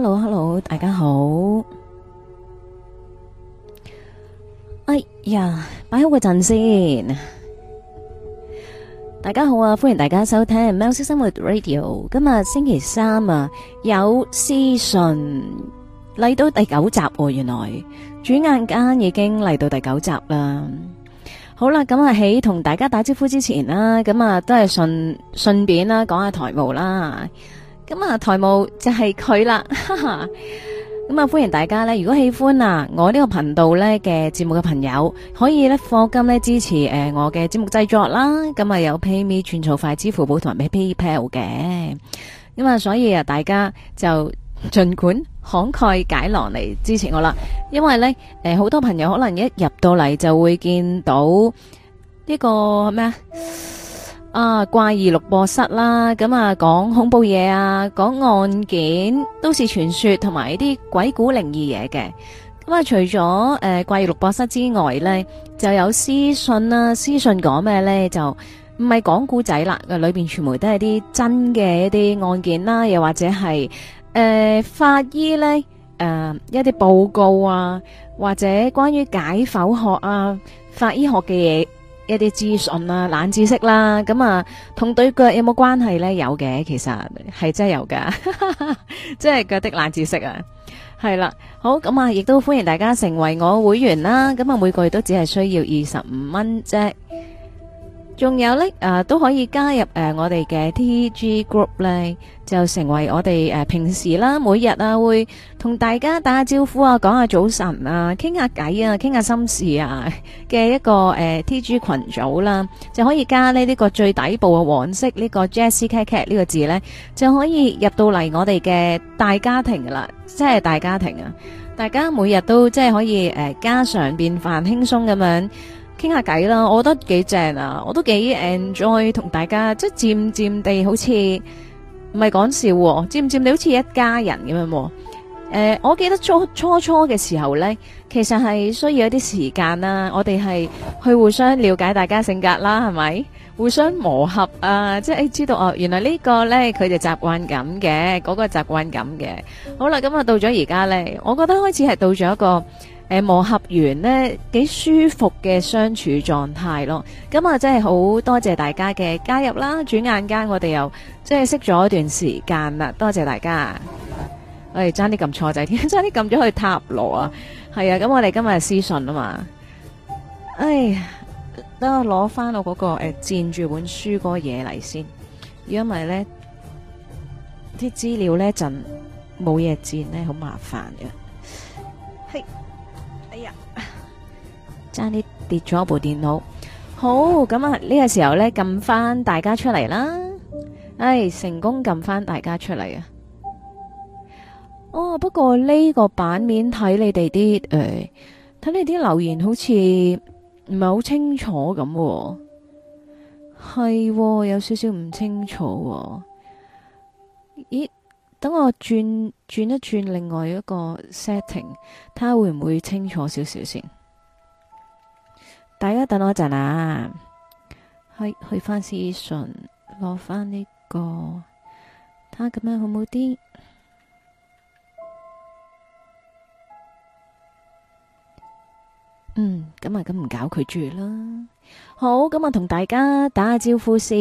hello hello 大家好，哎呀，擺好個陣先。大家好啊，歡迎大家收聽《喵式生活 Radio》。今日星期三啊，有屍訊嚟到第九集喎，原來轉眼間已經嚟到第九集啦。好啦，咁啊，喺同大家打招呼之前啦，咁啊，都係順順便啦，講下台務啦。咁啊，台務就係佢啦，哈哈咁啊歡迎大家呢。如果喜歡啊我呢個頻道呢嘅節目嘅朋友，可以呢課金呢支持誒我嘅節目製作啦。咁啊有 PayMe 轉數快、支付寶同埋 PayPal 嘅。咁啊，所以啊大家就盡管慷慨解囊嚟支持我啦。因為呢，誒好多朋友可能一入到嚟就會見到呢個咩啊？啊，怪異錄播室啦，咁啊講恐怖嘢啊，講案件，都市傳說同埋一啲鬼古靈異嘢嘅。咁、嗯、啊，除咗誒、呃、怪異錄播室之外呢，就有屍訊啦，屍訊講咩呢？就唔係講古仔啦，裏邊全部都係啲真嘅一啲案件啦，又或者係誒、呃、法醫呢，誒、呃、一啲報告啊，或者關於解剖學啊、法醫學嘅嘢。一啲資訊啦、冷知識啦，咁啊，同、啊、對腳有冇關係呢？有嘅，其實係真係有噶，即係腳的冷知識啊，係啦，好，咁啊，亦都歡迎大家成為我會員啦、啊，咁啊，每個月都只係需要二十五蚊啫。仲有呢，啊、呃、都可以加入誒、呃、我哋嘅 T G Group 呢就成為我哋、呃、平時啦，每日啊會同大家打下招呼啊，講下早晨啊，傾下偈啊，傾下心事啊嘅一個、呃、T G 群組啦，就可以加呢啲、呢個最底部嘅黃色呢、呢個 Jazzy Cat Cat 呢個字呢，就可以入到嚟我哋嘅大家庭啦，即係大家庭啊，大家每日都即係可以誒、呃、家常便飯輕鬆咁樣。傾下偈啦，我覺得幾正啊，我都幾 enjoy 同大家，即係漸漸地好似唔係講笑，漸漸漸地好似一家人咁樣。誒、呃，我記得初初初嘅時候呢，其實係需要一啲時間啦，我哋係去互相了解大家性格啦，係咪？互相磨合啊，即係、哎、知道哦，原來呢個呢，佢就習慣咁嘅，嗰、嗰個習慣咁嘅。好啦，咁、嗯、啊到咗而家呢，我覺得開始係到咗一個。誒，磨合完呢，幾舒服嘅相處狀態咯咁啊，真係好多謝大家嘅加入啦！轉眼間我哋又即係識咗一段時間啦，多謝大家。我哋爭啲撳錯掣添，爭啲撳咗去塔羅啊。係啊，咁我哋今日屍訊啊嘛。哎呀，等我攞翻我嗰個誒，墊住本書嗰個嘢嚟先。如果唔係呢，啲資料呢，就冇嘢墊呢，好麻煩嘅。差啲跌咗部電腦，好咁啊！呢個時候呢，撳翻大家出嚟啦。唉、哎，成功撳翻大家出嚟啊！哦，不過呢個版面睇你哋啲誒，睇、哎、你啲留言好似唔係好清楚咁，係有少少唔清楚。咦？等我轉轉一轉另外一個 setting，睇下會唔會清楚少少先。大家等我一陣啊，去去翻私信攞翻呢個，睇下咁樣好唔好啲。嗯，咁咁唔搞佢住啦。好，咁同大家打下招呼先。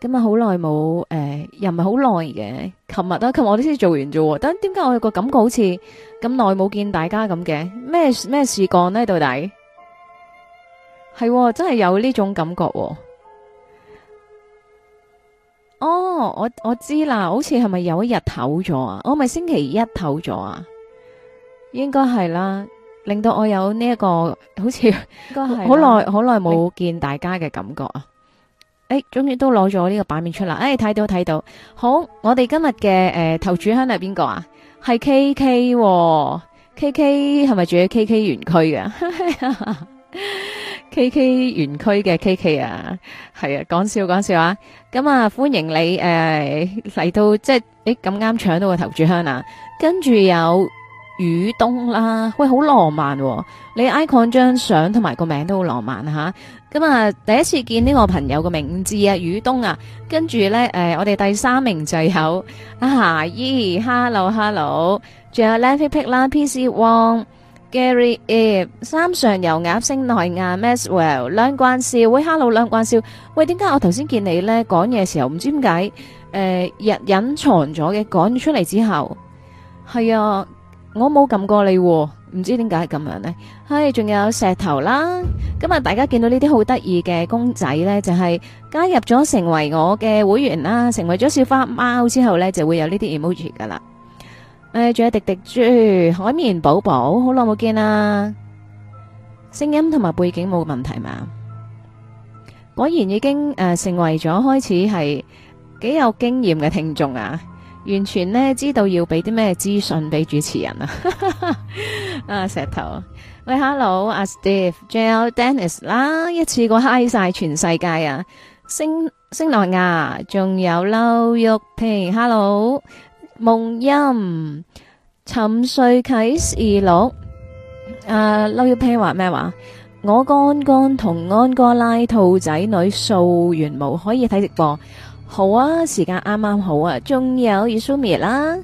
咁好耐冇誒，又唔係好耐嘅。琴日啊，琴日我都先做完咋？但點解我有個感覺好似咁耐冇見大家咁嘅？咩咩事幹呢？到底？係、嗯、真係有呢種感覺哦！哦我我知啦，好似係咪有一日唞咗啊？我咪星期一唞咗啊？應該係啦，令到我有呢、這、一個好似好耐好耐冇見大家嘅感覺啊！誒、嗯、終於、哎、都攞咗呢個版面出嚟，誒、哎，睇到睇到，好，我哋今日嘅誒頭主香係邊個啊？係 K K，K K 係咪住喺 K K 園區嘅？ K K 園區嘅 K K 啊，係啊，講笑講笑啊，咁啊歡迎你誒嚟、呃、到，即係誒咁啱搶到個頭炷香啊，跟住有雨冬啦，喂好浪漫、啊，你 icon 張相同埋個名都好浪漫吓、啊，咁、嗯、啊第一次見呢個朋友嘅名字啊雨冬啊，跟住咧誒我哋第三名就有阿霞姨 ，hello hello，仲有 l a v g y p i c k 啦，P C Wong。Gary E，三上油鴨星耐亞，Maxwell 兩關笑，喂，Hello 兩關笑，喂，點解我頭先見你咧講嘢時候唔知點解，誒，日隱藏咗嘅，講咗出嚟之後係啊，我冇撳過你，唔知點解係咁樣咧。係，仲有石頭啦，今日大家見到呢啲好得意嘅公仔咧，就係加入咗成為我嘅會員啦，成為咗小花貓之後咧，就會有呢啲 emoji 噶啦。誒，仲、呃、有迪迪豬、海綿寶寶，好耐冇見啦、啊！聲音同埋背景冇問題嘛？果然已經誒、呃、成為咗開始係幾有經驗嘅聽眾啊！完全呢，知道要俾啲咩資訊俾主持人啊！ 啊石頭，喂，hello，阿 Steve、Joe、Dennis 啦，一次過嗨晒全世界啊！星星萊牙，仲有撈玉萍，hello。夢音沉睡啟示錄，啊，嬲要聽話咩話？我啱啱同安哥拉兔仔女掃完毛，可以睇直播，好啊，時間啱啱好啊，仲有伊蘇米啦，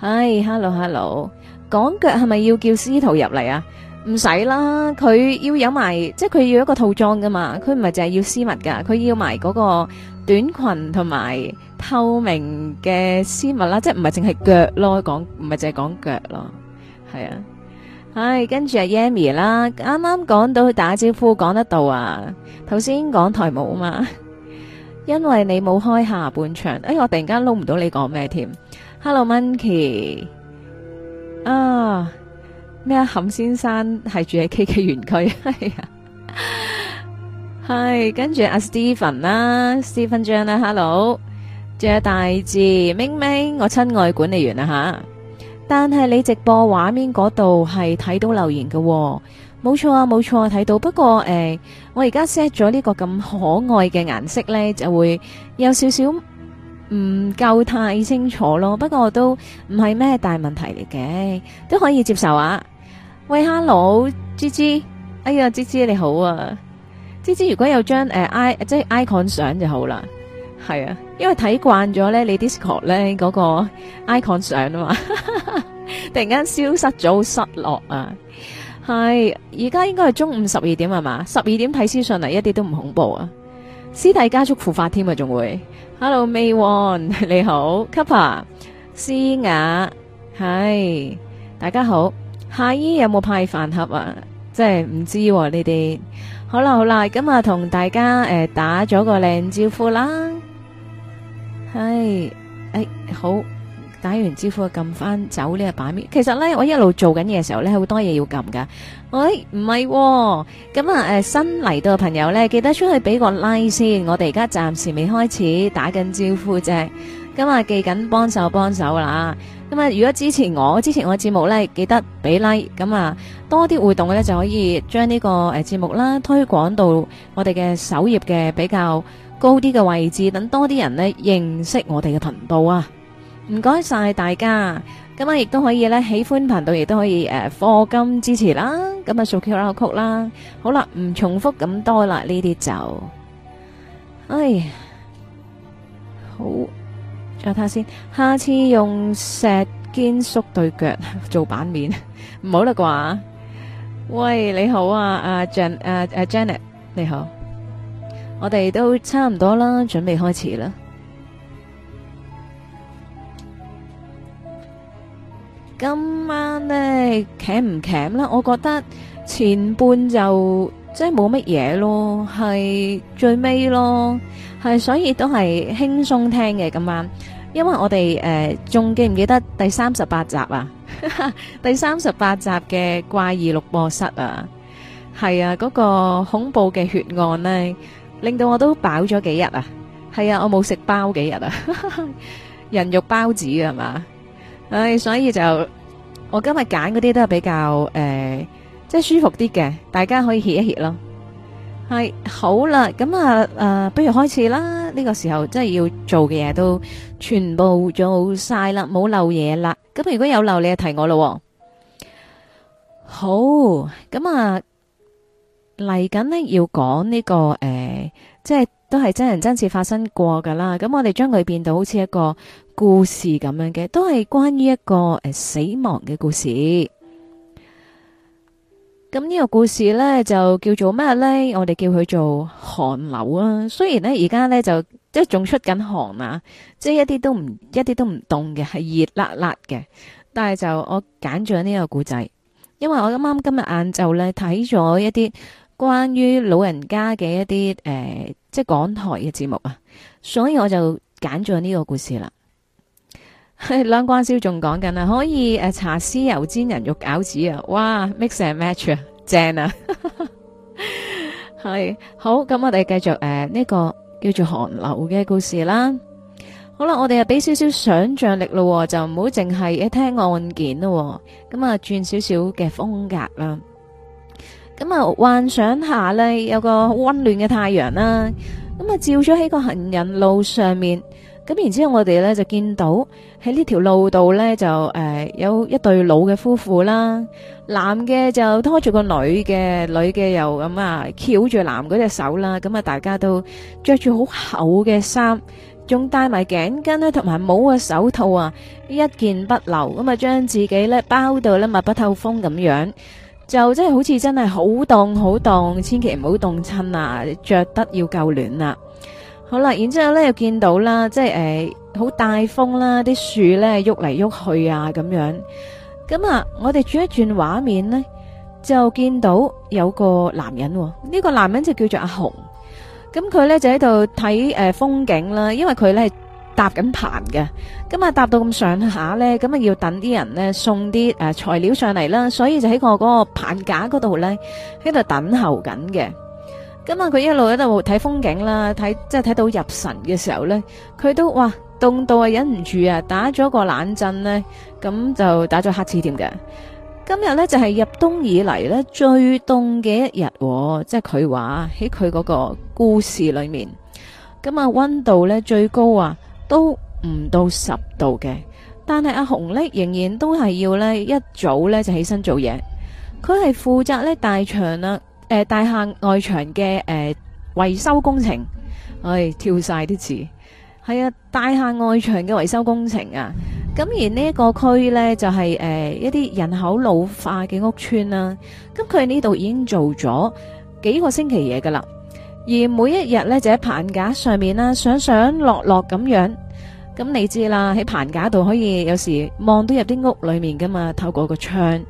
哎，Hello Hello，講腳，係咪要叫司徒入嚟啊？唔使啦，佢要有埋，即係佢要一個套裝噶嘛，佢唔係淨係要絲襪噶，佢要埋嗰個短裙同埋透明嘅絲襪啦，即係唔係淨係腳咯，講唔係淨係講腳咯，係啊，唉、哎，跟住阿 Yami 啦，啱啱講到打招呼，講得到啊，頭先講台務啊嘛，因為你冇開下半場，哎，我突然間撈唔到你講咩添 Hello Minky 啊。咩啊？冚先生係住喺 K K 園區係啊，係跟住阿 Steven 啦，Steven 張啦，Hello，仲有大志、明明，我親愛管理員啊吓，但係你直播畫面嗰度係睇到留言嘅、哦，冇錯啊，冇錯啊，睇到。不過誒、欸，我而家 set 咗呢個咁可愛嘅顏色咧，就會有少少唔夠太清楚咯。不過我都唔係咩大問題嚟嘅，都可以接受啊。喂，Hello，芝芝、哎，哎呀，芝芝你好啊，芝芝如果有張誒、呃、i 即係 icon 相就好啦，係啊，因為睇慣咗咧，你 Discord 咧嗰、嗰個 icon 相啊嘛， 突然間消失咗，失落啊，係，而家應該係中午十二點啊嘛，十二點睇屍訊嚟，一啲都唔恐怖啊，屍體加速腐化添啊，仲會，Hello May One，你好，Kappa，p 思雅，係，大家好。太醫有冇派飯盒啊？即係唔知呢啲、啊。好啦好啦，今日同大家誒、呃、打咗個靚招呼啦。係誒好，打完招呼撳翻走呢個版面。其實咧，我一路做緊嘢嘅時候咧，好多嘢要撳噶。喂、哎，唔係、啊。咁啊誒新嚟到嘅朋友咧，記得出去俾個 like 先。我哋而家暫時未開始打緊招呼啫。咁啊記緊幫手幫手啦。咁啊、嗯！如果支持我，支持我節目咧，記得俾 like，咁、嗯、啊多啲互動嘅呢，就可以將呢個誒節目啦推廣到我哋嘅首頁嘅比較高啲嘅位置，等多啲人呢認識我哋嘅頻道啊！唔該晒大家，咁啊亦都可以呢，喜歡頻道，亦都可以誒課金支持啦，咁啊數 q 拉曲啦，好啦，唔重複咁多啦，呢啲就，哎，好。睇下先，下次用石堅縮對腳做版面，唔好啦啩？喂，你好啊，阿 J，阿阿 Janet，你好，我哋都差唔多啦，準備開始啦。今晚呢，鉗唔鉗啦？我覺得前半就即係冇乜嘢咯，係最尾咯，係所以都係輕鬆聽嘅今晚。因為我哋誒，仲記唔記得第三十八集啊？第三十八集嘅怪異錄播室啊，係啊，嗰個恐怖嘅血案呢，令到我都飽咗幾日啊。係啊，我冇食包幾日啊，人肉包子係嘛？唉，所以就我今日揀嗰啲都係比較誒，即係舒服啲嘅，大家可以歇一歇咯。係好啦，咁啊誒，不如開始啦。呢個時候即係要做嘅嘢都全部做晒啦，冇漏嘢啦。咁如果有漏，你就提我咯喎。好，咁啊嚟緊呢要講呢個誒，即係都係真人真事發生過噶啦。咁我哋將佢變到好似一個故事咁樣嘅，都係關於一個誒死亡嘅故事。咁呢個故事呢，就叫做咩呢？我哋叫佢做寒流啊。雖然呢，而家呢，就即係仲出緊寒啊，即係一啲都唔一啲都唔凍嘅，係熱辣辣嘅。但係就我揀咗呢個故仔，因為我啱啱今日晏晝呢，睇咗一啲關於老人家嘅一啲誒、呃，即係港台嘅節目啊，所以我就揀咗呢個故事啦。兩 關燒仲講緊啊，可以誒、啊，茶絲油煎人肉餃子啊，哇，mix and match 啊，正啊，係 好，咁我哋繼續誒呢、啊這個叫做寒流嘅故事啦。好啦，我哋啊俾少少想象力咯，就唔好淨係一聽案件咯，咁啊轉少少嘅風格啦。咁啊，幻想下咧，有個好溫暖嘅太陽啦，咁啊照咗喺個行人路上面。咁然之後，我哋咧就見到喺呢條路度呢，就、呃、誒有一對老嘅夫婦啦，男嘅就拖住個女嘅，女嘅又咁啊，翹住男嗰隻手啦。咁啊，大家都着住好厚嘅衫，仲戴埋頸巾咧，同埋帽啊、手套啊，一件不留。咁啊，將自己呢包到呢密不透風咁樣，就真係好似真係好凍好凍，千祈唔好凍親啊，着得要夠暖啊！好啦，然之後咧又見到啦，即係誒好大風啦，啲樹咧喐嚟喐去啊咁樣。咁、嗯、啊，我哋轉一轉畫面咧，就見到有個男人、哦，呢、呢個男人就叫做阿雄。咁佢咧就喺度睇誒風景啦，因為佢咧搭緊棚嘅。咁啊搭到咁上下咧，咁啊要等啲人咧送啲誒、呃、材料上嚟啦，所以就喺、嗰個嗰、嗰個棚架嗰度咧喺度等候緊嘅。咁啊，佢一路喺度睇風景啦，睇即係睇到入神嘅時候呢，佢都哇凍到啊忍唔住啊打咗個冷震呢，咁就打咗黑刺添嘅。今日呢，就係、是、入冬以嚟呢，最凍嘅一日，即係佢話喺佢嗰個故事裏面，咁啊溫度呢最高啊都唔到十度嘅，但係阿紅呢仍然都係要呢一早呢就起身做嘢，佢係負責呢大場啦。誒、呃，大廈外牆嘅誒維修工程，唉、哎，跳晒啲字，係啊，大廈外牆嘅維修工程啊，咁而區呢、就係呃、一個區呢就係誒一啲人口老化嘅屋村啦、啊，咁佢呢度已經做咗幾個星期嘢噶啦，而每一日呢，就喺棚架上面啦，上上落落咁樣，咁、嗯、你知啦，喺棚架度可以有時望到入啲屋裏面噶嘛，透過個窗，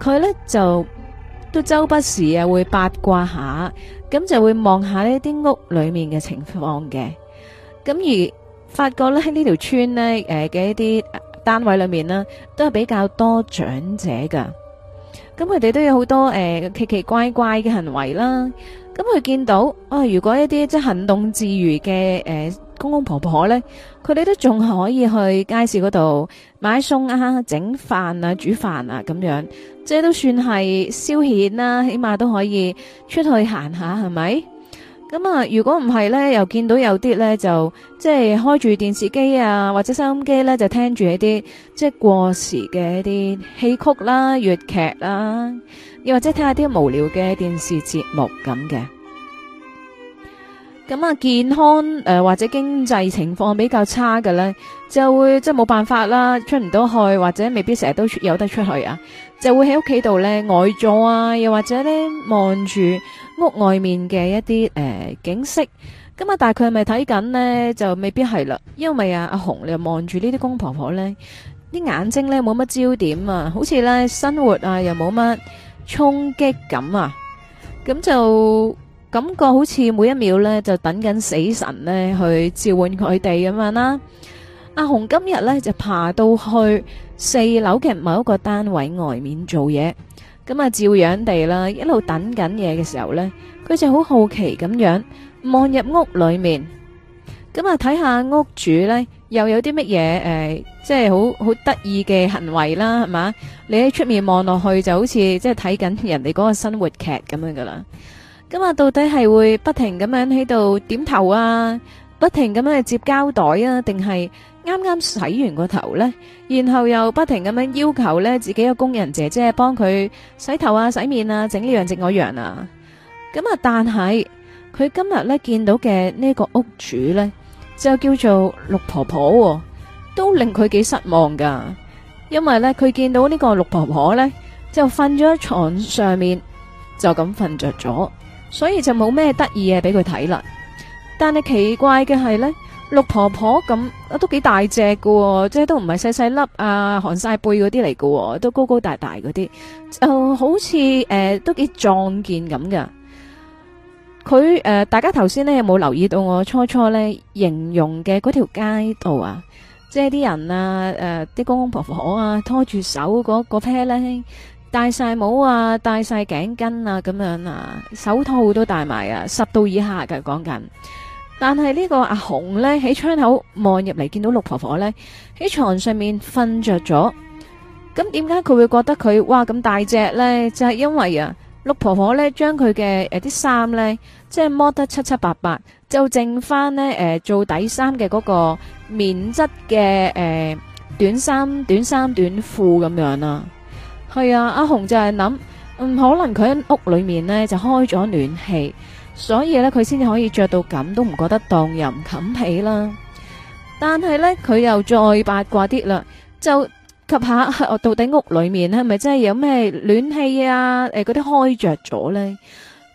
佢呢就。都周不時啊會八卦下，咁就會望下呢啲屋裏面嘅情況嘅，咁而發覺咧喺呢條村呢誒嘅一啲單位裏面啦，都係比較多長者噶，咁佢哋都有好多誒、呃、奇奇怪怪嘅行為啦，咁佢見到啊、呃、如果一啲即係行動自如嘅誒。呃公公婆婆呢，佢哋都仲可以去街市嗰度買餸啊，整飯啊，煮飯啊咁樣，即係都算係消遣啦、啊，起碼都可以出去行下，係咪？咁啊，如果唔係呢，又見到有啲呢，就即係開住電視機啊，或者收音機呢，就聽住一啲即係過時嘅一啲戲曲啦、啊、粵劇啦，又或者聽下啲無聊嘅電視節目咁嘅。咁啊，健康誒、呃、或者經濟情況比較差嘅呢，就會即係冇辦法啦，出唔到去或者未必成日都有得出去啊，就會喺屋企度呢，呆坐啊，又或者呢，望住屋外面嘅一啲誒、呃、景色。咁、嗯、啊，大概係咪睇緊呢？就未必係啦，因為啊，阿紅你又望住呢啲公婆婆呢，啲眼睛呢，冇乜焦點啊，好似呢，生活啊又冇乜衝擊感啊，咁就。感覺好似每一秒呢，就等緊死神呢去召喚佢哋咁樣啦。阿紅今日呢，就爬到去四樓嘅某一個單位外面做嘢，咁啊，照樣地啦，一路等緊嘢嘅時候呢，佢就好好奇咁樣望入屋裏面，咁啊，睇下屋主呢，又有啲乜嘢誒、即係好好得意嘅行為啦，係嘛？你喺出面望落去就好似即係睇緊人哋嗰個生活劇咁樣噶啦。咁啊，到底係會不停咁樣喺度點頭啊，不停咁樣去接膠袋啊，定係啱啱洗完個頭咧，然後又不停咁樣要求咧自己嘅工人姐姐幫佢洗頭啊、洗面啊、整呢樣整嗰樣啊。咁啊，但係佢今日咧見到嘅呢個屋主咧就叫做六婆婆喎，都令佢幾失望噶。因為咧佢見到呢個六婆婆咧就瞓咗喺床上面就咁瞓着咗。所以就冇咩得意嘢俾佢睇啦。但係奇怪嘅係呢，六婆婆咁都幾大隻噶、哦，即係都唔係細細粒啊，寒晒背嗰啲嚟噶，都高高大大嗰啲，就好似誒、呃、都幾壯健咁噶。佢誒、呃，大家頭先呢，有冇留意到我初初呢形容嘅嗰條街道啊？即係啲人啊，誒、呃，啲公公婆婆啊，拖住手嗰個 pair 呢戴晒帽啊，戴晒頸巾啊，咁樣啊，手套都戴埋啊，十度以下噶講緊。但係呢個阿紅呢，喺窗口望入嚟，見到六婆婆呢，喺床上面瞓着咗。咁點解佢會覺得佢哇咁大隻呢，就係因為啊，六婆婆呢，將佢嘅誒啲衫呢，即係摸得七七八八，就剩翻呢，誒做底衫嘅嗰個棉質嘅誒短衫、短衫、短褲咁樣啦。係啊，阿紅就係諗，唔、嗯、可能佢喺屋裏面呢就開咗暖氣，所以呢，佢先至可以着到咁都唔覺得凍又唔冚被啦。但係呢，佢又再八卦啲啦，就及下到底屋裏面係咪真係有咩暖氣啊？誒，嗰啲開着咗呢？」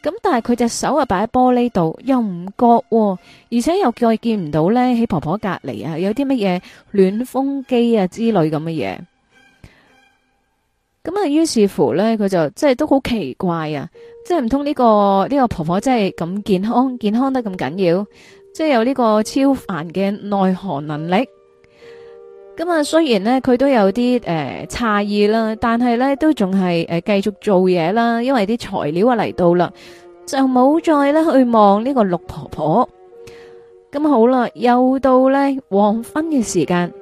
咁但係佢隻手啊擺喺玻璃度，又唔覺、啊，而且又再見唔到呢。喺婆婆隔離啊有啲乜嘢暖風機啊之類咁嘅嘢。咁啊，於是乎咧，佢就即係都好奇怪啊！即係唔通呢個呢、呢個婆婆，真係咁健康，健康得咁緊要，即係有呢個超凡嘅耐寒能力。咁啊，雖然咧佢都有啲誒詫異啦，但係咧都仲係誒繼續做嘢啦，因為啲材料啊嚟到啦，就冇再咧去望呢個六婆婆。咁好啦，又到咧黃昏嘅時間，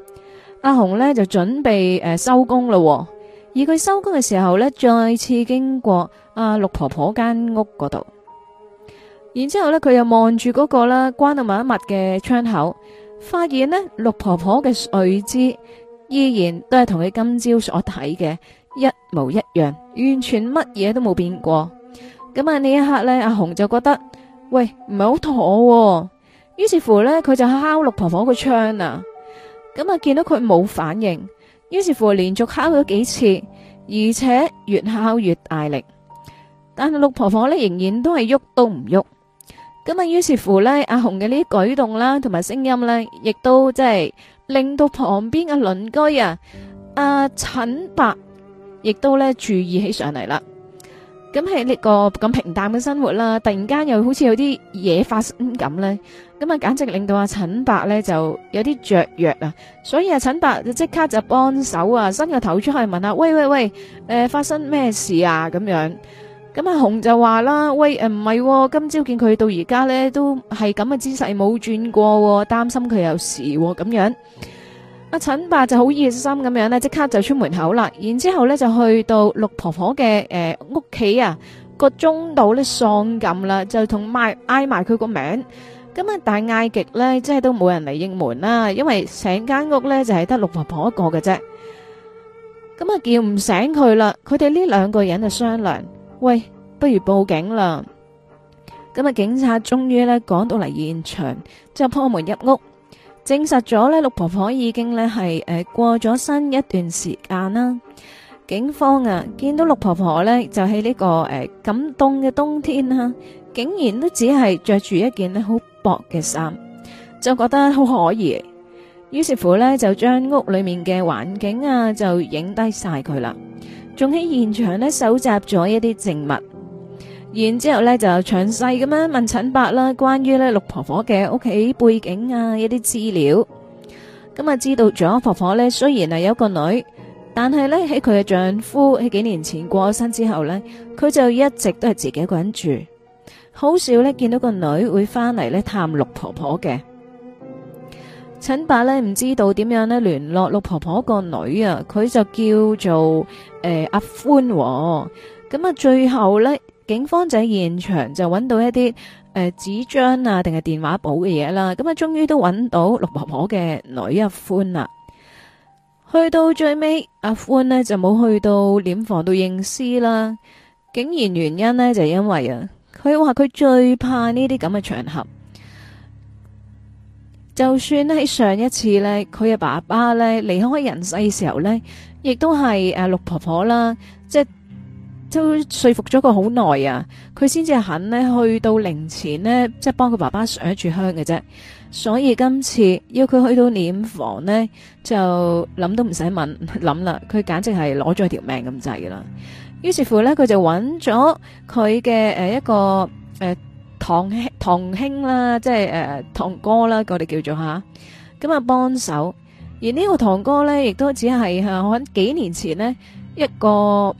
阿紅咧就準備誒、呃、收工啦喎。而佢收工嘅時候呢，再次經過阿、啊、六婆婆間屋嗰度，然之後呢佢又望住嗰個啦關得密密嘅窗口，發現呢六婆婆嘅睡姿依然都係同佢今朝所睇嘅一模一樣，完全乜嘢都冇變過。咁啊呢一刻呢，阿紅就覺得喂唔係好妥，啊，於是乎呢，佢就敲六婆婆個窗啊，咁啊見到佢冇反應。於是乎，連續敲咗幾次，而且越敲越大力。但係陸婆婆咧，仍然都係喐都唔喐。咁啊，於是乎咧，阿紅嘅呢啲舉動啦，同埋聲音咧，亦都即係令到旁邊嘅鄰居啊，阿陳伯亦都咧注意起上嚟啦。咁喺呢個咁平淡嘅生活啦，突然間又好似有啲嘢發生咁咧。咁啊，簡直令到阿陳伯咧就有啲雀躍啊，所以阿陳伯就即刻就幫手啊，伸個頭出去問下：喂喂喂，誒、呃，發生咩事啊？咁樣咁阿、嗯、紅就話啦：喂，誒、呃，唔係、哦、今朝見佢到而家咧，都係咁嘅姿勢冇轉過、哦，擔心佢有事咁、哦、樣。阿陳伯就好熱心咁樣呢，即刻就出門口啦。然之後呢就去到六婆婆嘅誒屋企啊，個鐘度咧喪撳啦，就同埋嗌埋佢個名。咁啊！大嗌極咧，即係都冇人嚟應門啦，因為成間屋咧就係得六婆婆一個嘅啫。咁啊，叫唔醒佢啦。佢哋呢兩個人就商量：，喂，不如報警啦。咁啊，警察終於咧趕到嚟現場，就破門入屋，證實咗咧六婆婆已經咧係誒過咗身一段時間啦。警方啊，見到六婆婆咧就喺呢個誒咁凍嘅冬天啦，竟然都只係着住一件咧好。薄嘅衫，就覺得好可疑。於是乎呢，就將屋裏面嘅環境啊就影低晒佢啦，仲喺現場呢，搜集咗一啲證物，然之後呢就詳細咁樣問陳伯啦關於呢陸婆婆嘅屋企背景啊一啲資料，咁啊知道咗婆婆呢，雖然係有個女，但係呢，喺佢嘅丈夫喺幾年前過身之後呢，佢就一直都係自己一個人住。好少呢見到個女會翻嚟呢探陸婆婆嘅，陳伯呢唔知道點樣呢聯絡陸婆婆個女啊，佢就叫做誒、呃、阿歡、哦，咁、嗯、啊最後呢，警方就喺現場就揾到一啲誒、呃、紙張啊，定係電話簿嘅嘢啦，咁、嗯、啊終於都揾到陸婆婆嘅女阿歡啦。去到最尾，阿歡呢就冇去到殮房度認屍啦，竟然原因呢，就因為啊。佢話佢最怕呢啲咁嘅場合，就算喺上一次呢佢嘅爸爸咧，離開人世嘅時候呢亦都係誒、啊、六婆婆啦，即係都說服咗佢好耐啊，佢先至肯咧去到靈前呢，即係幫佢爸爸上一炷香嘅啫。所以今次要佢去到殮房呢，就諗都唔使問諗啦，佢簡直係攞咗條命咁滯啦。於是乎咧，佢就揾咗佢嘅誒一個誒堂兄堂兄啦，即係誒堂哥啦，我哋叫做吓，咁啊幫手，而呢個堂哥咧，亦都只係吓我喺幾年前咧一個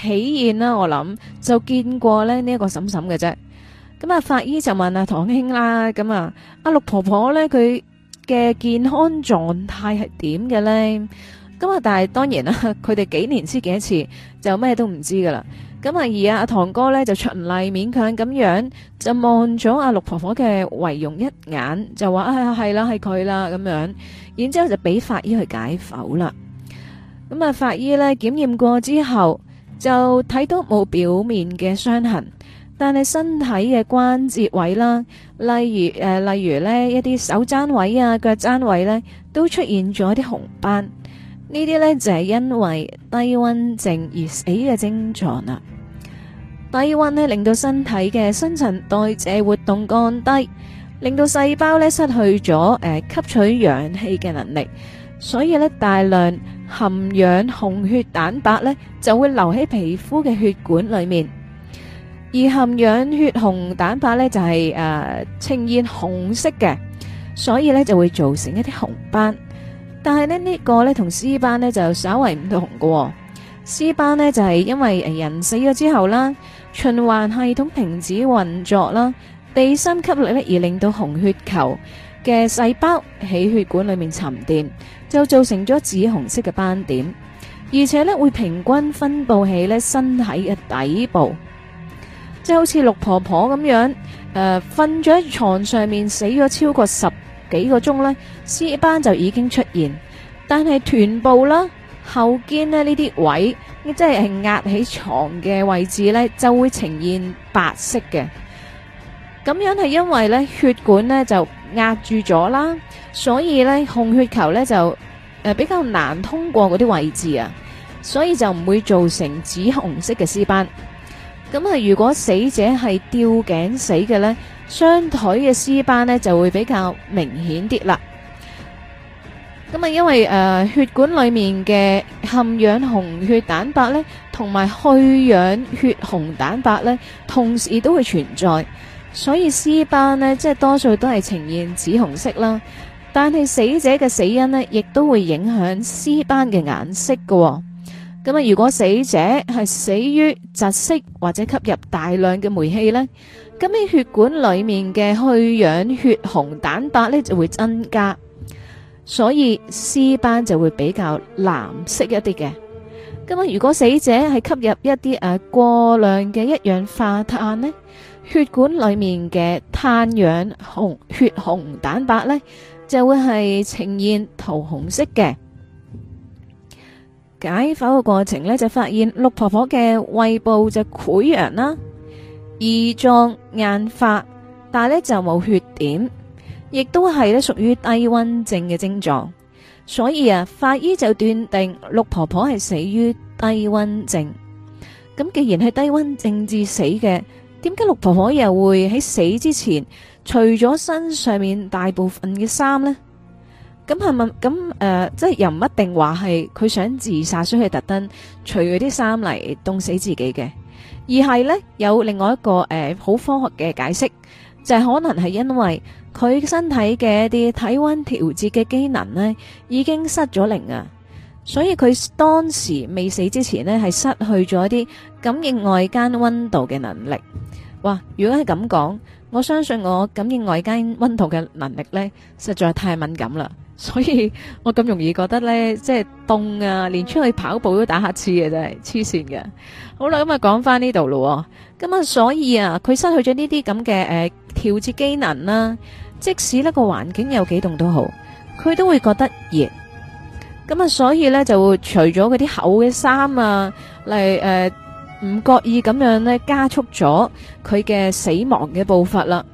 喜宴啦，我諗就見過咧呢一個嬸嬸嘅啫。咁啊法醫就問阿堂兄啦，咁啊阿陸婆婆咧佢嘅健康狀態係點嘅咧？咁啊！但係當然啦，佢哋幾年先幾一次，就咩都唔知噶啦。咁啊，而啊，阿唐哥咧就循例勉強咁樣就望咗阿六婆婆嘅遺容一眼，就話啊係啦，係佢啦咁樣。然之後就俾法醫去解剖啦。咁啊，法醫咧檢驗過之後，就睇到冇表面嘅傷痕，但係身體嘅關節位啦，例如誒、呃，例如咧一啲手踭位啊、腳踭位咧，都出現咗一啲紅斑。呢啲呢，就係、是、因為低溫症而死嘅症狀啦。低溫呢令到身體嘅新陳代謝活動降低，令到細胞呢失去咗誒、呃、吸取氧氣嘅能力，所以呢，大量含氧紅血蛋白呢就會留喺皮膚嘅血管裏面，而含氧血紅蛋白呢就係、是、誒、呃、呈現紅色嘅，所以呢就會造成一啲紅斑。但係咧呢、呢個咧同屍斑呢，班呢就稍為唔同嘅喎，屍斑呢就係、是、因為人死咗之後啦，循環系統停止運作啦，地心吸力咧而令到紅血球嘅細胞喺血管裏面沉澱，就造成咗紫紅色嘅斑點，而且咧會平均分佈喺咧身體嘅底部，即係好似六婆婆咁樣，誒瞓咗喺床上面死咗超過十。幾個鐘呢，屍斑就已經出現，但係臀部啦、後肩咧呢啲位，即係係壓起床嘅位置呢，就會呈現白色嘅。咁樣係因為呢血管呢就壓住咗啦，所以呢紅血球呢就誒比較難通過嗰啲位置啊，所以就唔會造成紫紅色嘅屍斑。咁係如果死者係吊頸死嘅呢。雙腿嘅屍斑呢就會比較明顯啲啦。咁啊，因為誒、呃、血管裏面嘅含氧紅血蛋白呢同埋去氧血紅蛋白呢同時都會存在，所以屍斑呢即係多數都係呈現紫紅色啦。但係死者嘅死因呢亦都會影響屍斑嘅顏色喎。咁啊，如果死者係死於窒息或者吸入大量嘅煤氣呢，咁呢，血管裏面嘅去氧血紅蛋白呢就會增加，所以屍斑就會比較藍色一啲嘅。咁如果死者係吸入一啲誒、啊、過量嘅一氧化碳呢，血管裏面嘅碳氧紅血紅蛋白呢就會係呈現桃紅色嘅。解剖嘅過程呢，就發現陸婆婆嘅胃部就潰瘍啦。胰臟硬化，但係咧就冇血點，亦都係咧屬於低温症嘅症狀。所以啊，法醫就斷定六婆婆係死於低温症。咁既然係低温症至死嘅，點解六婆婆又會喺死之前除咗身上面大部分嘅衫呢？咁係咪？咁誒、呃，即係又唔一定話係佢想自殺，所以特登除佢啲衫嚟凍死自己嘅。而係呢有另外一個誒好科學嘅解釋，就係可能係因為佢身體嘅一啲體溫調節嘅機能呢已經失咗靈啊，所以佢當時未死之前呢係失去咗一啲感應外間溫度嘅能力。哇！如果係咁講，我相信我感應外間溫度嘅能力呢，實在太敏感啦。所以我咁容易覺得呢，即係凍啊！連出去跑步都打乞嗤嘅，真係痴線嘅。好啦，咁啊講翻呢度咯。咁啊，所以啊，佢失去咗呢啲咁嘅誒調節機能啦、啊。即使呢個環境有幾凍都好，佢都會覺得熱。咁啊，所以呢，就除咗嗰啲厚嘅衫啊，嚟誒唔覺意咁樣呢加速咗佢嘅死亡嘅步伐啦。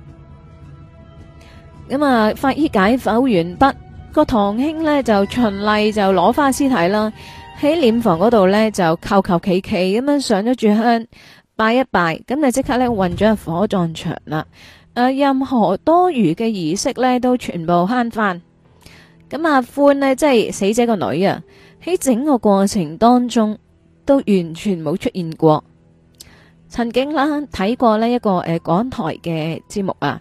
咁啊，法醫解剖完畢。個堂兄呢，就循例就攞翻屍體啦，喺殮房嗰度呢，就求求其其咁樣上咗炷香，拜一拜，咁就即刻呢，運咗入火葬場啦。誒、啊，任何多餘嘅儀式呢，都全部慳翻。咁阿歡呢，即係死者個女啊，喺整個過程當中都完全冇出現過。曾經啦睇過呢一個誒、呃、港台嘅節目啊。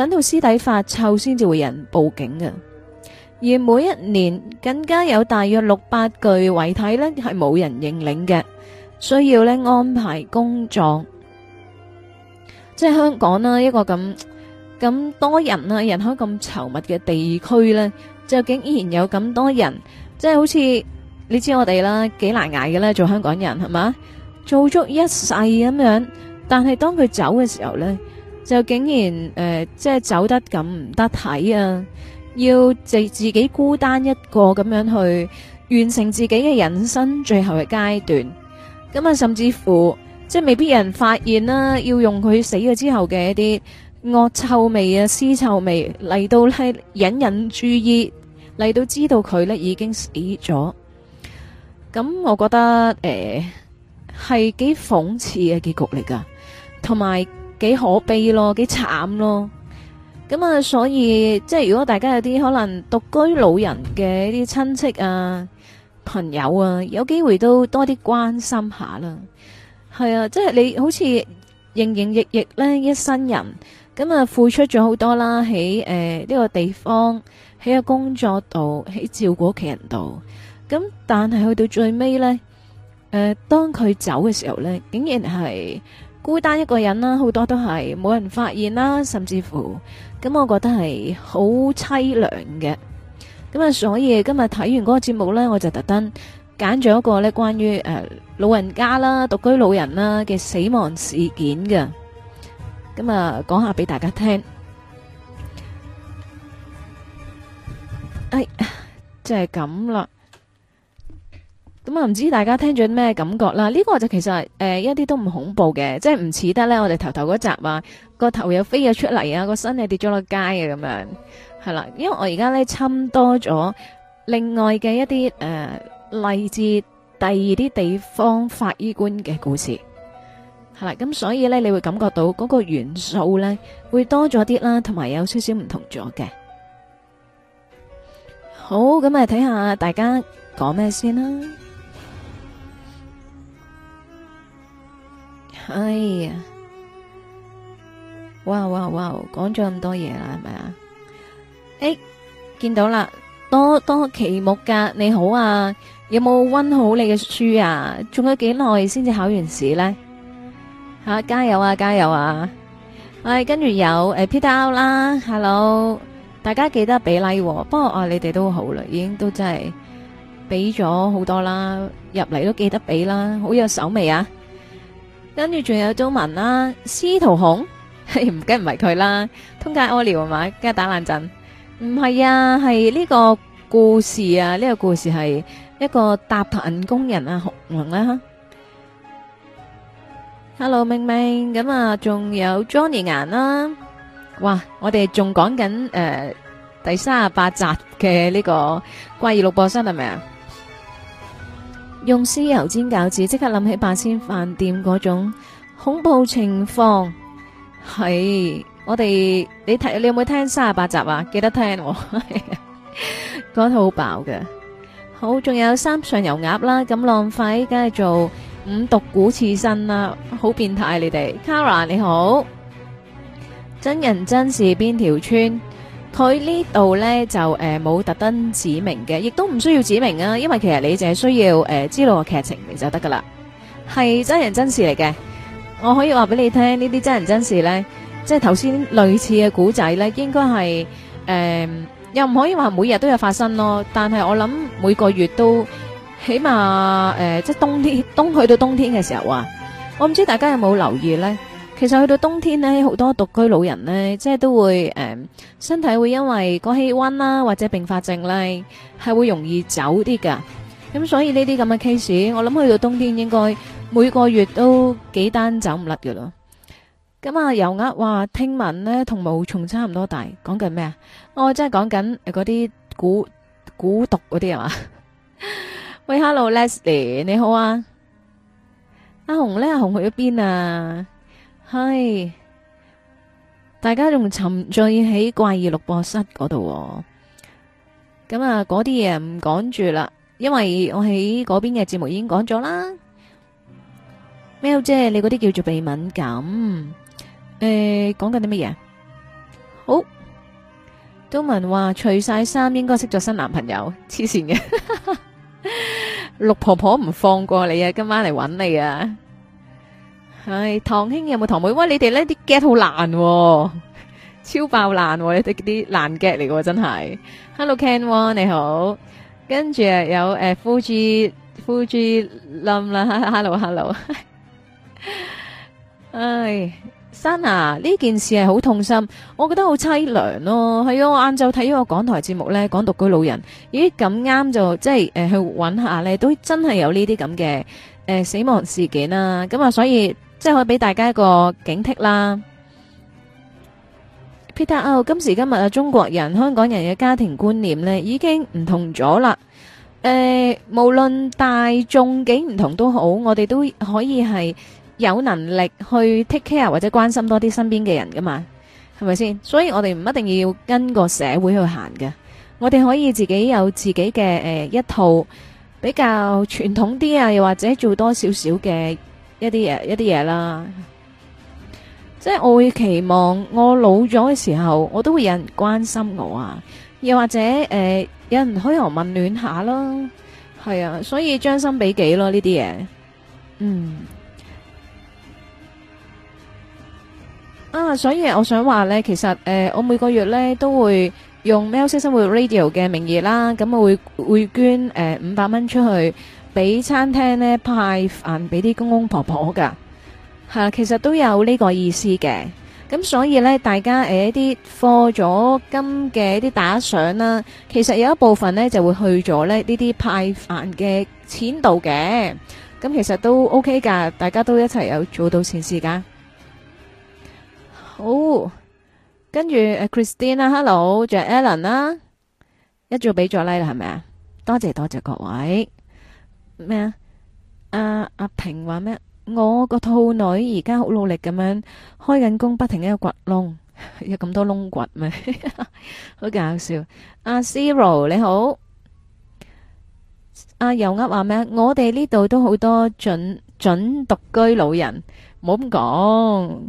等到屍體發臭先至會人報警嘅，而每一年更加有大約六百具遺體咧係冇人認領嘅，需要咧安排公葬。即係香港啦，一個咁咁多人啦，人口咁稠密嘅地區咧，就竟然有咁多人，即係好似你知我哋啦，幾難捱嘅咧，做香港人係嘛，做足一世咁樣，但係當佢走嘅時候咧。就竟然誒、呃，即係走得咁唔得體啊！要自己孤單一個咁樣去完成自己嘅人生最後嘅階段，咁、嗯、啊，甚至乎即係未必有人發現啦、啊，要用佢死咗之後嘅一啲惡臭味啊、屍臭味嚟到咧引人注意，嚟到知道佢咧已經死咗。咁、嗯、我覺得誒係幾諷刺嘅結局嚟噶，同埋。幾可悲咯，幾慘咯！咁啊，所以即係如果大家有啲可能獨居老人嘅一啲親戚啊、朋友啊，有機會都多啲關心下啦。係啊，即係你好似營營役役咧，一生人咁啊，付出咗好多啦，喺誒呢個地方，喺個工作度，喺照顧屋企人度。咁但係去到最尾呢，誒、呃，當佢走嘅時候呢，竟然係～孤單一個人啦，好多都係冇人發現啦，甚至乎咁，那我覺得係好淒涼嘅。咁啊，所以今日睇完嗰個節目呢，我就特登揀咗一個咧關於誒、呃、老人家啦、獨居老人啦嘅死亡事件嘅。咁啊，講下俾大家聽。哎，就係咁啦。咁啊，唔知大家聽咗咩感覺啦？呢個就其實誒一啲都唔恐怖嘅，即係唔似得咧我哋頭頭嗰集話個頭又飛咗出嚟啊，個身又跌咗落街啊咁樣，係啦。因為我而家咧侵多咗另外嘅一啲誒嚟自第二啲地方法醫官嘅故事，係啦。咁所以咧你會感覺到嗰個元素咧會多咗啲啦，同埋有少少唔同咗嘅。好，咁啊睇下大家講咩先啦。哎呀！哇哇哇！講咗咁多嘢啦，係咪啊？誒，見到啦，多多期目噶，你好啊，有冇温好你嘅書啊？仲有幾耐先至考完試咧？吓，加油啊，加油啊！係跟住有誒 Peter Out 啦，Hello，大家記得俾 like，不過哦你哋都好啦，已經都真係俾咗好多啦，入嚟都記得俾啦，好有手尾啊！跟住仲有中文啦，司徒鴻係唔緊唔係佢啦，通街屙尿係嘛，今日打冷震，唔係啊，係呢個故事啊，呢個故事係一個搭棚工人啊，學能啦，哈，hello 明明，咁啊，仲有 Johnny 顏啦，哇，我哋仲講緊誒第三十八集嘅呢個怪異錄播室係咪啊？用豉油煎餃子，即刻諗起八仙飯店嗰種恐怖情況。係我哋你睇，你有冇聽三十八集啊？記得聽，哦，嗰套好爆嘅。好，仲有三上油鴨啦，咁浪費，梗係做五毒古刺身啦，好變態、啊、你哋。Kara 你好，真人真事邊條村？佢呢度呢就誒冇特登指明嘅，亦都唔需要指明啊，因為其實你淨係需要誒知道個劇情，你就得噶啦。係真人真事嚟嘅，我可以話俾你聽，呢啲真人真事呢，即係頭先類似嘅古仔呢，應該係誒又唔可以話每日都有發生咯，但係我諗每個月都起碼誒即係冬天冬去到冬天嘅時候啊，我唔知大家有冇留意呢？其實去到冬天咧，好多獨居老人咧，即係都會誒、呃，身體會因為個氣温啦，或者並發症咧，係會容易走啲噶。咁、嗯、所以呢啲咁嘅 case，我諗去到冬天應該每個月都幾單走唔甩嘅咯。咁、嗯、啊，有啊，話聽聞咧同毛蟲差唔多大，講緊咩啊？哦，即係講緊嗰啲古古毒嗰啲啊嘛。喂，Hello，Leslie，你好啊。阿紅咧，阿紅去咗邊啊？係，Hi, 大家仲沉醉喺怪異錄播室嗰度，咁啊，嗰啲嘢唔講住啦，因為我喺嗰邊嘅節目已經講咗啦。喵姐，你嗰啲叫做鼻敏感，誒、呃，講緊啲乜嘢？好，都聞話除晒衫應該識咗新男朋友，黐線嘅，六婆婆唔放過你啊，今晚嚟搵你啊！係，堂兄有冇堂妹？哇，你哋呢啲 gag 好爛，超爆爛，一啲啲爛 gag 嚟嘅真係。Hello Ken，你好。跟住有誒 Fuji，Fuji 林啦。Hello，Hello。唉，Sana 呢件事係好痛心，我覺得好淒涼咯。係啊，我晏晝睇咗個港台節目咧，講獨居老人。咦，咁啱就即係誒去揾下咧，都真係有呢啲咁嘅誒死亡事件啦。咁啊，所以。即係可以俾大家一個警惕啦，Peter。今時今日啊，中國人、香港人嘅家庭觀念呢已經唔同咗啦。誒，無論大眾幾唔同都好，我哋都可以係有能力去 take care 或者關心多啲身邊嘅人噶嘛，係咪先？所以我哋唔一定要跟個社會去行嘅，我哋可以自己有自己嘅誒一套比較傳統啲啊，又或者做多少少嘅。一啲嘢，一啲嘢啦，即係我會期望我老咗嘅時候，我都會有人關心我啊，又或者誒，有人噓寒問暖下咯，係啊，所以將心比己咯呢啲嘢，嗯，啊，所以我想話呢，其實誒，我每個月呢都會用 m e l i 喵式生活 radio 嘅名義啦，咁我會會捐誒五百蚊出去。俾餐廳呢，派飯俾啲公公婆婆噶吓，其實都有呢個意思嘅。咁所以呢，大家誒一啲課咗金嘅一啲打賞啦，其實有一部分呢就會去咗呢啲派飯嘅錢度嘅。咁其實都 OK 噶，大家都一齊有做到善事噶。好，跟住 Christine 啦、啊啊，Hello，仲有 Allen 啦、啊，一早俾咗 like 啦，係咪啊？多謝多謝各位。咩啊？阿阿平話咩？我個兔女而家好努力咁樣開緊工，不停喺度掘窿，有咁多窿掘咩？好搞笑！阿 zero 你好，阿油鴨話咩？我哋呢度都好多準準獨居老人，唔好咁講。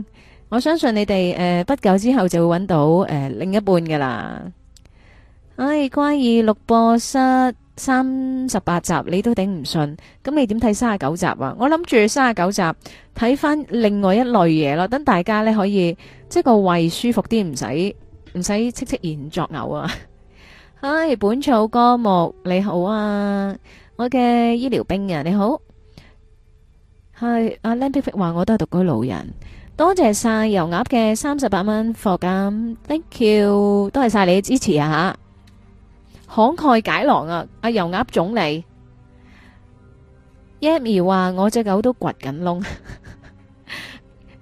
我相信你哋誒，不久之後就會揾到誒另一半㗎喇。哎，關於錄播室。三十八集你都頂唔順，咁你點睇三十九集啊？我諗住三十九集睇翻另外一類嘢咯，等大家咧可以即係個胃舒服啲，唔使唔使戚戚言作嘔啊！唉，本草綱目你好啊，我嘅醫療兵啊你好，係阿靚皮皮話我都係獨居老人，多謝晒油鴨嘅三十八蚊貨金，thank you，多謝晒你嘅支持啊吓！慷慨解囊啊！阿油鴨總理，Yemi 話，我隻狗都掘緊窿，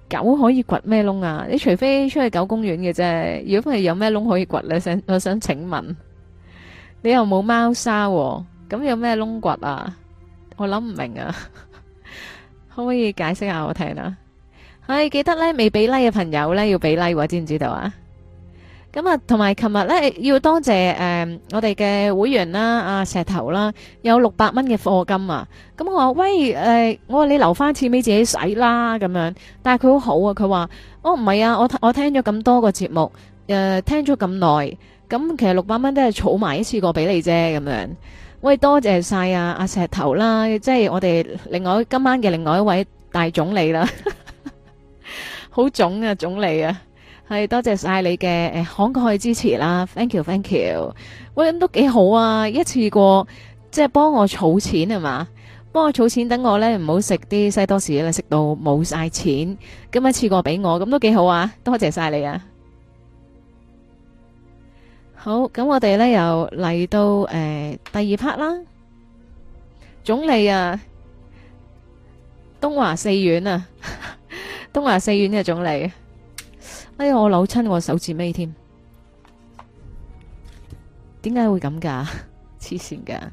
狗可以掘咩窿啊？你除非出去狗公園嘅啫，如果係有咩窿可以掘咧，我想我想請問，你又冇貓砂，咁有咩窿掘啊？我諗唔明啊，可唔可以解釋下我聽啊？唉，記得咧，未俾 like 嘅朋友咧要俾 like，知唔知道啊？咁啊，同埋琴日咧要多謝誒、嗯，我哋嘅會員啦，阿、啊、石頭啦，有六百蚊嘅課金啊！咁、嗯、我話喂，誒、呃，我話你留翻錢俾自己使啦，咁樣。但係佢好好啊，佢話我唔係啊，我我聽咗咁多個節目，誒、呃，聽咗咁耐，咁、嗯、其實六百蚊都係儲埋一次過俾你啫，咁樣。喂，多謝晒啊，阿石頭啦，即係我哋另外今晚嘅另外一位大總理啦， 好總啊，總理啊！係多謝晒你嘅誒、欸、慷慨支持啦、啊、，thank you thank you，喂咁都幾好啊，一次過即係幫我儲錢係嘛？幫我儲錢等我咧唔好食啲西多士啦，食到冇晒錢，咁一次過俾我咁都幾好啊，多謝晒你啊！好，咁我哋咧又嚟到誒、欸、第二 part 啦，總理啊，東華四院啊， 東華四院嘅總理。哎呀！我扭親我手指尾添，點解會咁噶？黐線噶！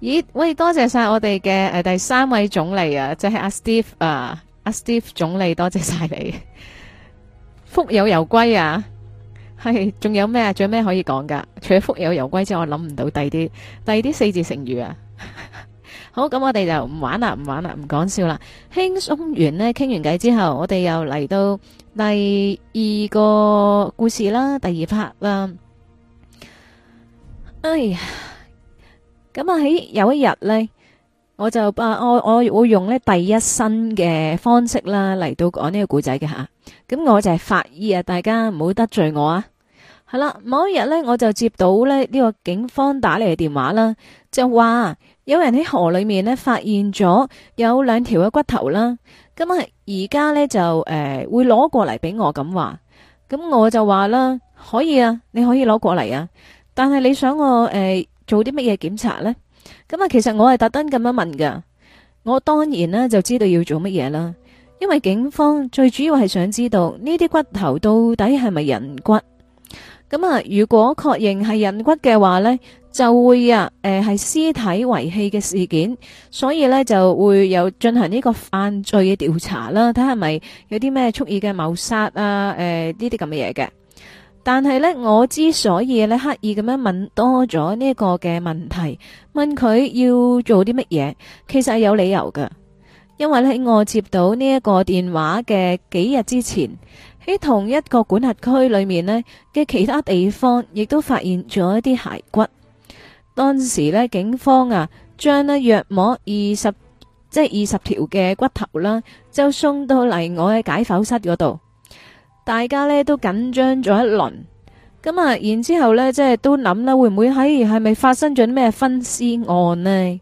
咦？喂！多謝晒我哋嘅，誒，第三位總理啊，即係阿 Steve 啊，阿 Steve 總理，多謝晒你。福有攸歸啊，係仲有咩啊？仲有咩可以講噶？除咗福有攸歸之外，我諗唔到第二啲，第二啲四字成語啊！好，咁我哋就唔玩啦，唔玩啦，唔講笑啦，輕鬆完咧，傾完偈之後，我哋又嚟到第二個故事啦，第二 part 啦。哎呀，咁啊喺有一日咧，我就把我我我用咧第一身嘅方式啦嚟到講呢個故仔嘅吓。咁我就係法醫啊，大家唔好得罪我啊。係啦，某一日咧，我就接到咧呢個警方打嚟嘅電話啦，就話，有人喺河裏面呢發現咗有兩條嘅骨頭啦，咁啊而家呢就誒、呃、會攞過嚟俾我咁話，咁我就話啦可以啊，你可以攞過嚟啊，但係你想我誒、呃、做啲乜嘢檢查呢？咁啊，其實我係特登咁樣問噶，我當然啦就知道要做乜嘢啦，因為警方最主要係想知道呢啲骨頭到底係咪人骨。咁啊，如果確認係人骨嘅話呢，就會啊，誒，係屍體遺棄嘅事件，所以呢，就會有進行呢個犯罪嘅調查啦，睇係咪有啲咩蓄意嘅謀殺啊，誒、呃，呢啲咁嘅嘢嘅。但係呢，我之所以呢，刻意咁樣問多咗呢一個嘅問題，問佢要做啲乜嘢，其實係有理由㗎，因為呢，我接到呢一個電話嘅幾日之前。喺同一個管轄區裏面呢嘅其他地方，亦都發現咗一啲骸骨。當時呢，警方啊，將呢約摸二十，即係二十條嘅骨頭啦，就送到嚟我嘅解剖室嗰度。大家呢都緊張咗一輪咁啊，然之後呢，即係都諗啦，會唔會喺，係咪發生咗咩分屍案呢？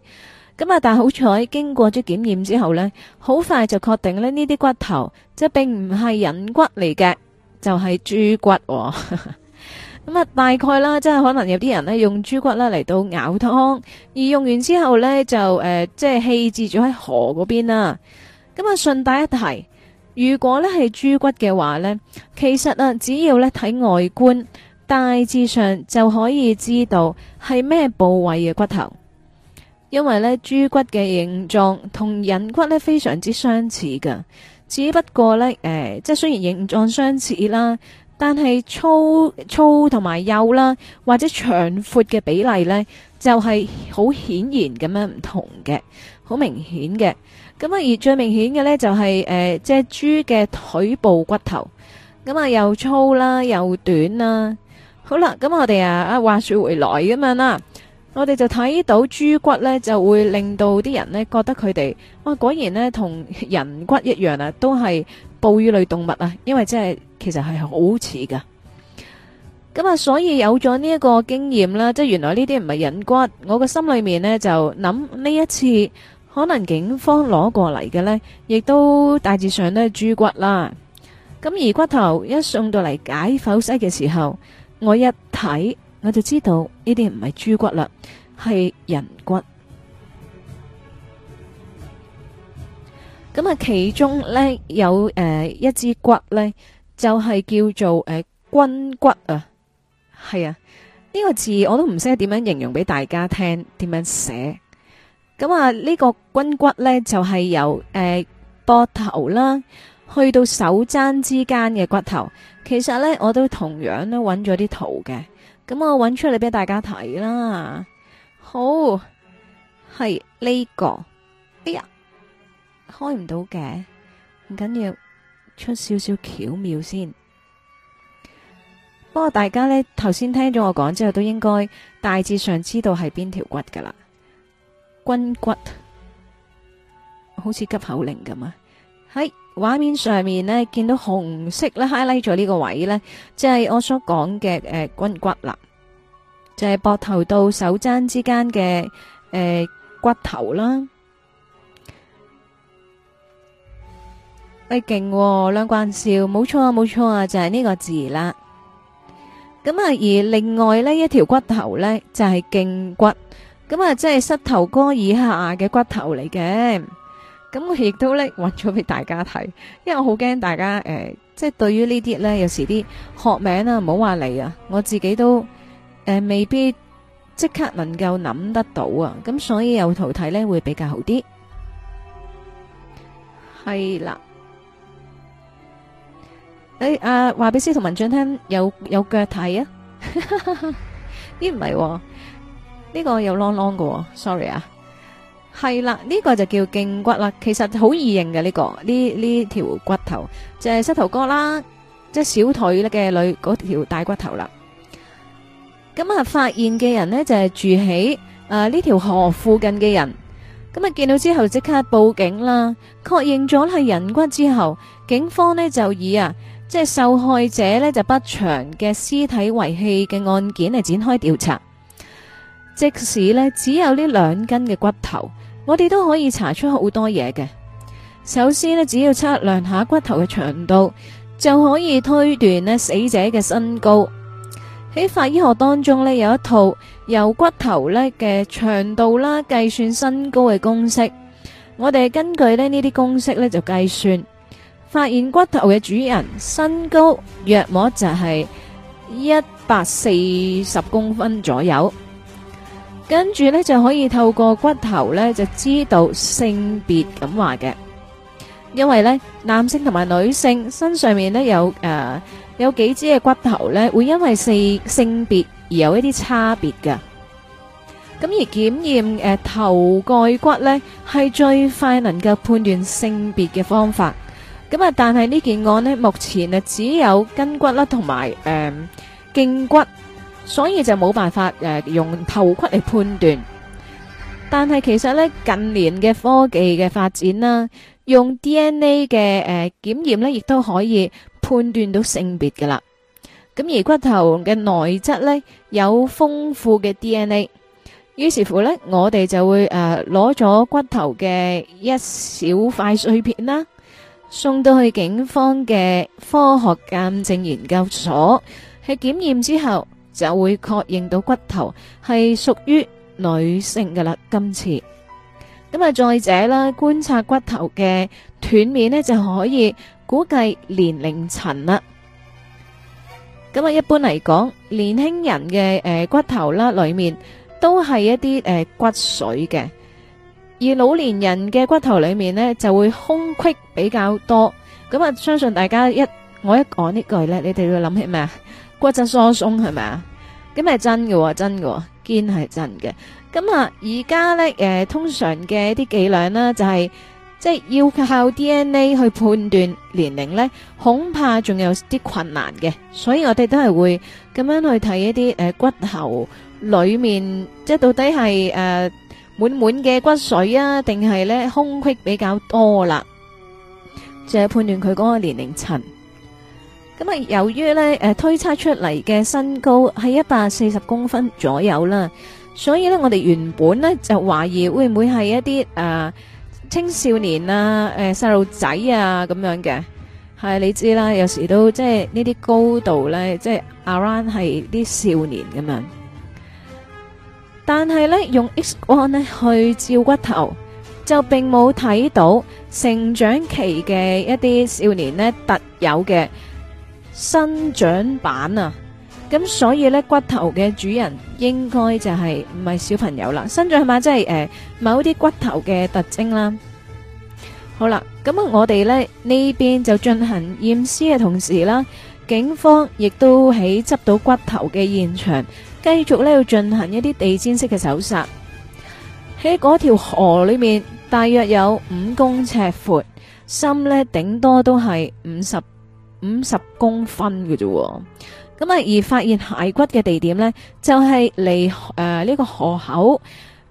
咁啊！但係好彩，經過咗檢驗之後呢，好快就確定呢呢啲骨頭，即係並唔係人骨嚟嘅，就係、是、豬骨、哦。咁啊，大概啦，即係可能有啲人呢用豬骨啦嚟到熬湯，而用完之後呢，就、呃、誒，即係棄置咗喺河嗰邊啦。咁啊，順帶一提，如果呢係豬骨嘅話呢，其實啊，只要呢睇外觀，大致上就可以知道係咩部位嘅骨頭。因為咧豬骨嘅形狀同人骨咧非常之相似㗎，只不過咧誒、呃，即係雖然形狀相似啦，但係粗粗同埋幼啦，或者長闊嘅比例咧，就係、是、好顯然咁樣唔同嘅，好明顯嘅。咁啊而最明顯嘅咧就係、是、誒、呃，即豬嘅腿部骨頭，咁啊又粗啦又短啦，好啦，咁我哋啊啊話說回來咁樣啦。我哋就睇到豬骨呢，就會令到啲人呢覺得佢哋，哇、哦、果然呢同人骨一樣啊，都係哺乳類動物啊，因為真係其實係好似噶。咁、嗯、啊，所以有咗呢一個經驗啦，即係原來呢啲唔係人骨。我個心裏面呢，就諗呢一次可能警方攞過嚟嘅呢，亦都大致上呢豬骨啦。咁、嗯、而骨頭一送到嚟解剖室嘅時候，我一睇。我就知道呢啲唔係豬骨啦，係人骨。咁啊，其中呢有誒、呃、一支骨呢，就係、是、叫做誒軍、呃、骨啊。係啊，呢、這個字我都唔識點樣形容俾大家聽，點樣寫。咁啊，呢、呃這個軍骨呢，就係、是、由誒膊頭啦，去到手踭之間嘅骨頭。其實呢，我都同樣咧揾咗啲圖嘅。咁我揾出嚟俾大家睇啦。好，係呢個。哎呀開唔到嘅，唔緊要，出少少巧妙先。不過大家呢頭先聽咗我講之後都應該大致上知道係邊條骨噶啦，軍骨，好似急口令咁啊，係。畫面上面咧見到紅色咧 highlight 咗呢個位咧，即係我所講嘅誒，肱骨啦，就係膊頭到手踭之間嘅誒骨頭啦。威勁，拉關少，冇錯啊，冇錯啊，就係呢個字啦。咁啊，而另外咧一條骨頭咧就係脛骨，咁啊即係膝頭哥以下嘅骨頭嚟嘅。咁我亦都咧搵咗俾大家睇，因為我好驚大家誒、呃，即係對於呢啲咧，有時啲學名啊，唔好話你啊，我自己都誒、呃、未必即刻能夠諗得到啊，咁所以有圖睇咧會比較好啲。係啦，你、哎、啊話俾司徒文進聽，有有腳睇啊？呢唔係，呢、這個有啷啷㗎喎。Sorry 啊。係啦，呢、這個就叫脛骨啦。其實好易認嘅呢、這個，呢呢條骨頭就係、是、膝頭哥啦，即、就、係、是、小腿咧嘅裏嗰條大骨頭啦。咁啊，發現嘅人呢就係、是、住喺誒呢條河附近嘅人。咁啊，見到之後即刻報警啦。確認咗係人骨之後，警方呢就以啊即係受害者呢就不詳嘅屍體遺棄嘅案件嚟展開調查。即使呢只有呢兩根嘅骨頭。我哋都可以查出好多嘢嘅。首先呢，只要測量下骨頭嘅長度，就可以推斷呢死者嘅身高。喺法醫學當中呢，有一套由骨頭嘅長度啦計算身高嘅公式。我哋根據呢啲公式呢就計算，發現骨頭嘅主人身高約莫就係一百四十公分左右。跟住咧就可以透過骨頭咧就知道性別咁話嘅，因為咧男性同埋女性身上面咧有誒有幾支嘅骨頭咧會因為性性別而有一啲差別嘅，咁而檢驗誒頭蓋骨咧係最快能夠判斷性別嘅方法，咁啊但係呢件案咧目前啊只有筋骨啦同埋誒頸骨。所以就冇辦法誒用頭骨嚟判斷，但係其實咧近年嘅科技嘅發展啦，用 DNA 嘅誒檢驗咧，亦都可以判斷到性別噶啦。咁而骨頭嘅內質咧有豐富嘅 DNA，於是乎咧我哋就會誒攞咗骨頭嘅一小塊碎片啦，送到去警方嘅科學鑑證研究所去檢驗之後，就會確認到骨頭係屬於女性嘅啦。今次咁啊，再者啦，觀察骨頭嘅斷面呢，就可以估計年齡層啦。咁啊，一般嚟講，年輕人嘅誒骨頭啦裏面都係一啲誒骨髓嘅，而老年人嘅骨頭裏面呢，就會空隙比較多。咁啊，相信大家一我一講呢句呢，你哋會諗起咩啊？骨質疏鬆係咪啊？咁係真嘅、哦，真喎、哦，堅係真嘅。咁啊，而家咧，誒，通常嘅一啲伎倆啦，就係即係要靠 DNA 去判斷年齡咧，恐怕仲有啲困難嘅。所以我哋都係會咁樣去睇一啲誒骨頭裏面，即係到底係誒滿滿嘅骨髓啊，定係咧空隙比較多啦，就係，判斷佢嗰個年齡層。咁啊，由於咧誒推測出嚟嘅身高係一百四十公分左右啦，所以咧我哋原本咧就懷疑會唔會係一啲誒青少年啊、誒細路仔啊咁樣嘅。係你知啦，有時都即係呢啲高度咧，即係 around 係啲少年咁樣。但係咧，用 X 光咧去照骨頭，就並冇睇到成長期嘅一啲少年咧特有嘅。生長板啊，咁所以咧骨頭嘅主人應該就係唔係小朋友啦，生長係咪即係誒某啲骨頭嘅特徵啦？好啦，咁啊我哋咧呢邊就進行驗屍嘅同時啦，警方亦都喺執到骨頭嘅現場，繼續咧要進行一啲地氈式嘅搜殺。喺嗰條河裏面，大約有五公尺闊，深咧頂多都係五十。五十公分嘅啫，咁啊，而發現骸骨嘅地點呢，就係離誒呢個河口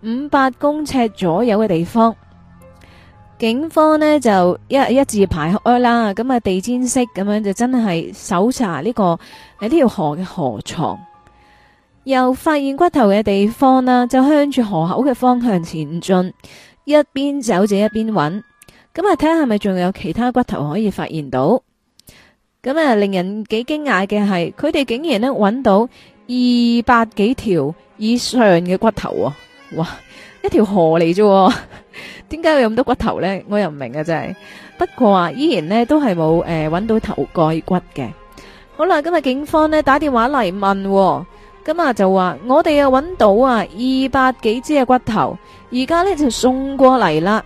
五百公尺左右嘅地方。警方呢就一一字排開啦，咁啊地毯式咁樣就真係搜查呢個喺呢條河嘅河床。由發現骨頭嘅地方啦，就向住河口嘅方向前進，一邊走就一邊揾。咁啊，睇下係咪仲有其他骨頭可以發現到。咁啊，令人幾驚訝嘅係，佢哋竟然呢揾到二百幾條以上嘅骨頭啊、哦！哇，一條河嚟啫，哦，點解會有咁多骨頭呢？我又唔明啊，真係。不過啊，依然呢都係冇誒揾到頭蓋骨嘅。好啦，今日警方呢打電話嚟問，哦，咁啊就話我哋啊揾到啊二百幾支嘅骨頭，而家呢就送過嚟啦。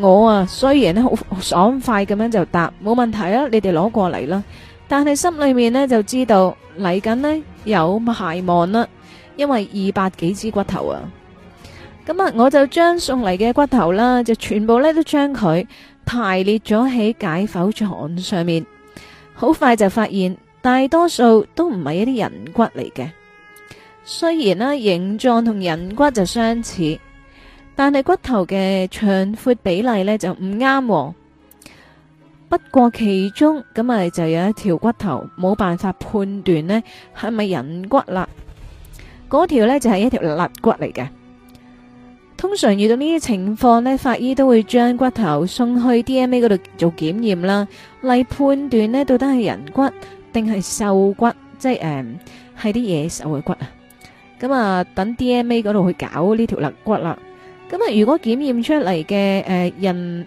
我啊，雖然好爽快咁樣就答冇問題啦，你哋攞過嚟啦。但係心裏面呢就知道嚟緊呢有排望啦，因為二百幾支骨頭啊。咁啊，我就將送嚟嘅骨頭啦，就全部呢都將佢排列咗喺解剖床上面，好快就發現大多數都唔係一啲人骨嚟嘅，雖然呢、啊，形狀同人骨就相似。但係骨頭嘅長闊比例咧就唔啱，不過其中咁咪就有一條骨頭冇辦法判斷咧係咪人骨啦，嗰條咧就係一條肋骨嚟嘅。通常遇到呢啲情況咧，法醫都會將骨頭送去 DNA 嗰度做檢驗啦，嚟判斷咧到底係人骨定係獸骨，即係誒係啲野獸嘅骨啊。咁啊，等 DNA 嗰度去搞呢條肋骨啦。咁啊！如果檢驗出嚟嘅，誒人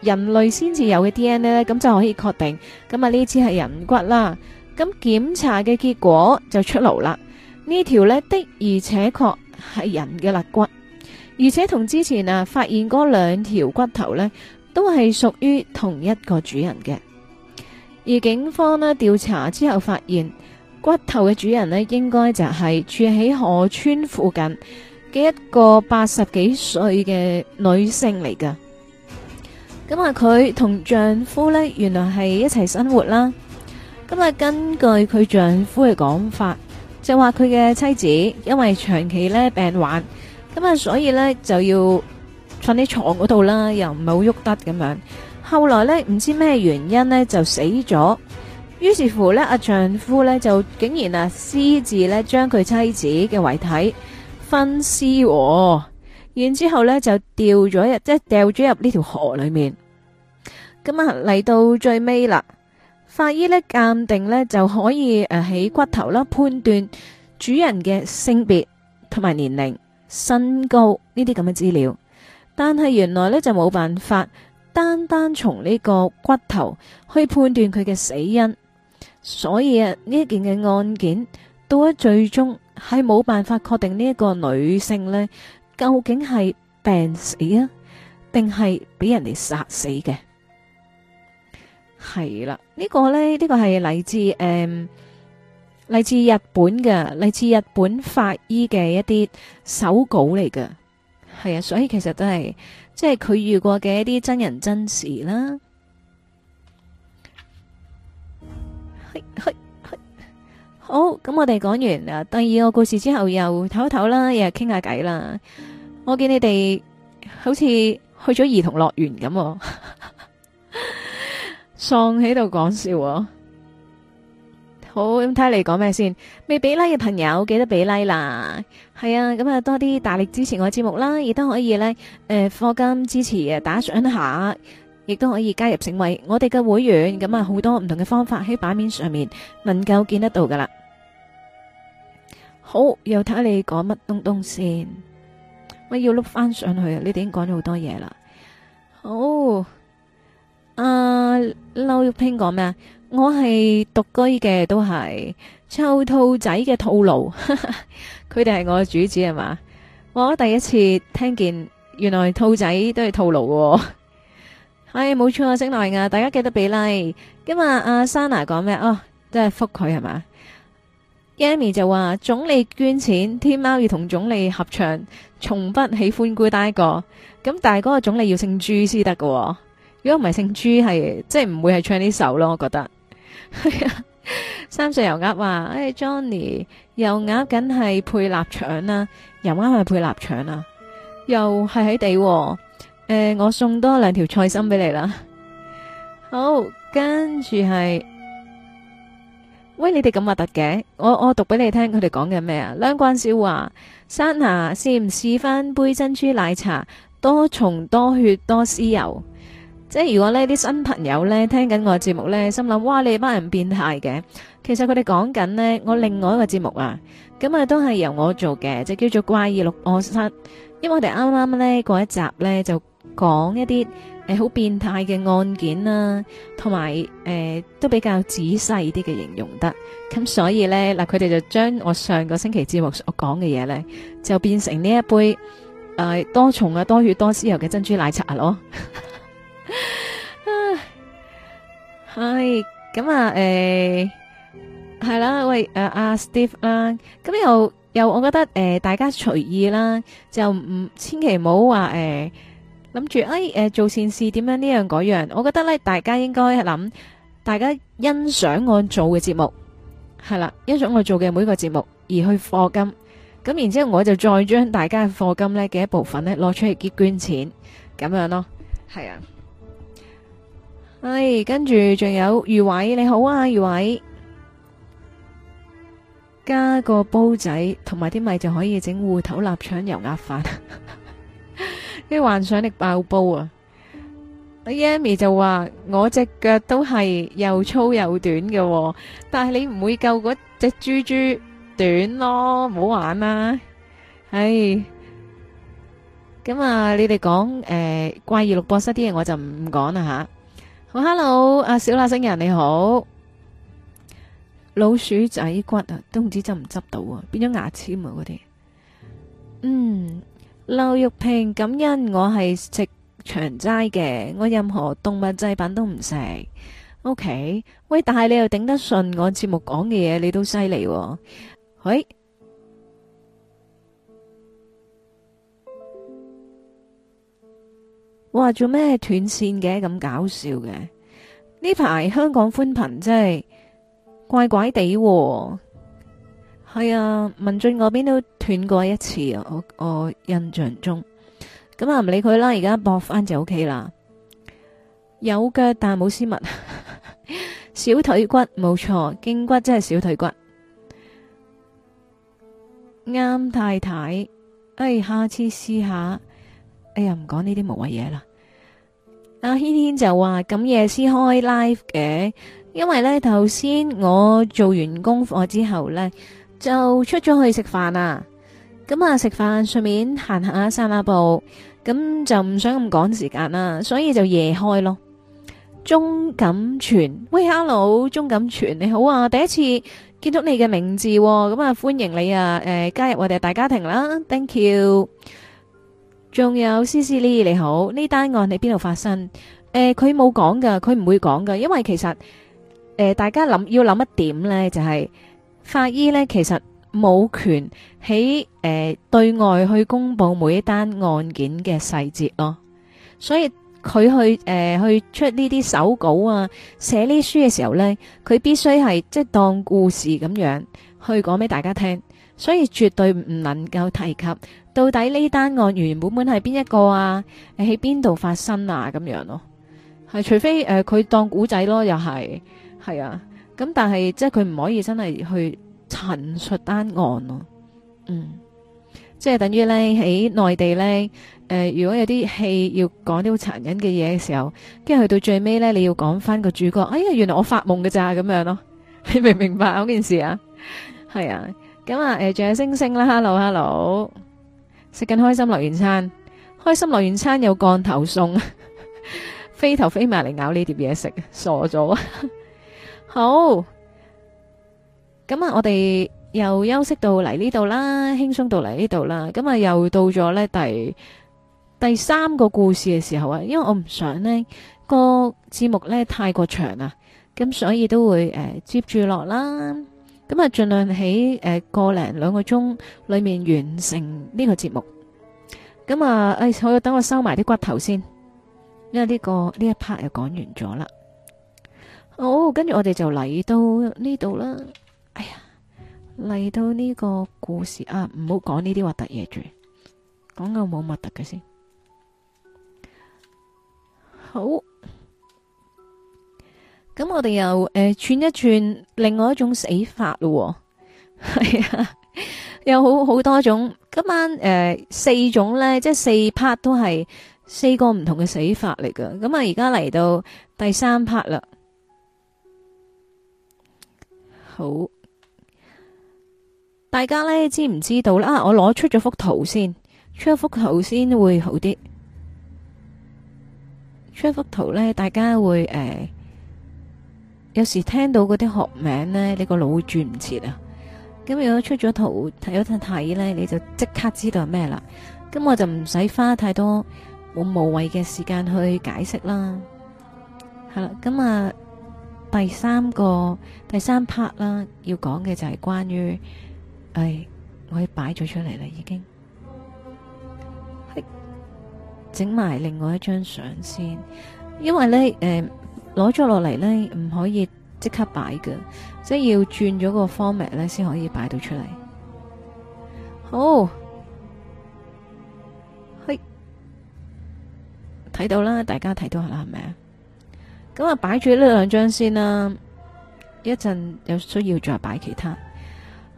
人類先至有嘅 DNA 呢，咁就可以確定，咁啊呢次係人骨啦。咁檢查嘅結果就出爐啦。呢條呢的而且確係人嘅肋骨，而且同之前啊發現嗰兩條骨頭呢都係屬於同一個主人嘅。而警方呢調查之後發現，骨頭嘅主人呢應該就係住喺河村附近嘅一個八十幾歲嘅女性嚟㗎，咁啊佢同丈夫呢，原來係一齊生活啦。咁啊根據佢丈夫嘅講法，就話佢嘅妻子因為長期呢病患，咁啊所以呢就要瞓喺床嗰度啦，又唔好喐得咁樣。後來呢，唔知咩原因呢，就死咗，於是乎呢，阿丈夫呢，就竟然啊私自呢將佢妻子嘅遺體。分屍，然之後呢就掉咗入即係掉咗入呢條河裏面。咁啊嚟到最尾啦，法醫呢鑑定呢就可以誒、呃、起骨頭啦，判斷主人嘅性別同埋年齡、身高呢啲咁嘅資料。但係原來呢就冇辦法，單單從呢個骨頭去判斷佢嘅死因。所以啊呢一件嘅案件到咗最終。係冇辦法確定呢一個女性咧，究竟係病死啊，定係俾人哋殺死嘅？係啦，呢個、呢、呢個咧，呢個係嚟自誒、呃、嚟自日本嘅，嚟自日本法醫嘅一啲手稿嚟㗎。係啊，所以其實都係即係佢遇過嘅一啲真人真事啦。嘿嘿。好，咁我哋講完啊第二個故事之後又，又唞一唞啦，又傾傾下偈啦。我見你哋好似去咗兒童樂園咁，喪喺度講笑喎。好咁，睇下你講咩先？未俾 like 嘅朋友記得俾 like 啦。係啊，咁啊多啲大力支持我節目啦，亦都可以咧誒，課金支持啊，打賞下，亦都可以加入成為我哋嘅會員。咁啊，好多唔同嘅方法喺版面上面能夠見得到噶啦。好，又睇下你講乜東東先，我要碌翻上去啊！你哋已經講咗好多嘢啦。好，阿劉玉平講咩啊？我係獨居嘅，都係臭兔仔嘅套路，佢哋係我嘅主子係嘛？我第一次聽見，原來兔仔都係套路喎。係冇錯，星來噶，大家記得俾 like。今日阿莎娜講咩啊？哦，真係復佢係嘛？Amy m 就話總理捐錢，天貓要同總理合唱，從不喜歡孤單一個。咁但係嗰個總理要姓朱先得㗎，如果唔係姓朱係即係唔會係唱呢首咯，我覺得。係啊，三歲油鴨話：，誒、哎、，Johnny，油鴨梗係配臘腸啦，油鴨係配臘腸啦，又係喺地、哦。誒、呃，我送多兩條菜心俾你啦。好，跟住係。喂，你哋咁核突嘅，我我讀俾你聽，佢哋講緊咩啊？梁關少話，山下試唔試翻杯珍珠奶茶？多蟲、多血多屍油，即係如果呢啲新朋友呢，聽緊我節目呢，心諗哇你班人變態嘅。其實佢哋講緊呢，我另外一個節目啊，咁啊都係由我做嘅，就叫做怪異錄案殺，因為我哋啱啱呢嗰一集呢，就講一啲。誒，好變態嘅案件啦，同埋誒都比較仔細啲嘅形容得，咁所以咧嗱，佢哋就將我上個星期節目所講嘅嘢咧，就變成呢一杯誒、呃、多重啊多血多豉油嘅珍珠奶茶咯。啊， 係咁啊，誒係啦，喂誒阿、啊啊、Steve 啦，咁又又我覺得誒、呃、大家隨意啦，就唔千祈唔好話誒。呃諗住誒，誒、哎呃、做善事點樣呢樣嗰樣？我覺得呢大家應該諗，大家欣賞我做嘅節目，係啦，欣賞我做嘅每個節目而去課金，咁然之後我就再將大家嘅課金呢嘅一部分呢攞出嚟捐捐錢，咁樣咯，係啊的。唉、哎，跟住仲有余偉，你好啊，余偉，加個煲仔同埋啲米就可以整芋頭臘腸油鴨飯。 啲幻想力爆煲啊！阿 Amy 就話我隻腳都係又粗又短嘅，哦，但係你唔會夠嗰隻豬豬短咯，唔好玩啦！唉，咁、嗯嗯呃、啊！你哋講誒怪異錄播室啲嘢，我就唔講啦吓。好，Hello，阿小辣星人你好，老鼠仔骨啊，都唔知執唔執到啊？變咗牙籤啊嗰啲，嗯。劉玉平，感恩我係食長齋嘅，我任何動物製品都唔食。OK 喂，但係你又頂得順我節目講嘅嘢，你都犀利喎。喂，我話做咩斷線嘅咁搞笑嘅？呢排香港寬頻真係怪怪地喎，係啊，文俊我邊都。斷過一次啊！我我印象中，咁啊唔理佢啦，而家搏翻就 OK 啦。有腳，但冇絲襪。小腿骨冇錯，脛骨真係小腿骨。啱太太，哎，下次試下。哎呀，唔講呢啲無謂嘢啦。阿軒軒就話咁夜先開 live 嘅，因為呢頭先我做完功課之後呢，就出咗去食飯啦。咁啊，食飯順便行行啦，散下步，咁就唔想咁趕時間啦，所以就夜開咯。鍾錦泉，喂，hello，鍾錦泉你好啊，第一次見到你嘅名字，咁啊歡迎你啊，誒加入我哋大家庭啦，thank you。仲有 CC Lee 你好，呢單案喺邊度發生？誒，佢冇講噶，佢唔會講噶，因為其實誒大家諗要諗一點咧，就係法醫咧，其實。冇權喺誒、呃、對外去公布每一單案件嘅細節咯，所以佢去誒、呃、去出呢啲手稿啊，寫呢啲書嘅時候呢，佢必須係即係當故事咁樣去講俾大家聽，所以絕對唔能夠提及到底呢單案原原本本係邊一個啊，喺邊度發生啊咁樣咯、啊，係除非誒佢、呃、當古仔咯，又係係啊，咁但係即係佢唔可以真係去。陳述單案咯，嗯，即係等於咧喺內地咧，誒、呃，如果有啲戲要講啲好殘忍嘅嘢嘅時候，跟住去到最尾咧，你要講翻個主角，哎呀，原來我發夢嘅咋咁樣咯，你明唔明白嗰件事啊？係啊，咁、嗯、啊，誒、呃，仲有星星啦，hello hello，食緊開心樂園餐，開心樂園餐有降頭送， 飛頭飛埋嚟咬呢碟嘢食，傻咗， 好。咁啊，我哋又休息到嚟呢度啦，輕鬆到嚟呢度啦。咁啊，又到咗呢第第三個故事嘅時候啊，因為我唔想呢個節目呢太過長啊，咁所以都會誒接住落啦。咁啊，盡量喺誒個零兩個鐘裏面完成呢個節目。咁啊，誒，我要等我收埋啲骨頭先，因為呢個呢一 part 又講完咗啦。好，跟住我哋就嚟到呢度啦。哎呀，嚟到呢個故事啊，唔好講呢啲核突嘢住，講個冇核突嘅先。好，咁我哋又誒、呃、串一串另外一種死法咯，係啊，有好好多種。今晚誒、呃、四種咧，即係四 part 都係四個唔同嘅死法嚟㗎。咁啊，而家嚟到第三 part 啦，好。大家咧，知唔知道啦、啊？我攞出咗幅圖先，出一幅圖先會好啲。出一幅圖咧，大家會誒、呃，有時聽到嗰啲學名咧，你個腦會轉唔切啊。咁如果出咗圖睇一睇咧，你就即刻知道係咩啦。咁我就唔使花太多我無謂嘅時間去解釋啦。係啦，咁啊，第三個第三 part 啦，要講嘅就係關於。我已經擺咗出嚟啦，哎、已經了。係整埋另外一張相先，因為咧，誒、呃，攞咗落嚟咧，唔可以即刻擺嘅，即係要轉咗個 format 咧，先可以擺到出嚟。好，係睇到啦，大家睇到係啦，係咪啊？咁啊，擺住呢兩張先啦，一陣有需要再擺其他。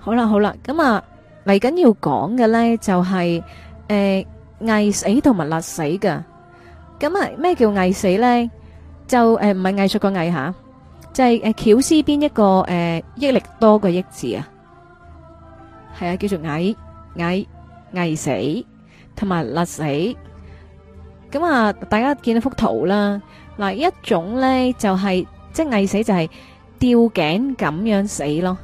好啦，好啦，咁啊嚟緊要講嘅咧就係誒，縊死同埋勒死嘅。咁啊咩叫縊死咧？就誒唔係藝術個藝吓，就係誒絞絲邊一個誒益力多嘅益字啊，係啊，叫做縊縊縊死同埋勒死。咁啊，大家見到幅圖啦。嗱，一種咧就係即係縊死就係吊頸咁樣死咯。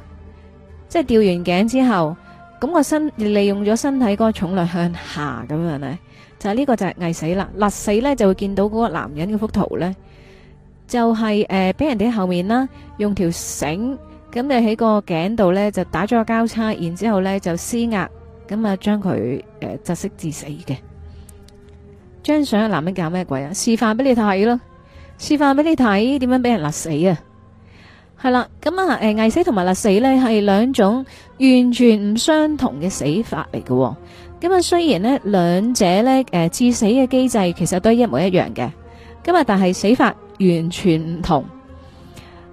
即係吊完頸之後，咁個身利用咗身體嗰個重量向下咁樣呢，就係呢個就係縊死啦。勒死呢，就會見到嗰個男人嘅幅圖呢，就係誒俾人哋後面啦，用條繩咁就喺個頸度呢，就打咗個交叉，然之後呢就施壓，咁啊將佢窒息致死嘅。張相嘅男人搞咩鬼啊？示範俾你睇咯，示範俾你睇點樣俾人勒死啊！係啦，咁啊，誒，縊死同埋勒死咧係兩種完全唔相同嘅死法嚟嘅。咁啊，雖然咧兩者咧，誒，致死嘅機制其實都係一模一樣嘅，咁啊但係死法完全唔同。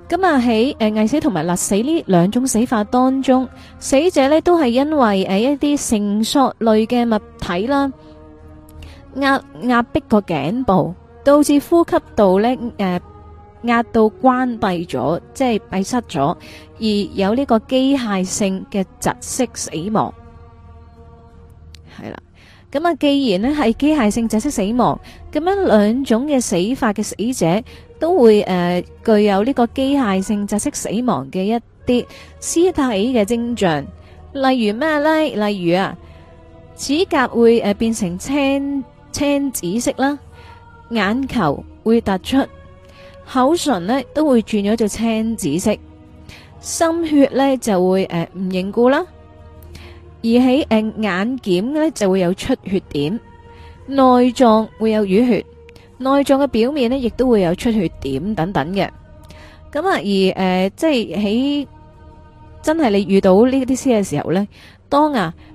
咁啊，喺誒縊死同埋勒死呢兩種死法當中，死者咧都係因為誒一啲繩索類嘅物體啦，壓壓迫個頸部，導致呼吸道咧，誒。壓到關閉咗，即係閉塞咗，而有呢個機械性嘅窒息死亡，係啦。咁啊，既然呢係機械性窒息死亡，咁樣兩種嘅死法嘅死者都會誒具有呢個機械性窒息死亡嘅一啲屍體嘅徵象，例如咩咧？例如啊，指甲會誒變成青青紫色啦，眼球會突出。口唇咧都會轉咗做青紫色，心血咧就會誒唔凝固啦，而喺誒眼瞼咧就會有出血點，內臟會有淤血，內臟嘅表面咧亦都會有出血點等等嘅，咁啊而誒即係喺真係你遇到呢啲屍嘅時候咧，當啊。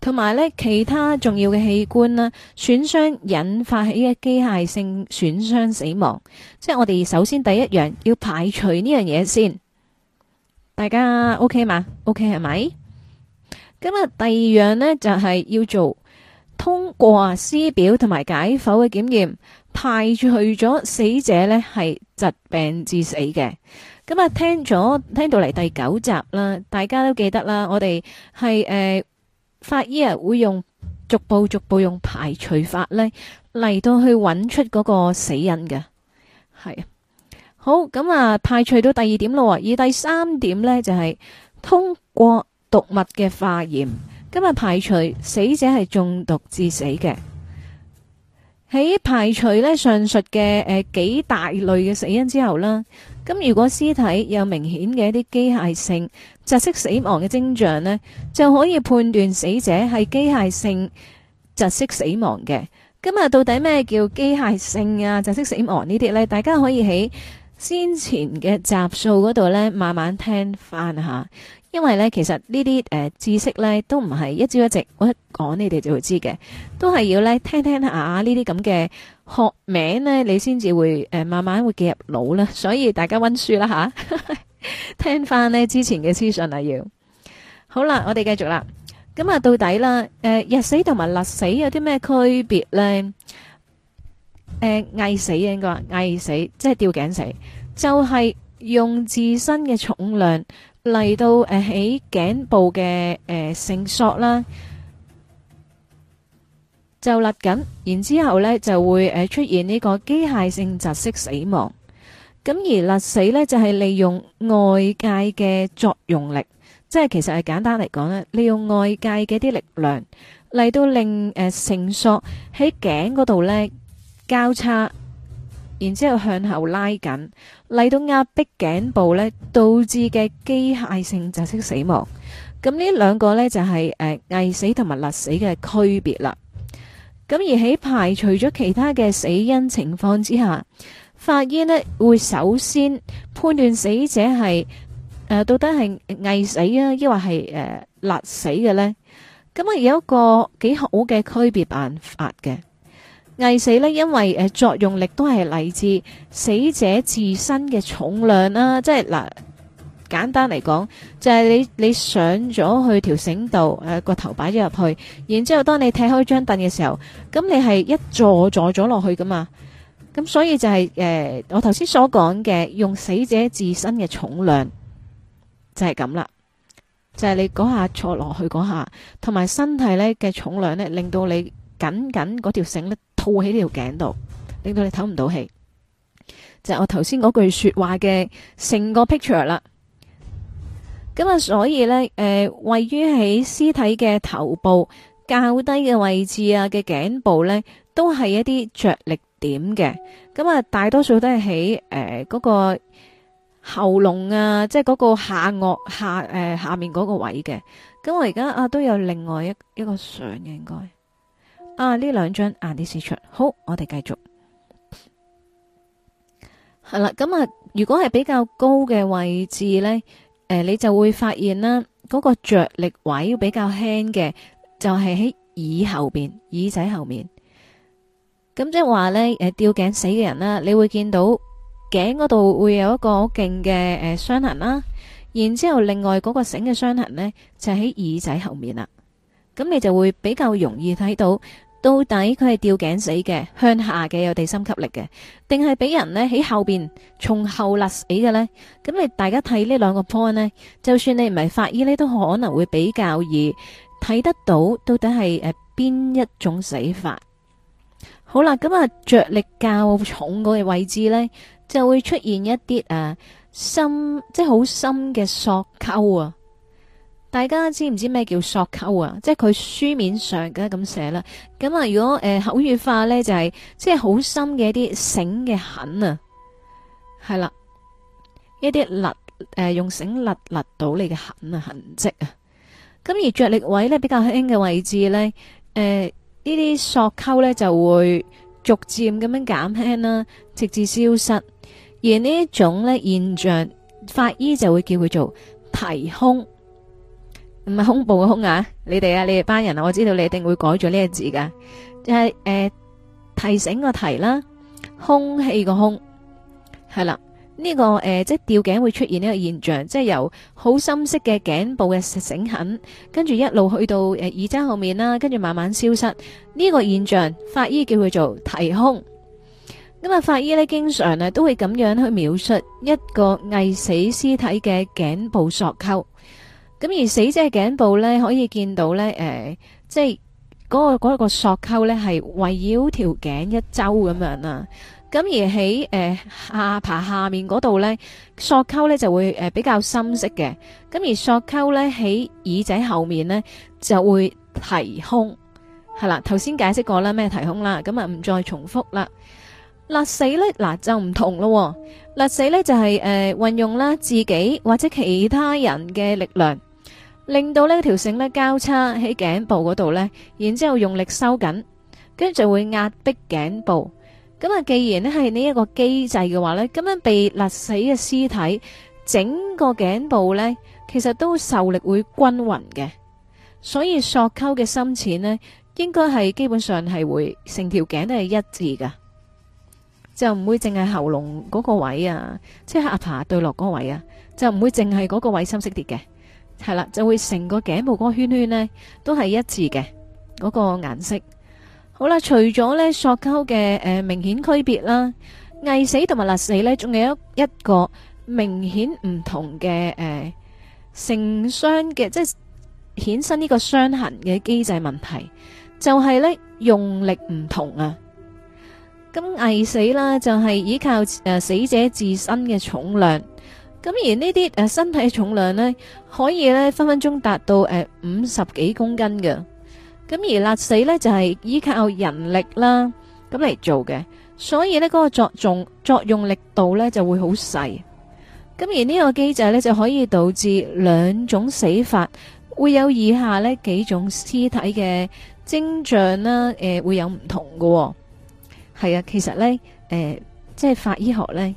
同埋咧，其他重要嘅器官啦，損傷引發起嘅機械性損傷死亡，即係我哋首先第一樣要排除呢樣嘢先。大家 OK 嘛？OK 係咪？咁啊，第二樣咧就係要做通過屍表同埋解剖嘅檢驗，排除咗死者咧係疾病致死嘅。咁啊，聽咗聽到嚟第九集啦，大家都記得啦，我哋係誒。法醫啊，會用逐步逐步用排除法呢，嚟到去揾出嗰個死因嘅，係啊。好，咁啊，排除到第二點咯。而第三點呢，就係、是、通過毒物嘅化驗，今日、啊、排除死者係中毒致死嘅。喺排除呢上述嘅誒、呃、幾大類嘅死因之後啦，咁如果屍體有明顯嘅一啲機械性。窒息死亡嘅徵象呢，就可以判斷死者係機械性窒息死亡嘅。咁到底咩叫機械性啊？窒息死亡呢啲呢，大家可以喺先前嘅集數嗰度呢，慢慢聽翻下。因為呢，其實呢啲誒知識呢，都唔係一朝一夕，我一講你哋就會知嘅，都係要呢聽聽下呢啲咁嘅學名呢，你先至會誒、呃、慢慢會記入腦啦。所以大家溫書啦吓。呵呵 聽翻之前嘅資訊啊，要好啦，我哋繼續啦。咁啊，到底啦，誒、呃，縊死同埋勒死有啲咩區別呢？誒、呃，縊死應該話縊死，即係吊頸死，就係、是、用自身嘅重量嚟到誒起頸部嘅誒繩索啦，就勒緊，然後之後呢就會誒出現呢個機械性窒息死亡。咁而勒死呢就係利用外界嘅作用力，即係其實係簡單嚟講呢，利用外界嘅一啲力量嚟到令誒繩索喺頸嗰度呢交叉，然之後向後拉緊，嚟到壓迫頸部呢，導致嘅機械性窒息死亡。咁呢兩個呢就係誒縊死同埋勒死嘅區別啦。咁而喺排除咗其他嘅死因情況之下。法醫呢會首先判斷死者係誒、呃、到底係縊死啊，抑或係誒勒死嘅呢？咁啊有一個幾好嘅區別辦法嘅縊死呢，因為誒、呃、作用力都係嚟自死者自身嘅重量啦、啊。即係嗱、呃，簡單嚟講就係、是、你你上咗去條繩度誒個頭擺咗入去，然之後當你踢開張凳嘅時候，咁你係一坐坐咗落去噶嘛。咁所以就係、是、誒、呃，我頭先所講嘅，用死者自身嘅重量就係咁啦，就係、是就是、你嗰下坐落去嗰下，同埋身體呢嘅重量呢令到你緊緊嗰條繩呢套喺呢條頸度，令到你唞唔到氣，就係、是、我頭先嗰句說話嘅成個 picture 啦。咁啊，所以呢，誒、呃，位於喺屍體嘅頭部較低嘅位置啊嘅頸部呢，都係一啲着力點嘅，咁啊，大多數都係喺誒嗰個喉嚨啊，即係嗰個下顎下誒、呃、下面嗰個位嘅。咁我而家啊都有另外一個一個相嘅，應該啊呢兩張晏啲先出。好，我哋繼續。係啦，咁啊，如果係比較高嘅位置呢，誒、呃，你就會發現啦，嗰、那個着力位比較輕嘅，就係、是、喺耳後邊，耳仔後面。咁即係話咧，誒，吊頸死嘅人啦，你會見到頸嗰度會有一個好勁嘅誒傷痕啦，然之後另外嗰個繩嘅傷痕呢，就喺耳仔後面啦。咁你就會比較容易睇到到底佢係吊頸死嘅，向下嘅有地心吸力嘅，定係俾人呢喺後邊從後勒死嘅呢？咁你大家睇呢兩個 point 呢，就算你唔係法醫呢，都可能會比較易睇得到到底係誒邊一種死法。好啦，咁啊，着力較重嗰個位置咧，就會出現一啲誒、啊、深，即係好深嘅索溝啊！大家知唔知咩叫索溝啊？即係佢書面上梗係咁寫啦。咁啊，如果誒、呃、口語化咧，就係、是、即係好深嘅一啲繩嘅痕啊，係啦，一啲勒誒用繩勒勒到你嘅痕啊痕跡啊。咁而着力位咧比較輕嘅位置咧，誒、呃。呢啲索溝呢就會逐漸咁樣減輕啦，直至消失。而呢一種呢現象，法醫就會叫佢做提空，唔係胸部嘅胸啊！你哋啊，你哋班人啊，我知道你一定會改咗呢個字噶，就係誒提醒個提啦，空氣個空，係啦。呢、這個誒、呃，即係吊頸會出現呢個現象，即係由好深色嘅頸部嘅繩痕，跟住一路去到誒、呃、耳仔後面啦，跟住慢慢消失。呢、這個現象，法醫叫佢做「提胸」。咁啊，法醫咧經常咧都會咁樣去描述一個縊死屍體嘅頸部索溝。咁而死者嘅頸部咧，可以見到咧誒、呃，即係嗰、那個那個索溝咧，係圍繞條頸一周咁樣啦。咁而喺誒下巴下面嗰度咧，索溝咧就會誒比較深色嘅。咁而索溝咧喺耳仔後面咧就會提胸，係啦。頭先解釋過啦，咩提胸啦，咁啊唔再重複啦。勒死咧嗱就唔同咯，勒死咧就係誒運用啦自己或者其他人嘅力量，令到呢條繩咧交叉喺頸部嗰度咧，然之後用力收緊，跟住就會壓迫頸部。咁啊，既然咧係呢一個機制嘅話咧，咁樣被勒死嘅屍體整個頸部咧，其實都受力會均勻嘅，所以索溝嘅深淺咧，應該係基本上係會成條頸都係一致嘅，就唔會淨係喉嚨嗰個位啊，即係阿爸對落嗰個位啊，就唔會淨係嗰個位深色啲嘅，係啦，就會成個頸部嗰個圈圈咧，都係一致嘅嗰個顏色。好啦，除咗咧索溝嘅，誒明顯區別啦，縊死同埋勒死咧，仲有一一個明顯唔同嘅，誒成傷嘅，即係衍生呢個傷痕嘅機制問題，就係咧用力唔同啊。咁縊死啦，就係依靠誒死者自身嘅重量，咁而呢啲誒身體重量咧，可以咧分分鐘達到誒五十幾公斤嘅。咁而勒死咧就係依靠人力啦，咁嚟做嘅，所以呢嗰個作作用力度呢，就會好細。咁而呢個機制呢，就可以導致兩種死法，會有以下呢幾種屍體嘅徵象啦，誒會有唔同喎。係啊，其實呢，誒、呃、即係法醫學呢。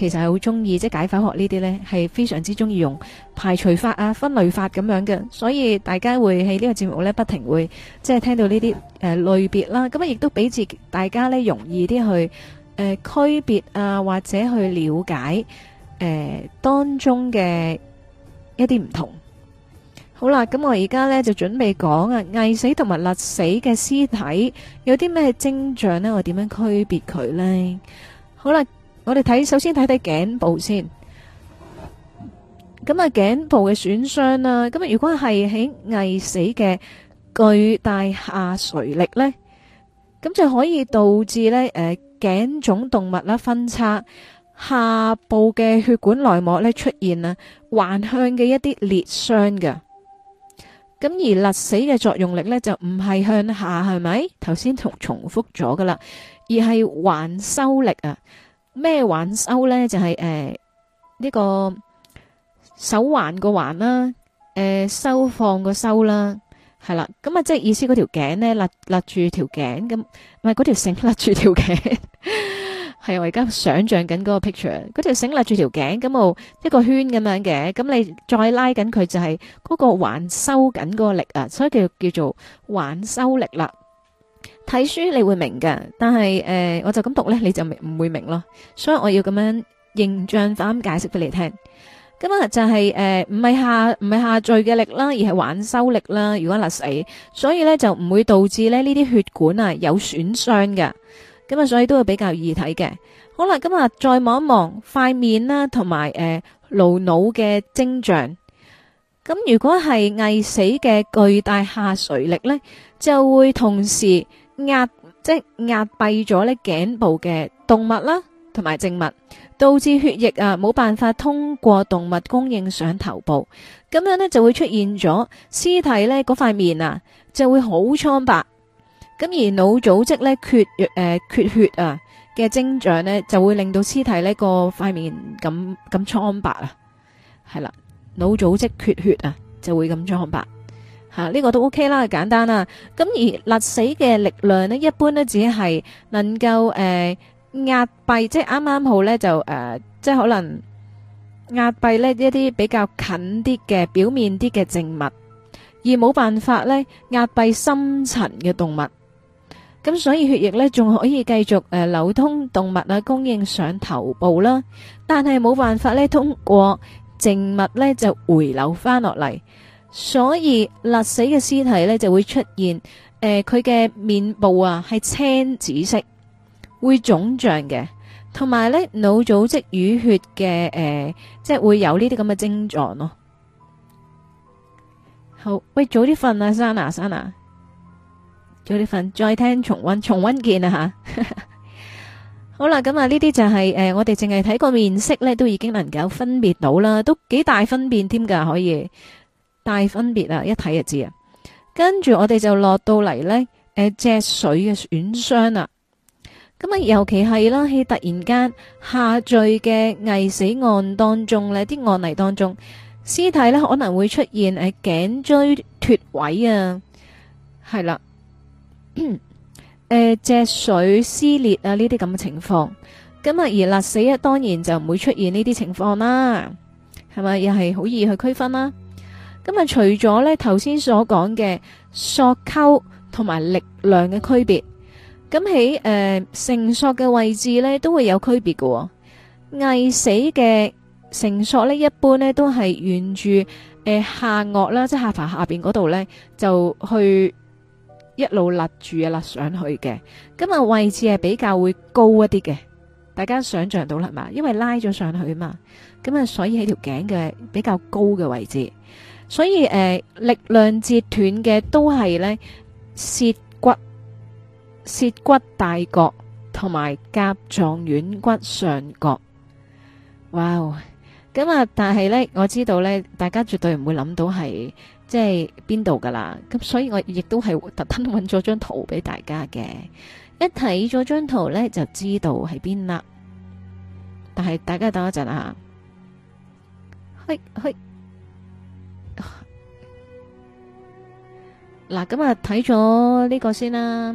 其實係好中意，即、就、係、是、解剖學這些呢啲呢係非常之中意用排除法啊、分類法咁樣嘅，所以大家會喺呢個節目呢，不停會即係聽到呢啲誒類別啦。咁啊，亦都俾住大家呢，容易啲去誒、呃、區別啊，或者去了解誒、呃、當中嘅一啲唔同。好啦，咁我而家呢，就準備講啊，縊死同埋勒死嘅屍體有啲咩徵象呢？我點樣區別佢呢？好啦。我哋睇，首先睇睇頸部先。咁啊，頸部嘅損傷啦，咁啊，如果係喺縊死嘅巨大下垂力咧，咁就可以導致咧誒頸總動脈啦分叉下部嘅血管內膜咧出現啊橫向嘅一啲裂傷㗎。咁而勒死嘅作用力咧就唔係向下，係咪頭先重重複咗噶啦？而係橫收力啊。咩環收咧？就係誒呢個手環個環啦，誒收放個收啦，係啦。咁啊，即係意思嗰條頸咧勒勒住條頸咁，唔係嗰條繩勒住條頸。係我而家想象緊嗰個 picture，嗰條繩勒住條頸咁，一個圈咁樣嘅。咁你再拉緊佢，就係嗰個環收緊嗰個力啊，所以叫叫做環收力啦。睇書你會明嘅，但係誒、呃，我就咁讀咧，你就明唔會明咯。所以我要咁樣形象化解釋俾你聽。咁啊就係、是、誒，唔、呃、係下唔係下墜嘅力啦，而係玩收力啦。如果勒死，所以咧就唔會導致咧呢啲血管啊有損傷嘅。咁啊，所以都會比較易睇嘅。好啦，今日再望一望塊面啦，同埋誒顱腦嘅徵象。呃咁如果係縊死嘅巨大下垂力咧，就會同時壓，即係壓閉咗咧頸部嘅動脈啦，同埋靜脈，導致血液啊冇辦法通過動脈供應上頭部，咁樣咧就會出現咗屍體咧嗰塊面啊，就會好蒼白。咁而腦組織咧缺誒缺血啊嘅徵象咧，就會令到屍體呢個塊面咁咁蒼白啊，係啦。腦組織缺血啊，就會咁蒼白吓，呢個都 O K 啦，簡單啦。咁而勒死嘅力量咧，一般咧只係能夠誒壓閉，即係啱啱好咧就誒，即係可能壓閉咧一啲比較近啲嘅表面啲嘅靜脈，而冇辦法咧壓閉深層嘅動脈。咁所以血液咧仲可以繼續誒流通，動脈啊供應上頭部啦，但係冇辦法咧通過。靜脈咧就回流翻落嚟，所以勒死嘅屍體咧就會出現，誒佢嘅面部啊係青紫色，會腫脹嘅，同埋咧腦組織淤血嘅，誒、呃、即係會有呢啲咁嘅症狀咯。好，喂早啲瞓啊，Sana Sana，早啲瞓，再聽重溫重溫見啊吓。 好啦，咁啊、就是，呢啲就係誒，我哋淨係睇個面色咧，都已經能夠分別到啦，都幾大分別添噶，可以大分別啊，一睇就知啊。跟住我哋就落到嚟呢誒，脊髓嘅損傷啦。咁啊、嗯，尤其係啦，喺突然間下墜嘅縊死案當中呢，啲案例當中，屍體呢可能會出現誒頸、呃、椎脫位啊，係啦。 誒，脊髓撕裂啊，呢啲咁嘅情況，咁啊而勒死咧，當然就唔會出現呢啲情況啦，係咪？又係好易去區分啦。咁啊，除咗咧，頭先所講嘅索溝同埋力量嘅區別，咁喺誒繩索嘅位置咧都會有區別嘅。縊死嘅繩索咧，一般咧都係沿住誒下顎啦，即係下巴下邊嗰度咧就去。一路勒住啊，勒上去嘅，咁啊位置係比較會高一啲嘅。大家想象到啦嘛？因為拉咗上去嘛，咁啊所以喺條頸嘅比較高嘅位置，所以誒力量截斷嘅，都係呢，舌骨、舌骨大角同埋甲狀軟骨上角，哇，咁啊但係呢，我知道呢，大家絕對唔會諗到係。即係邊度噶啦？咁所以我亦都係特登揾咗張圖俾大家嘅。一睇咗張圖呢，就知道喺邊啦。但係大家等一陣啊，開開嗱，今日睇咗呢個先啦，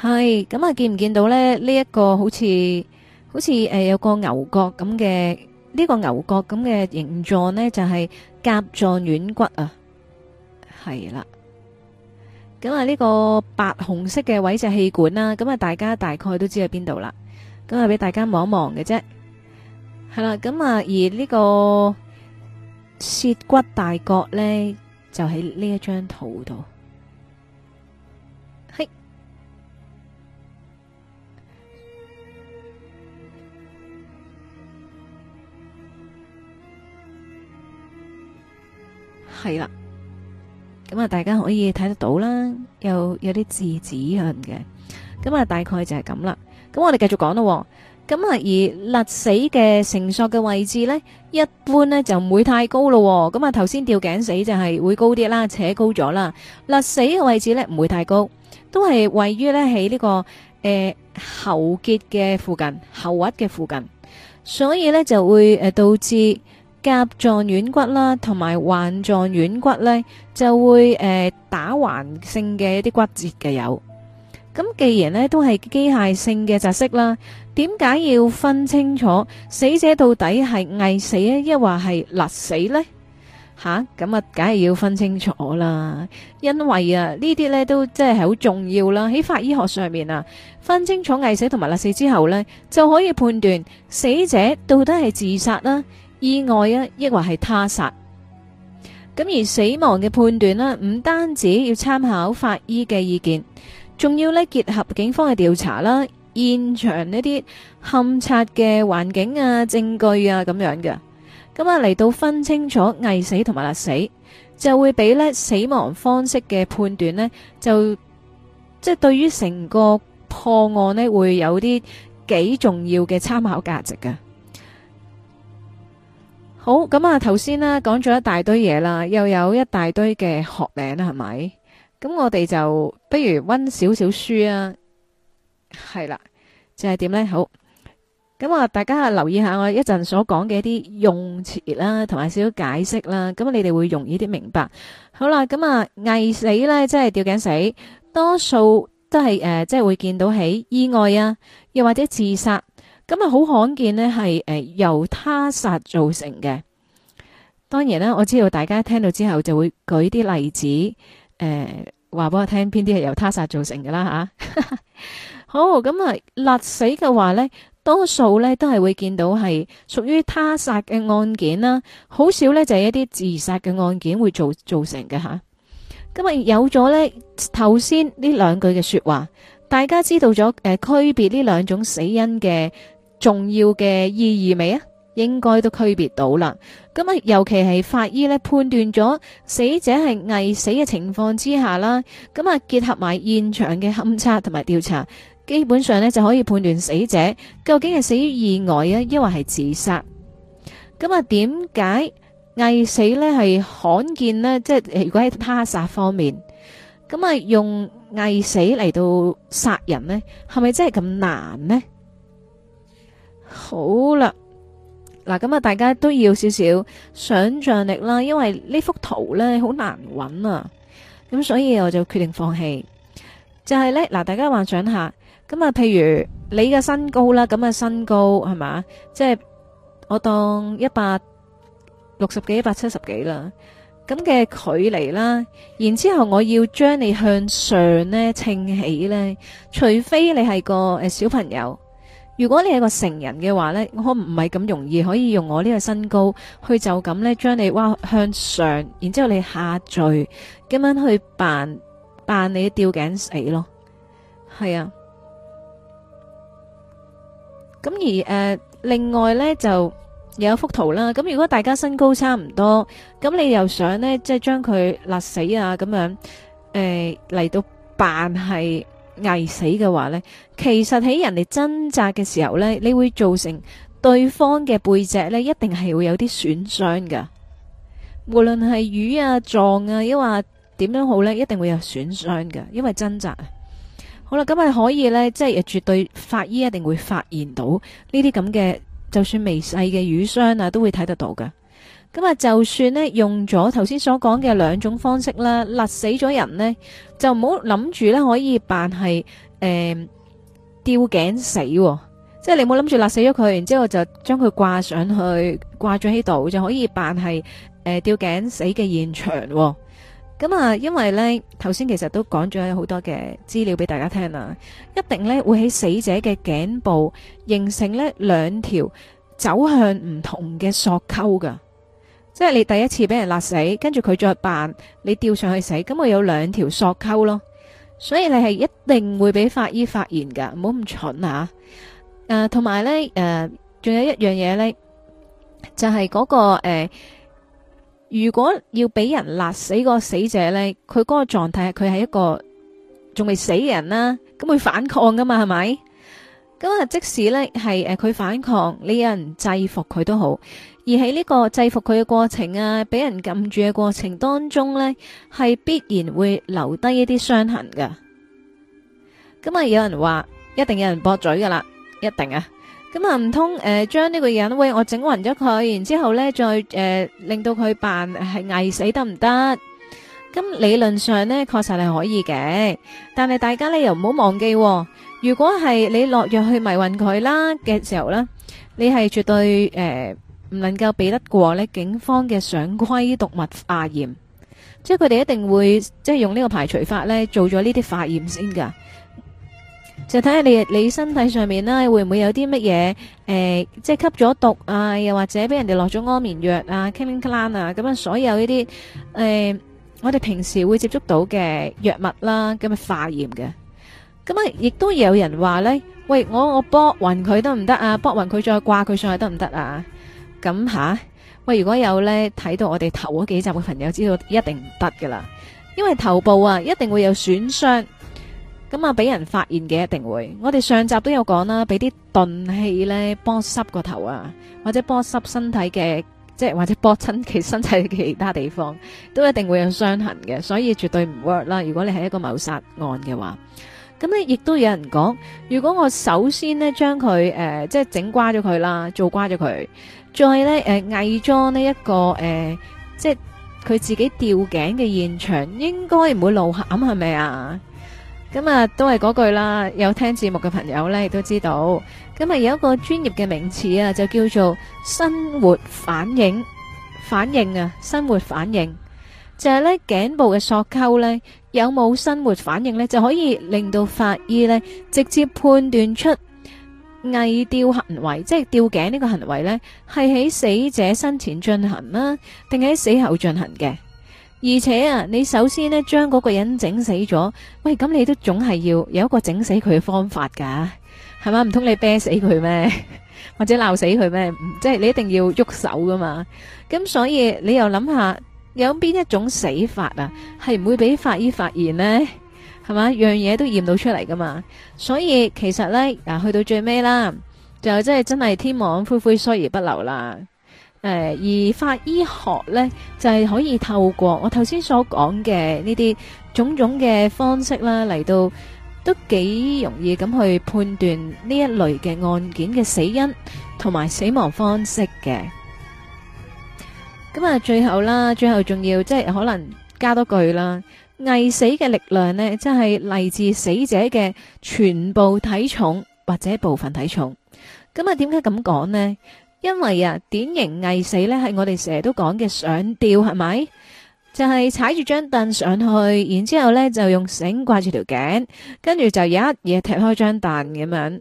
係咁啊，見唔見到呢？呢一個好似好似誒，有個牛角咁嘅。呢個牛角咁嘅形狀咧，就係甲狀軟骨啊，係啦。咁啊，呢個白紅色嘅位置氣管啦。咁啊，大家大概都知喺邊度啦。咁啊，俾大家望一望嘅啫。係啦，咁啊，而呢個舌骨大角咧，就喺呢一張圖度。係啦，咁啊，大家可以睇得到啦，又有啲字指引嘅，咁啊，大概就係咁啦。咁我哋繼續講咯，咁啊而勒死嘅繩索嘅位置咧，一般咧就唔會太高咯。咁啊，頭先吊頸死就係會高啲啦，扯高咗啦。勒死嘅位置咧唔會太高，都係位於咧喺呢個誒喉結嘅附近、喉核嘅附近，所以咧就會誒導致。甲狀軟骨啦，同埋環狀軟骨咧，就會誒打橫性嘅一啲骨折嘅有。咁既然咧都係機械性嘅窒息啦，點解要分清楚死者到底係縊死啊，抑或係勒死咧，吓？咁啊，梗係要分清楚啦，因為啊呢啲咧都真係好重要啦。喺法醫學上面啊，分清楚縊死同埋勒死之後咧，就可以判斷死者到底係自殺啦。意外啊，抑或係他殺。咁而死亡嘅判斷呢，唔單止要參考法醫嘅意見，仲要呢結合警方嘅調查啦、現場呢啲勘察嘅環境啊、證據啊咁樣嘅。咁啊嚟到分清楚縊死同埋勒死，就會俾呢死亡方式嘅判斷呢，就即係、就是、對於成個破案呢，會有啲幾重要嘅參考價值嘅。好咁啊，頭先啦，講咗一大堆嘢啦，又有一大堆嘅學名啦，係咪？咁我哋就不如溫少少書啊，係啦，就係點咧？好，咁啊，大家留意下我一陣所講嘅一啲用詞啦，同埋少少解釋啦，咁你哋會容易啲明白。好啦，咁啊，危死咧，即係吊頸死，多數都係誒、呃，即係會見到喺意外啊，又或者自殺。咁啊，好罕見呢係誒由他殺造成嘅。當然啦，我知道大家聽到之後就會舉啲例子，誒話俾我聽邊啲係由他殺造成嘅啦吓。 好，咁啊，勒死嘅話呢，多數呢都係會見到係屬於他殺嘅案件啦，好少呢就係、是、一啲自殺嘅案件會造造成嘅吓。咁啊有咗呢頭先呢兩句嘅說話，大家知道咗誒、呃、區別呢兩種死因嘅重要嘅意義未啊？應該都區別到啦。咁啊，尤其係法醫咧判斷咗死者係縊死嘅情況之下啦，咁啊結合埋現場嘅勘測同埋調查，基本上咧就可以判斷死者究竟係死於意外啊，抑或係自殺。咁啊，點解縊死咧係罕見呢？即係如果喺他殺方面，咁啊用縊死嚟到殺人呢，係咪真係咁難呢？好啦，嗱咁啊，大家都要少少想象力啦，因為呢幅圖咧好難揾啊，咁所以我就決定放棄。就係咧，嗱，大家幻想下，咁啊，譬如你嘅身高啦，咁嘅身高係嘛，即係、就是、我當一百六十幾、一百七十幾啦，咁嘅距離啦，然之後我要將你向上咧秤起咧，除非你係個誒、呃、小朋友。如果你係個成人嘅話咧，我唔係咁容易可以用我呢個身高去就咁咧將你哇向上，然之後你下墜咁樣去扮扮你吊頸死咯，係啊。咁而誒，另外咧就又有幅圖啦。咁如果大家身高差唔多，咁你又想咧即係將佢勒死啊咁樣誒嚟到扮係。縊死嘅話呢，其實喺人哋掙扎嘅時候呢，你會造成對方嘅背脊呢，一定係會有啲損傷嘅。無論係瘀啊、撞啊，抑或點樣好呢，一定會有損傷嘅，因為掙扎。好啦，咁係可以呢？即係絕對法醫一定會發現到呢啲咁嘅，就算微細嘅瘀傷啊，都會睇得到嘅。咁啊，就算咧用咗頭先所講嘅兩種方式啦，勒死咗人咧，就唔好諗住咧可以扮係誒吊頸死，即係你冇諗住勒死咗佢，然之後就將佢掛上去掛咗喺度就可以扮係誒吊頸死嘅現場。咁啊，因為咧頭先其實都講咗有好多嘅資料俾大家聽啦，一定咧會喺死者嘅頸部形成咧兩條走向唔同嘅索溝噶。即係你第一次俾人勒死，跟住佢再扮你吊上去死，咁咪有兩條索溝咯，所以你係一定會俾法醫發現噶，唔好咁蠢啊！誒，同埋咧，誒，仲有一樣嘢咧，就係嗰個誒，如果要俾人勒死個死者咧，佢嗰個狀態，佢係一個仲未死嘅人啦，咁會反抗噶嘛，係咪？即使呢係誒佢反抗，你有人制服佢都好，而喺呢個制服佢嘅過程啊，俾人撳住嘅過程當中呢，係必然會留低一啲傷痕噶。咁啊，有人話一定有人駁嘴噶啦，一定啊。咁啊，唔通誒將呢個人喂我整暈咗佢，然之後呢再誒，呃，令到佢扮係縊死得唔得？咁理論上呢，確實係可以嘅，但係大家呢，又唔好忘記，哦。如果係你落藥去迷暈佢啦嘅時候咧，你係絕對誒唔能夠避得過咧警方嘅常規毒物化驗，即係佢哋一定會即係用呢個排除法咧做咗呢啲化驗先噶，就睇下你你身體上面啦會唔會有啲乜嘢誒，即係吸咗毒啊，又或者俾人哋落咗安眠藥啊，kling klan 啊，咁啊所有呢啲誒，我哋平時會接觸到嘅藥物啦咁嘅化驗嘅。咁啊！亦都有人話呢：「喂，我我搏暈佢得唔得啊？搏暈佢再掛佢上去得唔得啊？咁吓、啊、喂，如果有呢睇到我哋頭嗰幾集嘅朋友，知道一定唔得噶啦，因為頭部啊一定會有損傷，咁啊俾人發現嘅一定會。我哋上集都有講啦，俾啲鈍器呢搏濕個頭啊，或者搏濕身體嘅，即係或者搏親其身體嘅其他地方，都一定會有傷痕嘅，所以絕對唔 work 啦。如果你係一個謀殺案嘅話。咁咧，亦都有人講，如果我首先咧將佢誒，即係整瓜咗佢啦，做瓜咗佢，再咧誒偽裝呢、呃、呢一個誒、呃，即係佢自己吊頸嘅現場，應該唔會露餡係咪啊？咁、嗯、啊，都係嗰句啦。有聽節目嘅朋友咧，亦都知道，咁、嗯、啊有一個專業嘅名詞啊，就叫做生活反應反應啊，生活反應就係咧頸部嘅索溝咧。有冇生活反應呢？就可以令到法醫呢，直接判斷出偽吊行為，即係吊頸呢個行為呢，係喺死者生前進行啦，定喺死後進行嘅。而且啊，你首先呢將嗰個人整死咗，喂，咁你都總係要有一個整死佢嘅方法㗎、啊，係嘛？唔通你啤死佢咩？或者鬧死佢咩？即係你一定要喐手㗎嘛？咁所以你又諗下，有邊一種死法啊，係唔會俾法醫發現呢？係嘛，樣嘢都驗到出嚟㗎嘛。所以其實呢，去到最尾啦，就真係真係天網恢恢，疏而不漏啦。誒、呃，而法醫學呢，就係、是、可以透過我頭先所講嘅呢啲種種嘅方式啦，嚟到都幾容易咁去判斷呢一類嘅案件嘅死因同埋死亡方式嘅。咁啊，最後啦，最後仲要即係可能加多句啦。縊死嘅力量咧，即係嚟自死者嘅全部體重或者部分體重。咁啊，點解咁講咧？因為啊，典型縊死咧係我哋成日都講嘅上吊，係咪？就係踩住張凳上去，然之後咧就用繩掛住條頸，跟住就有一嘢踢開張凳咁樣。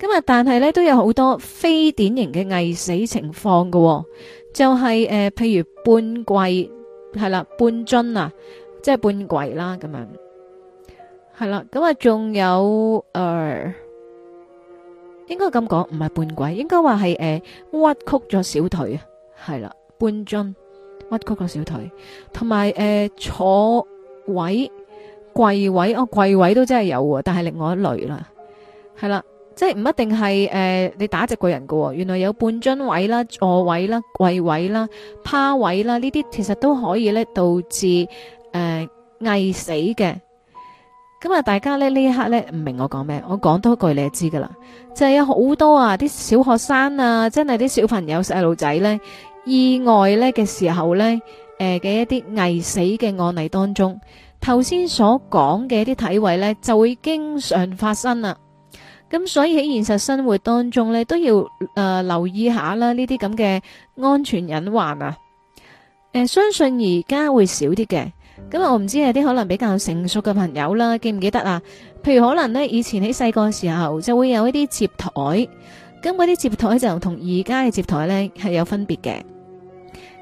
咁啊，但係咧都有好多非典型嘅縊死情況噶。就係、是、誒、呃，譬如半跪係啦，半蹲啊，即係半跪啦，咁樣係啦。咁啊，仲有誒，應該咁講唔係半跪，應該話係誒屈曲咗小腿啊，係啦，半蹲，屈曲個小腿，同埋誒坐位跪位哦，跪位都真係有啊，但係另外一類啦，係啦。即係唔一定係誒、呃，你打直個人噶喎、哦，原來有半樽位啦、座位啦、跪位啦、趴位啦，呢啲其實都可以咧導致誒、呃、縊死嘅。咁啊，大家咧呢一刻咧唔明我講咩，我講多一句你就知噶啦，就係、是、有好多啊，啲小學生啊，真係啲小朋友細路仔咧意外咧嘅時候咧，誒、呃、嘅一啲縊死嘅案例當中，頭先所講嘅一啲體位咧就會經常發生啦。咁所以喺現實生活當中咧，都要誒、呃、留意下啦，呢啲咁嘅安全隱患啊！誒、呃，相信而家會少啲嘅。咁啊，我唔知有啲可能比較成熟嘅朋友啦，記唔記得啊？譬如可能呢，以前喺細個時候就會有一啲接台，咁嗰啲接台就同而家嘅接台呢係有分別嘅。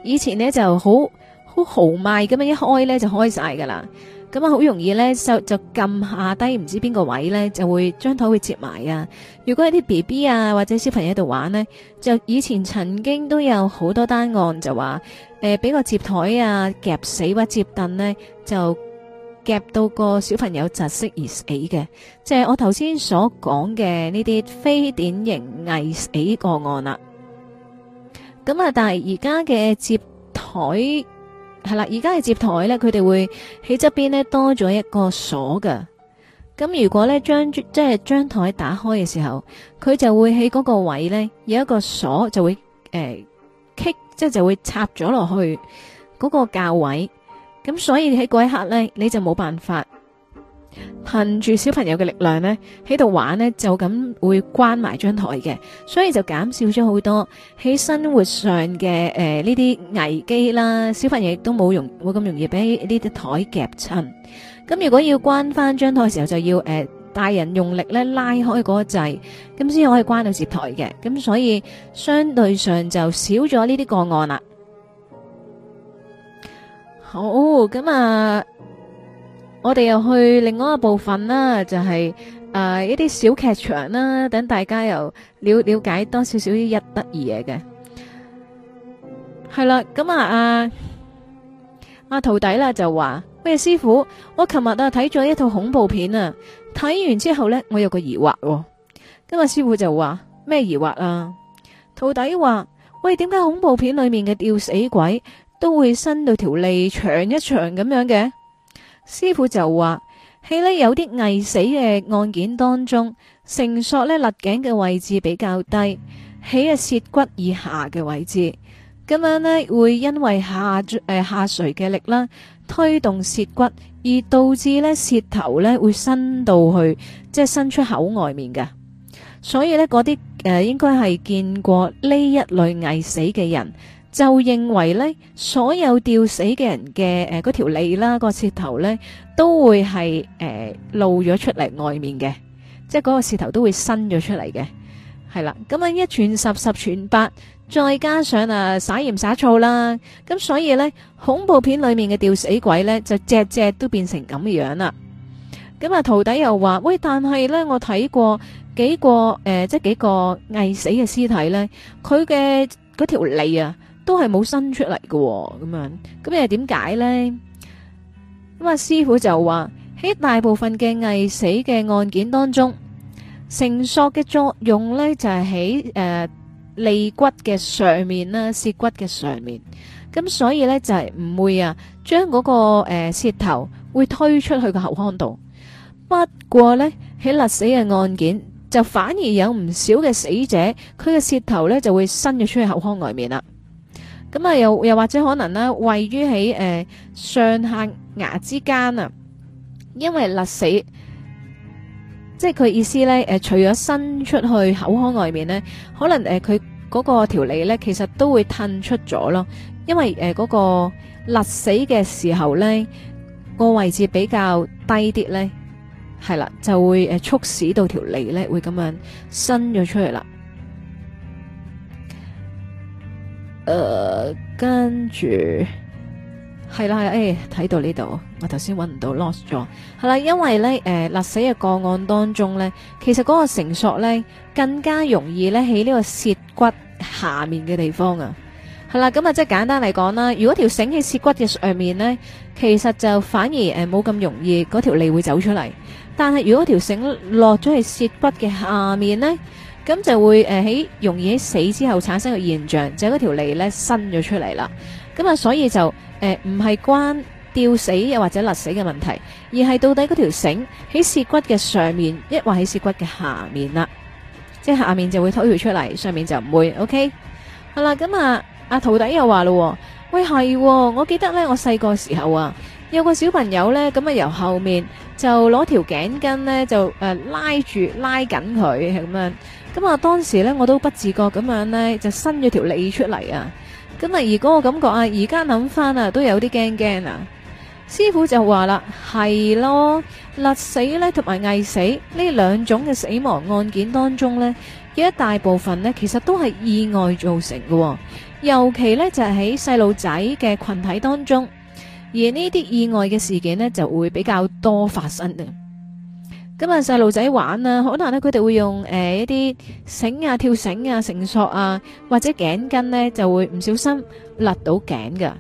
以前呢就好好豪邁咁樣一開呢就開晒㗎喇。咁啊，好容易咧，就就撳下低唔知邊個位咧，就會張台會折埋啊！如果有啲 B B 啊或者小朋友喺度玩呢，就以前曾經都有好多單案就話，誒、呃，俾個折台啊夾死或接凳呢，就夾到個小朋友窒息而死嘅，即係我頭先所講嘅呢啲非典型縊死個案啦。咁啊，但係而家嘅接台。係啦，而家係接台咧，佢哋會喺側邊咧多咗一個鎖噶。咁如果咧將即係將台打開嘅時候，佢就會喺嗰個位咧有一個鎖就會誒，kick 即係就會插咗落去嗰個較位。咁所以喺嗰一刻咧，你就冇辦法。憑住小朋友嘅力量呢，喺度玩呢就咁會關埋張台嘅，所以就減少咗好多喺生活上嘅誒呢啲危機啦。小朋友亦都冇容冇咁容易俾呢啲台夾親。咁如果要關翻張台嘅時候，就要誒、呃、大人用力呢拉開嗰個掣，咁先可以關到接台嘅。咁所以相對上就少咗呢啲個案啦。好，咁啊！我哋又去另外一個部分啦，就係、是、誒、呃、一啲小劇場啦，等大家又了了解多少少一得意嘢嘅。係啦，咁、嗯、啊啊徒弟啦就話咩？師傅，我琴日啊睇咗一套恐怖片啊，睇完之後呢，我有個疑惑、哦。今、嗯、日師傅就話咩疑惑啊？徒弟話喂，點解恐怖片裏面嘅吊死鬼都會伸到條脷長一長咁樣嘅？師傅就話，喺呢有啲縊死嘅案件當中，繩索呢勒頸嘅位置比較低，起喺舌骨以下嘅位置，咁樣呢，會因為下誒、呃、下垂嘅力啦，推動舌骨，而導致呢舌頭呢會伸到去，即係伸出口外面嘅，所以呢，嗰啲誒應該係見過呢一類縊死嘅人。就認為呢所有吊死嘅人嘅誒嗰條脷啦，個、呃、舌頭呢都會係誒、呃、露咗出嚟外面嘅，即係嗰個舌頭都會伸咗出嚟嘅，係啦。咁啊一傳十十傳八，再加上啊撒鹽撒醋啦，咁所以呢，恐怖片裏面嘅吊死鬼呢，就隻隻都，都變成咁嘅樣啦。咁啊徒弟又話喂，但係呢，我睇過幾個誒、呃，即係幾個縊死嘅屍體呢，佢嘅嗰條脷啊～都係冇伸出嚟嘅咁樣，咁又點解咧？咁啊，師傅就話喺大部分嘅縊死嘅案件當中，繩索嘅作用咧就係喺誒肋骨嘅上面啦，舌骨嘅上面。咁所以咧就係唔會啊，將嗰個誒舌頭會推出去個口腔度。不過咧喺勒死嘅案件就反而有唔少嘅死者，佢嘅舌頭咧就會伸咗出去口腔外面啦。咁啊，又又或者可能咧，位於喺誒上下牙之間啊，因為勒死，即係佢意思咧，誒、呃，除咗伸出去口腔外面咧，可能誒，佢、呃、嗰個條脷咧，其實都會褪出咗咯，因為誒嗰、呃那個勒死嘅時候咧，個位置比較低啲咧，係啦，就會誒促使到條脷咧會咁樣伸咗出嚟啦。誒，跟住係啦係，誒睇到呢度，我頭先搵唔到 lost 咗，係啦，因為咧誒，勒死嘅個案當中咧，其實嗰個繩索咧更加容易咧喺呢個舌骨下面嘅地方啊，係啦，咁啊即係簡單嚟講啦，如果條繩喺舌骨嘅上面咧，其實就反而誒冇咁容易嗰條脷會走出嚟，但係如果條繩落咗喺舌骨嘅下面咧。咁就會誒喺、呃、容易喺死之後產生嘅現象，就嗰條脷咧伸咗出嚟啦。咁啊，所以就誒唔係關吊死又或者勒死嘅問題，而係到底嗰條繩喺舌骨嘅上面，抑或喺舌骨嘅下面啦。即係下面就會推佢出嚟，上面就唔會。OK，係啦。咁啊，阿徒弟又話咯、哦：，喂，係、哦，我記得咧，我細個時候啊，有個小朋友咧，咁啊由後面就攞條頸巾咧，就、呃、拉住拉緊佢咁樣咁啊！當時咧，我都不自覺咁樣咧，就伸咗條脷出嚟啊！咁啊，而嗰個感覺啊，而家諗翻啊，都有啲驚驚啊！師傅就話啦，係咯，勒死咧同埋縊死呢兩種嘅死亡案件當中呢，有一大部分呢，其實都係意外造成嘅，尤其呢就係喺細路仔嘅群體當中，而呢啲意外嘅事件呢，就會比較多發生咁啊，細路仔玩啦，可能咧佢哋會用誒、呃、一啲繩啊、跳繩啊、繩索啊，或者頸巾呢就會唔小心甩到頸噶。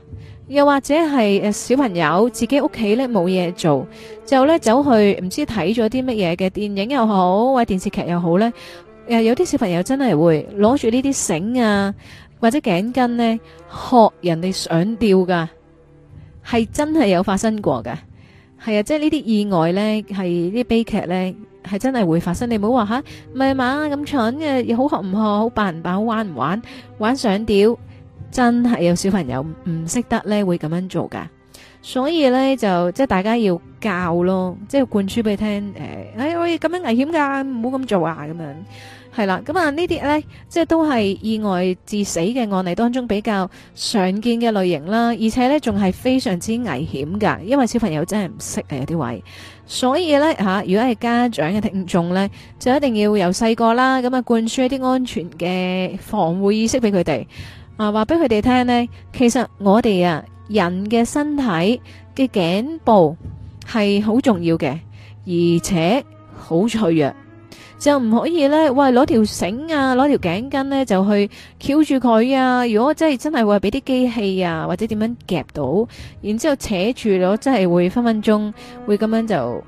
又或者係誒小朋友自己屋企呢冇嘢做，就呢走去唔知睇咗啲乜嘢嘅電影又好，或者電視劇又好呢。誒有啲小朋友真係會攞住呢啲繩啊，或者頸巾呢，學人哋上吊噶，係真係有發生過嘅。係啊，即係呢啲意外咧，係呢啲悲劇咧，係真係會發生。你唔好話吓，唔係嘛咁蠢嘅，又好學唔學，好扮唔扮，好玩唔玩，玩上吊，真係有小朋友唔識得咧，會咁樣做噶。所以咧就即係大家要教咯，即係灌輸俾你聽，誒，哎，可以咁樣危險噶，唔好咁做啊，咁樣。係啦，咁啊呢啲呢，即係都係意外致死嘅案例當中比較常見嘅類型啦，而且呢，仲係非常之危險噶，因為小朋友真係唔識啊有啲位，所以呢，吓，如果係家長嘅聽眾呢，就一定要由細個啦，咁啊灌輸一啲安全嘅防護意識俾佢哋，啊話俾佢哋聽呢，其實我哋啊人嘅身體嘅頸部係好重要嘅，而且好脆弱。就唔可以呢，喂，攞條繩啊，攞條頸巾呢就去翹住佢啊！如果真係真係會俾啲機器啊或者點樣夾到，然之後扯住咗，真係會分分鐘會咁樣就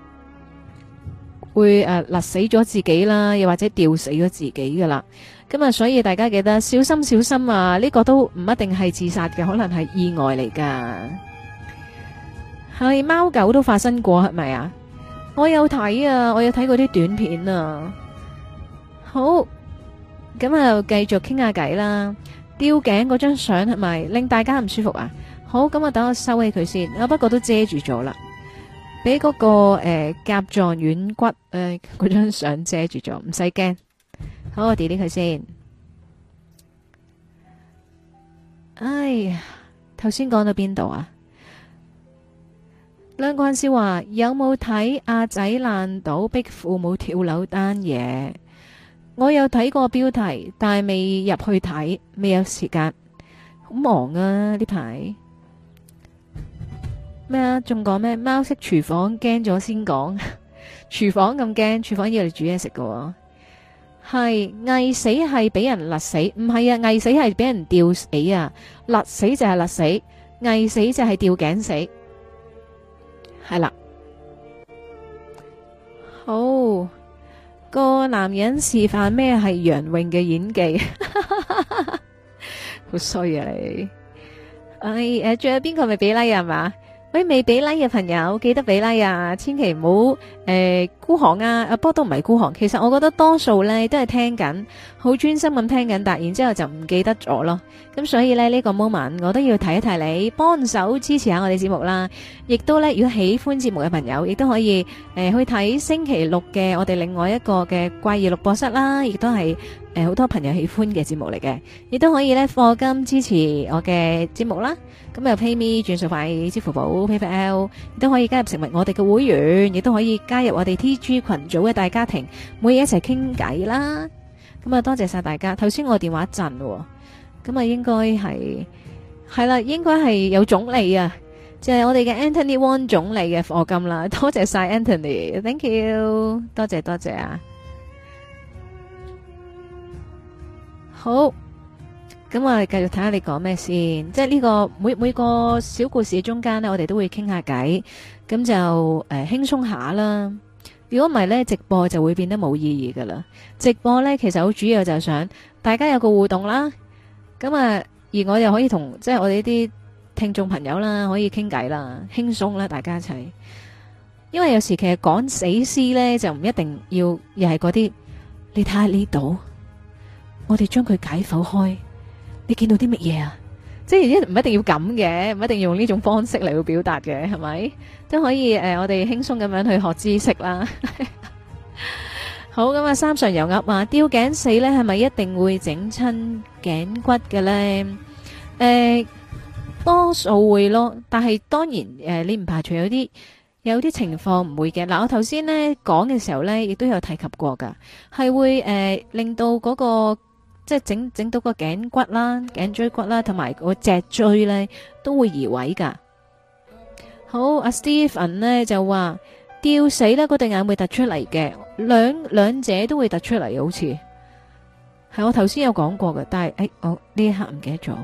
會誒勒死咗自己啦，又或者吊死咗自己噶啦。咁啊，所以大家記得小心小心啊！呢個都唔一定係自殺嘅，可能係意外嚟噶。係貓狗都發生過係咪啊？我有睇啊，我有睇過啲短片啊。好，咁啊，繼續傾下偈啦。吊頸嗰張相係咪令大家唔舒服啊？好，咁啊，等我收起佢先。啊，不過都遮住咗啦，俾嗰、那個誒甲、呃、狀軟骨誒嗰張相遮住咗，唔使驚。好，我 delete 佢先。哎呀，頭先講到邊度啊？梁人少話有冇睇阿仔爛賭逼父母跳樓單嘢？我有睇過標題，但係未入去睇，未有時間，好忙啊！呢排咩啊？仲講咩？貓式廚房驚咗先講，廚 房咁驚，廚房要你煮嘢食嘅。係縊死係俾人勒死，唔係啊！縊死係俾人吊死啊！勒死就係勒死，縊死就係吊頸死，係啦，好。個男人示範咩係楊穎嘅演技， 好衰啊你！誒、哎、誒，仲有邊個未俾 like, like 啊？係嘛？喂，未俾 like 嘅朋友記得俾 like 呀！啊！千祈唔好誒孤寒啊！啊，不過都唔係孤寒，其實我覺得多數咧都係聽緊。好專心咁聽緊，突然之後就唔記得咗咯。咁所以咧呢個 moment 我都要提一提你，幫手支持下我哋節目啦。亦都咧，如果喜歡節目嘅朋友，亦都可以誒去睇星期六嘅我哋另外一個嘅怪異錄播室啦。亦都係誒好多朋友喜歡嘅節目嚟嘅。亦都可以咧課金支持我嘅節目啦。咁又 PayMe 轉數快，支付寶 PayPal，亦都可以加入成為我哋嘅會員，亦都可以加入我哋 TG 群組嘅大家庭，每日一齊傾偈啦。咁啊，多謝晒大家。頭先我電話震，咁啊，應該係係啦，應該係有總理啊，就係、是、我哋嘅 Anthony Wong 總理嘅課金啦。多謝晒 Anthony，Thank you，多謝多謝啊。好，咁我哋繼續睇下你講咩先。即係呢個每每個小故事中間呢，我哋都會傾下偈，咁就誒輕鬆下啦。如果唔係咧，直播就會變得冇意義噶啦。直播咧，其實好主要就係想大家有個互動啦。咁啊，而我又可以同即係我哋呢啲聽眾朋友啦，可以傾偈啦，輕鬆啦，大家一齊。因為有時其實講死屍咧，就唔一定要，又係嗰啲你睇下呢度，我哋將佢解剖開，你見到啲乜嘢啊？即係呢，唔一定要咁嘅，唔一定要用呢種方式嚟去表達嘅，係咪？都可以誒，我哋輕鬆咁樣去學知識啦。好，咁啊，三上油鴨話，吊頸死咧係咪一定會整親頸骨嘅咧？誒，多數會咯，但係當然誒，你唔排除有啲有啲情況唔會嘅。嗱，我頭先咧講嘅時候咧，亦都有提及過噶，係會誒令到嗰個。即係整整到個頸骨啦、頸椎骨啦，同埋個脊椎咧，都會移位噶。好，阿、啊、Stephen 呢就話吊死啦，嗰對眼會突出嚟嘅，兩兩者都會突出嚟，好似係我頭先有講過嘅，但係誒、哎，我呢一刻唔記得咗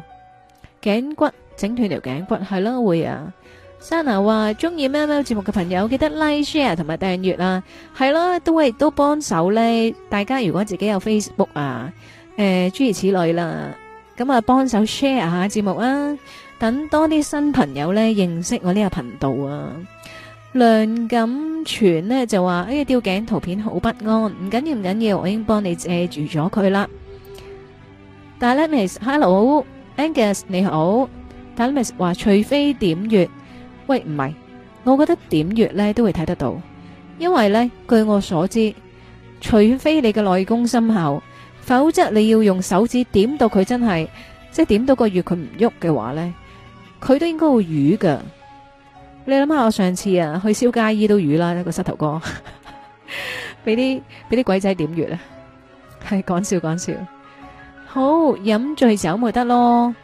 頸骨整斷條頸骨係囉會啊。Sana 話中意喵喵節目嘅朋友記得 like share 同埋訂閱啦、啊，係啦，都係都幫手咧。大家如果自己有 Facebook 啊。誒，諸如此類啦，咁啊，幫手 share 下節目啊，等多啲新朋友咧認識我呢個頻道啊。梁錦泉咧就話：誒，吊頸圖片好不安，唔緊要唔緊要，我已經幫你遮住咗佢啦。但係呢 miss，hello，Angus 你好，但 miss 話除非點穴，喂唔係，我覺得點穴咧都會睇得到，因為咧據我所知，除非你嘅內功深厚。否則你要用手指點到佢真係，即係點到個穴佢唔喐嘅話呢，佢都應該會瘀噶。你諗下，我上次啊去燒街衣都瘀啦，一個膝頭哥，俾啲俾啲鬼仔點穴啊，係講笑講笑。好，飲醉酒咪得咯，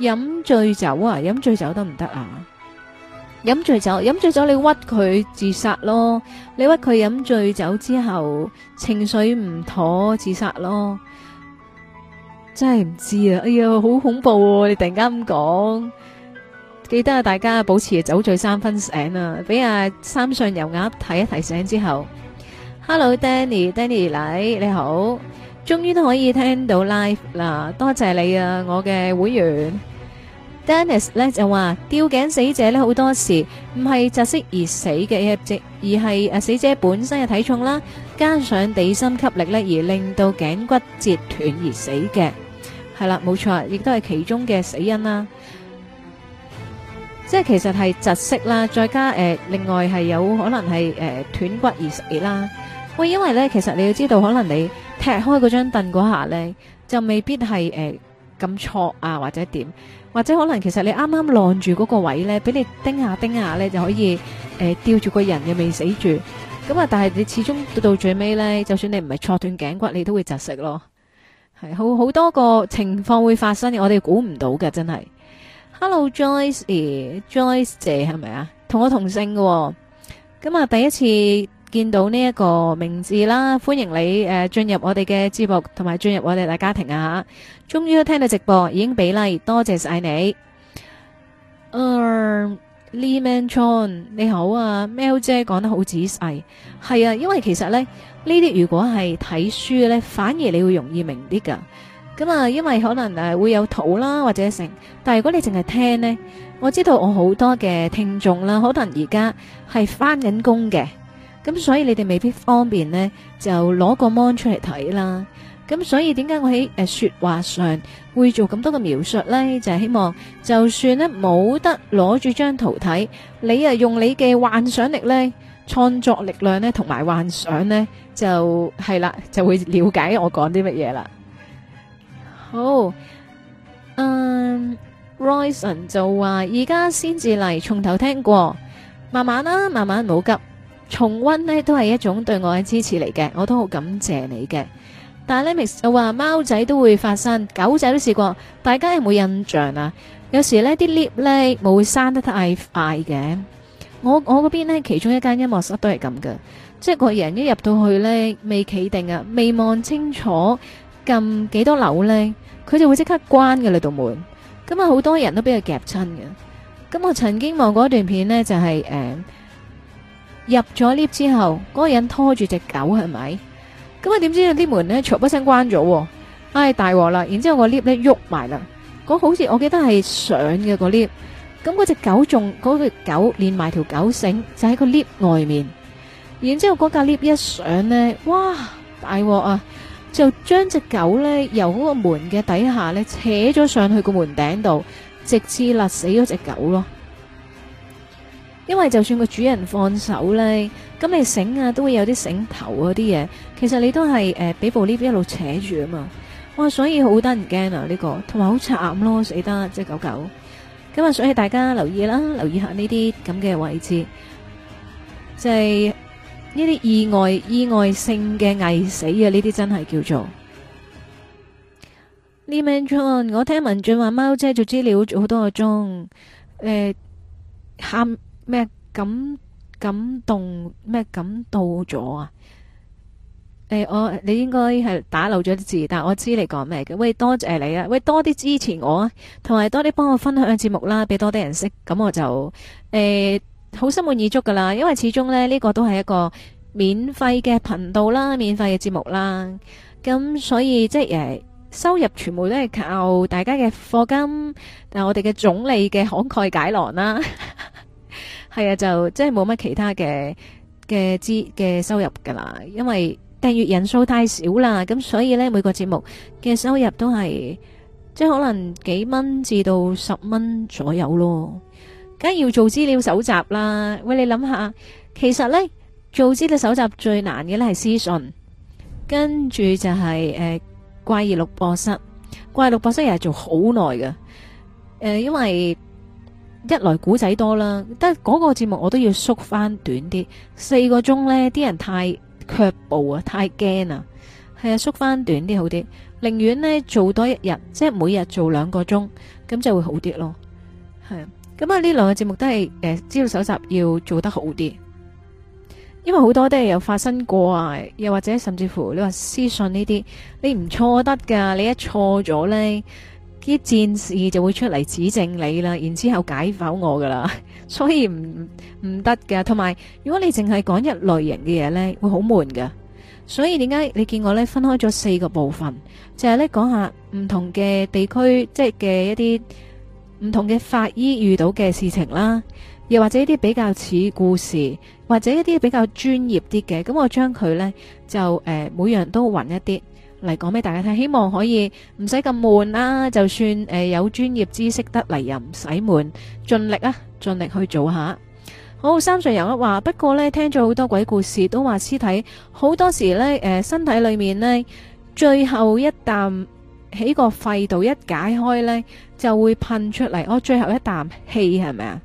飲醉酒啊，飲醉酒得唔得啊？飲醉酒，飲醉酒，你屈佢自殺咯，你屈佢飲醉酒之後情緒唔妥自殺咯，真係唔知啊！哎呀，好恐怖啊！你突然間咁講，記得啊，大家保持酒醉三分醒啊，俾阿三信油鴨睇一提醒之後。Hello，Danny，Danny 嚟，你好，終於都可以聽到 live 啦，多謝你啊，我嘅會員。Dennis 咧就話吊頸死者咧好多時唔係窒息而死嘅，而係誒死者本身嘅體重啦，加上地心吸力咧而令到頸骨折斷而死嘅，係啦，冇錯，亦都係其中嘅死因啦。即係其實係窒息啦，再加誒、呃，另外係有可能係誒、呃、斷骨而死啦。喂，因為咧，其實你要知道，可能你踢開嗰張凳嗰下咧，就未必係誒咁錯啊，或者點。或者可能其實你啱啱晾住嗰個位呢，俾你叮下叮下呢，就可以誒、呃、吊住個人又未死住，咁啊但係你始終到最尾呢，就算你唔係錯斷頸骨，你都會窒息咯，係好好多個情況會發生，我哋估唔到嘅真係。Hello Joyce，Joyce Joyce 姐係咪啊？同我同姓嘅，哦、咁、嗯、啊第一次。見到呢一個名字啦，歡迎你誒進、呃、入我哋嘅直播，同埋進入我哋大家庭啊！終於都聽到直播，已經比例多謝晒你。呃、Lee Man Chuan，你好啊，喵姐講得好仔細，係啊，因為其實呢呢啲如果係睇書呢，反而你會容易明啲噶。咁啊，因為可能誒、啊、會有圖啦，或者成，但係如果你淨係聽呢，我知道我好多嘅聽眾啦，可能而家係翻緊工嘅。咁所以你哋未必方便咧，就攞個 mon 出嚟睇啦。咁所以點解我喺誒說話上會做咁多嘅描述咧？就係希望就算咧冇得攞住張圖睇，你啊用你嘅幻想力咧、創作力量咧同埋幻想咧，就係啦，就會了解我講啲乜嘢啦。好，嗯，Royson 就話而家先至嚟從頭聽過，慢慢啦，慢慢唔好急。重溫呢，都係一種對我嘅支持嚟嘅，我都好感謝你嘅。但係咧咪就話貓仔都會發生，狗仔都試過，大家有冇印象啊？有時呢啲 lift 呢冇會閂得太快嘅。我我嗰邊呢，其中一間音樂室都係咁嘅，即係個人一入到去呢，未企定啊，未望清楚，撳幾多樓呢，佢就會即刻關嘅呢度門。咁啊，好多人都俾佢夾親嘅。咁我曾經望過一段片呢，就係、是、誒。呃入咗 lift 之後，嗰個人拖住隻狗係咪？咁啊，點知有啲門咧，嘈一聲關咗，唉，大鑊啦！然之後個 lift 咧喐埋啦，嗰好似我記得係上嘅個 lift，咁嗰隻狗仲嗰個狗連埋條狗繩，就喺個 lift 外面。然之後嗰架 lift 一上咧，哇，大鑊啊！就將隻狗咧由嗰個門嘅底下咧扯咗上去個門頂度，直至勒死咗隻狗咯。因為就算個主人放手咧，咁你繩啊都會有啲繩頭嗰啲嘢，其實你都係誒俾部 𨋢 一路扯住啊嘛。哇，所以好得人驚啊呢、這個，同埋好慘咯、啊、死得即係狗狗。咁啊，所以大家留意啦，留意下呢啲咁嘅位置，就係呢啲意外意外性嘅縊死啊！呢啲真係叫做。Leon，我聽文俊話貓姐做資料做好多個鐘，誒、呃、喊。咩感感動咩感到咗啊？誒、欸，我你應該係打漏咗啲字，但我知你講咩嘅。喂，多謝你啊！喂，多啲支持我啊，同埋多啲幫我分享嘅節目啦，俾多啲人識。咁我就誒好、欸、心滿意足噶啦，因為始終咧呢、這個都係一個免費嘅頻道啦，免費嘅節目啦。咁所以即係誒收入全部都係靠大家嘅課金，但係我哋嘅總理嘅慷慨解囊啦。係啊，就即係冇乜其他嘅嘅資嘅收入噶啦，因為訂閱人數太少啦，咁所以呢，每個節目嘅收入都係即係可能幾蚊至到十蚊左右咯。梗係要做資料搜集啦，喂，你諗下，其實呢，做資料搜集最難嘅呢係私信，跟住就係、是、誒、呃、怪異錄播室，怪異錄播室又係做好耐㗎。誒、呃、因為。一來古仔多啦，但嗰個節目我都要縮翻短啲，四個鐘呢啲人太卻步啊，太驚啊，係啊，縮翻短啲好啲，寧願呢做多一日，即係每日做兩個鐘，咁就會好啲咯。係，咁啊呢兩個節目都係誒資料搜集要做得好啲，因為好多都係有發生過啊，又或者甚至乎你話私信呢啲，你唔錯得噶，你一錯咗呢。啲戰士就會出嚟指證你啦，然之後解剖我噶啦，所以唔唔得㗎。同埋，如果你淨係講一類型嘅嘢呢，會好悶㗎。所以點解你見我呢，分開咗四個部分，就係、是、呢講下唔同嘅地區，即係嘅一啲唔同嘅法醫遇到嘅事情啦，又或者一啲比較似故事，或者一啲比較專業啲嘅。咁我將佢呢，就誒、呃、每樣都混一啲，嚟講俾大家聽，希望可以唔使咁悶啦、啊。就算誒、呃、有專業知識得嚟又唔使悶，盡力啊，盡力去做下。好，三歲人話不過呢，聽咗好多鬼故事，都話屍體好多時呢，誒、呃，身體裏面呢，最後一啖喺個肺度一解開呢，就會噴出嚟。我、哦、最後一啖氣係咪啊？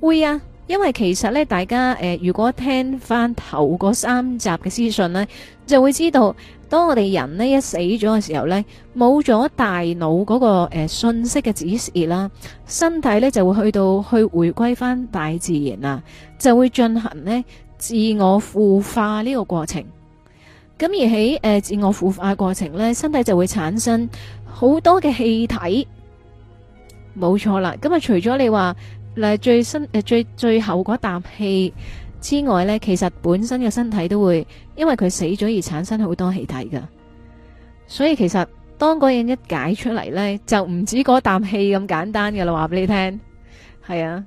會啊，因為其實呢，大家誒、呃，如果聽翻頭嗰三集嘅屍訊呢，就會知道。當我哋人咧一死咗嘅時候呢，冇咗大腦嗰個誒信息嘅指示啦，身體呢就會去到去回歸翻大自然啦，就會進行咧自我腐化呢個過程。咁而喺誒自我腐化的過程呢，身體就會產生好多嘅氣體，冇錯啦。咁啊，除咗你話嗱最新誒最最後嗰啖氣。之外呢，其實本身嘅身體都會因為佢死咗而產生好多氣體噶，所以其實當嗰樣一解出嚟呢，就唔止嗰啖氣咁簡單嘅啦。話俾你聽，係啊。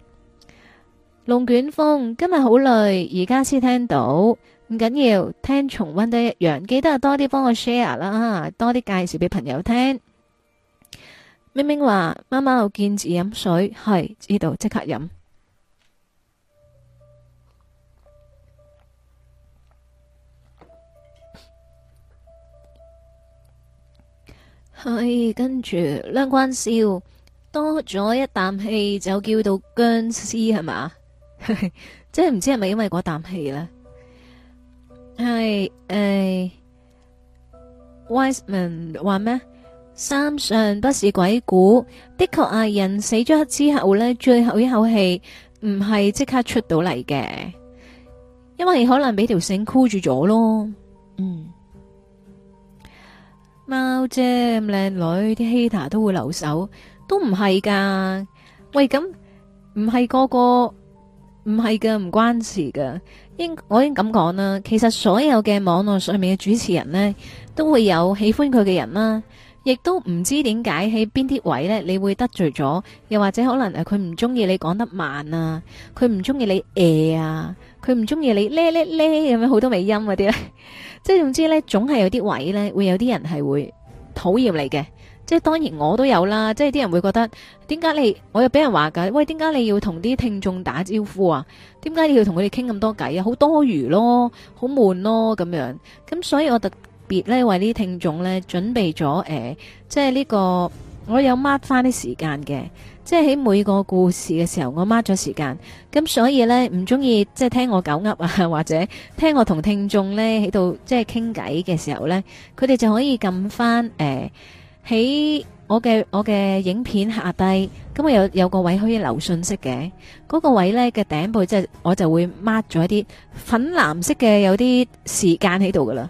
龍捲風今日好累，而家先聽到，唔緊要，聽重溫都一樣。記得多啲幫我 share 啦，多啲介紹俾朋友聽。明明話，媽媽我見字飲水，係呢度即刻飲。唉、哎，跟住，梁關少多咗一啖氣就叫到僵屍係嘛， 即係唔知係咪因為嗰啖氣呢？係誒，Wiseman 話咩？三上不是鬼故，的確啊，人死咗之後呢，最後一口氣唔係即刻出到嚟嘅，因為可能俾條繩箍住咗咯，嗯。貓啫咁靚女，啲希達都會留守，都唔係噶。喂，咁唔係個個唔係噶，唔關事噶。應我已經咁講啦，其實所有嘅網絡上面嘅主持人呢，都會有喜歡佢嘅人啦、啊，亦都唔知點解喺邊啲位呢，你會得罪咗，又或者可能誒，佢唔中意你講得慢啊，佢唔中意你誒、呃、啊，佢唔中意你叻叻叻，咁樣好多尾音嗰啲咧。即係總之呢，總係有啲位呢，會有啲人係會討厭你嘅。即係當然我都有啦，即係啲人會覺得點解你我又俾人話解？喂，點解你要同啲聽眾打招呼啊？點解你要同佢哋傾咁多偈啊？好多餘咯，好悶咯，咁樣。咁所以我特別呢，為呢啲聽眾呢，準備咗誒、呃，即係呢個。我有 mark 翻啲時間嘅，即係喺每個故事嘅時候，我 mark 咗時間。咁所以呢，唔中意即係聽我狗噏啊，或者聽我同聽眾呢喺度即係傾偈嘅時候呢，佢哋就可以撳翻誒喺我嘅我嘅影片下低。咁我有有個位可以留信息嘅，嗰個位呢嘅頂部即係我就會 mark 咗一啲粉藍色嘅有啲時間喺度噶啦。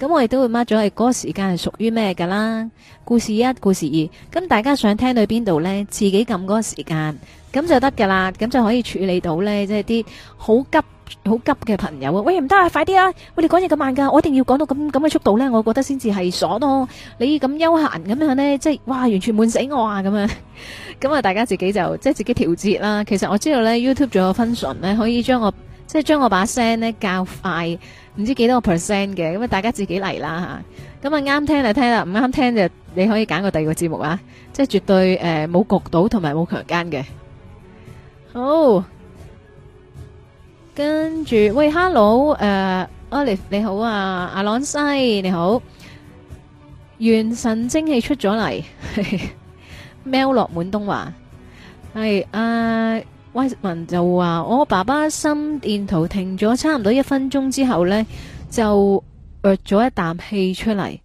咁我哋都會 mark 咗，係嗰個時間係屬於咩噶啦？故事一、故事二，咁大家想聽到邊度咧？自己撳嗰個時間，咁就得噶啦，咁就可以處理到咧，即係啲好急、好急嘅朋友啊！喂，唔得啊，快啲啊！我哋講嘢咁慢噶，我一定要講到咁咁嘅速度咧，我覺得先至係爽咯。你咁悠閒咁樣咧，即係哇，完全悶死我啊！咁樣，咁啊，大家自己就即係自己調節啦。其實我知道咧，YouTube 仲有 function 咧，可以將我。即係將我把聲呢較快，唔知幾多個 percent 嘅，咁啊大家自己嚟啦吓，咁啊啱聽就聽啦，唔啱聽就你可以揀個第二個節目啊，即係絕對誒冇焗到同埋冇強姦嘅。好，跟住喂，Hello，誒，Oliver 你好啊，阿朗西你好，元神精氣出咗嚟，喵落滿東華，係啊。威斯文就話：我爸爸心電圖停咗差唔多一分鐘之後呢，就吸咗一啖氣出嚟。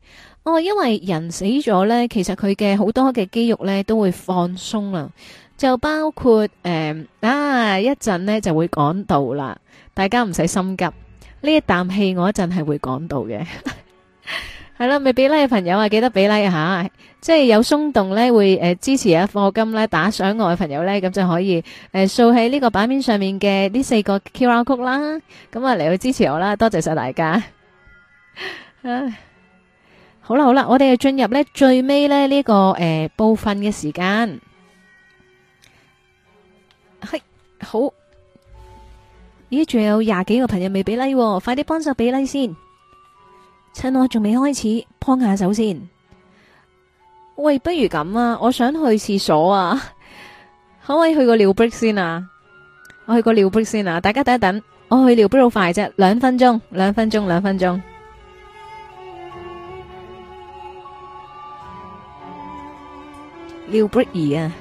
我、哦、因為人死咗呢，其實佢嘅好多嘅肌肉呢都會放鬆啦，就包括誒、嗯、啊，一陣呢就會講到啦。大家唔使心急，呢一啖氣我一陣係會講到嘅。 係啦，未俾 like 嘅朋友啊，記得俾 like 吓，即係有鬆動咧，會誒、呃、支持啊課金咧打賞我嘅朋友咧，咁就可以誒掃喺呢個版面上面嘅呢四個 QR Code 啦，咁啊嚟去支持我啦，多謝晒大家。啊、好啦好啦，我哋要進入咧最尾咧呢、這個誒、呃、部分嘅時間，好，咦仲有廿幾個朋友未俾禮、like 啊，快啲幫手俾 like 先。趁我仲未開始，幫下手先。喂，不如咁啊，我想去廁所啊，可唔 可以去個尿 break 先啊？我去個尿 break 先啊！大家等一等，我去尿 break 好快啫，兩分鐘，兩分鐘，兩分鐘。尿 break 兒啊！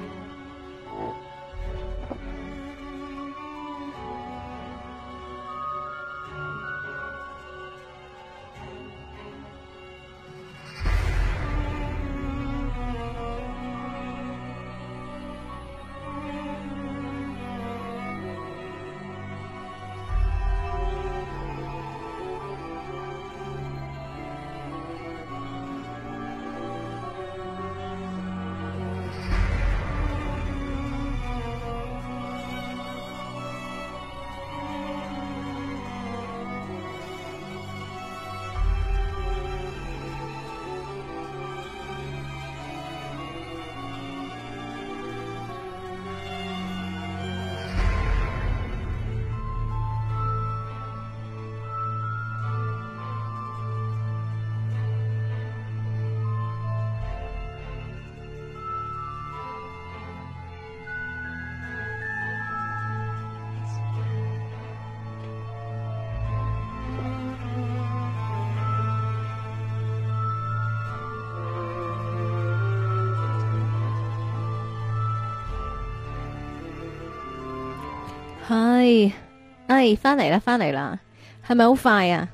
係翻嚟啦，翻嚟啦，係咪好快啊？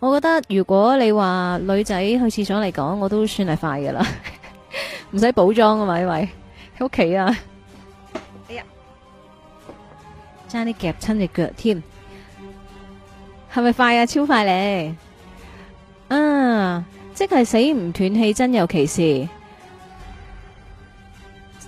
我覺得如果你話女仔去廁所嚟講，我都算係快噶啦，唔 使補妝啊嘛，因為喺屋企啊，哎呀，爭啲夾親隻腳添，係咪快啊？超快嚟，啊，即係死唔斷氣，真有其事。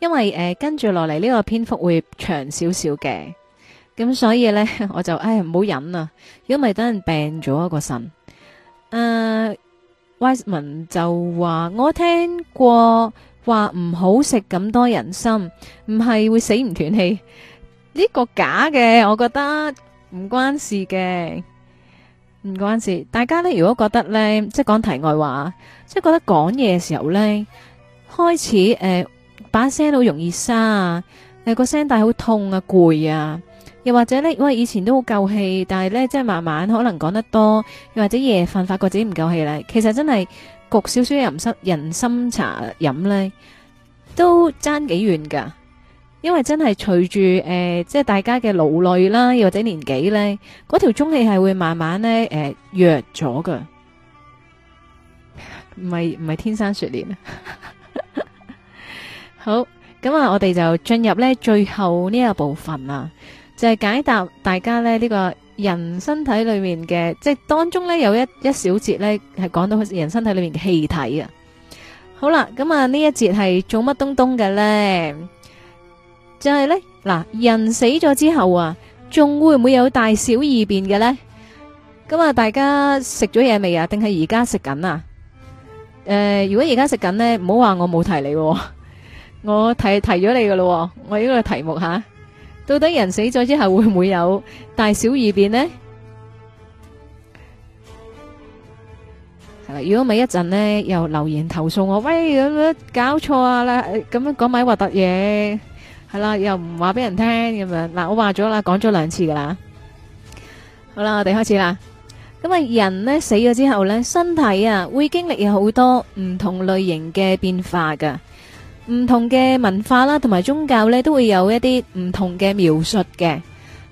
因為誒跟住落嚟呢個篇幅會長少少嘅，咁所以咧我就唉唔好忍啦，如果唔係等人病咗一個腎。誒，Wiseman 就話我聽過話唔好食咁多人參，唔係會死唔斷氣呢個假嘅，我覺得唔關事嘅，唔關事。大家咧如果覺得咧，即係講題外話，即係覺得講嘢嘅時候咧，開始誒。把聲好容易沙，啊，誒個聲帶好痛啊，攰啊，又或者呢？因為以前都好夠氣，但係呢，即係慢慢可能講得多，又或者夜瞓發覺自己唔夠氣呢，其實真係焗少少人參人參茶飲呢都爭幾遠噶，因為真係隨住誒、呃、即係大家嘅勞累啦，又或者年紀呢，嗰條中氣係會慢慢呢誒、呃、弱咗噶，唔係唔係天生雪蓮。 好，咁啊，我哋就進入咧最後呢一部分啦，就係解答大家咧呢個人身體裏面嘅，即係當中咧有一一小節咧係講到人身體裏面嘅氣體啊。好啦，咁啊呢一節係做乜東東嘅咧？就係咧嗱，人死咗之後啊，仲會唔會有大小二便嘅咧？咁啊，大家食咗嘢未啊？定係而家食緊啊？誒，如果而家食緊咧，唔好話我冇提你喎。我提提咗你噶咯、哦，我呢個題目吓、啊，到底人死咗之後會唔會有大小二便呢？係啦，如果咪一陣呢，又留言投訴我，喂咁樣搞錯啊啦，咁樣講埋核突嘢，係啦，又唔話俾人聽咁樣。嗱，我話咗啦，講咗兩次噶啦。好啦，我哋開始啦。咁啊，人呢死咗之後呢，身體啊會經歷有好多唔同類型嘅變化噶。唔同嘅文化啦，同埋宗教呢，都會有一啲唔同嘅描述嘅。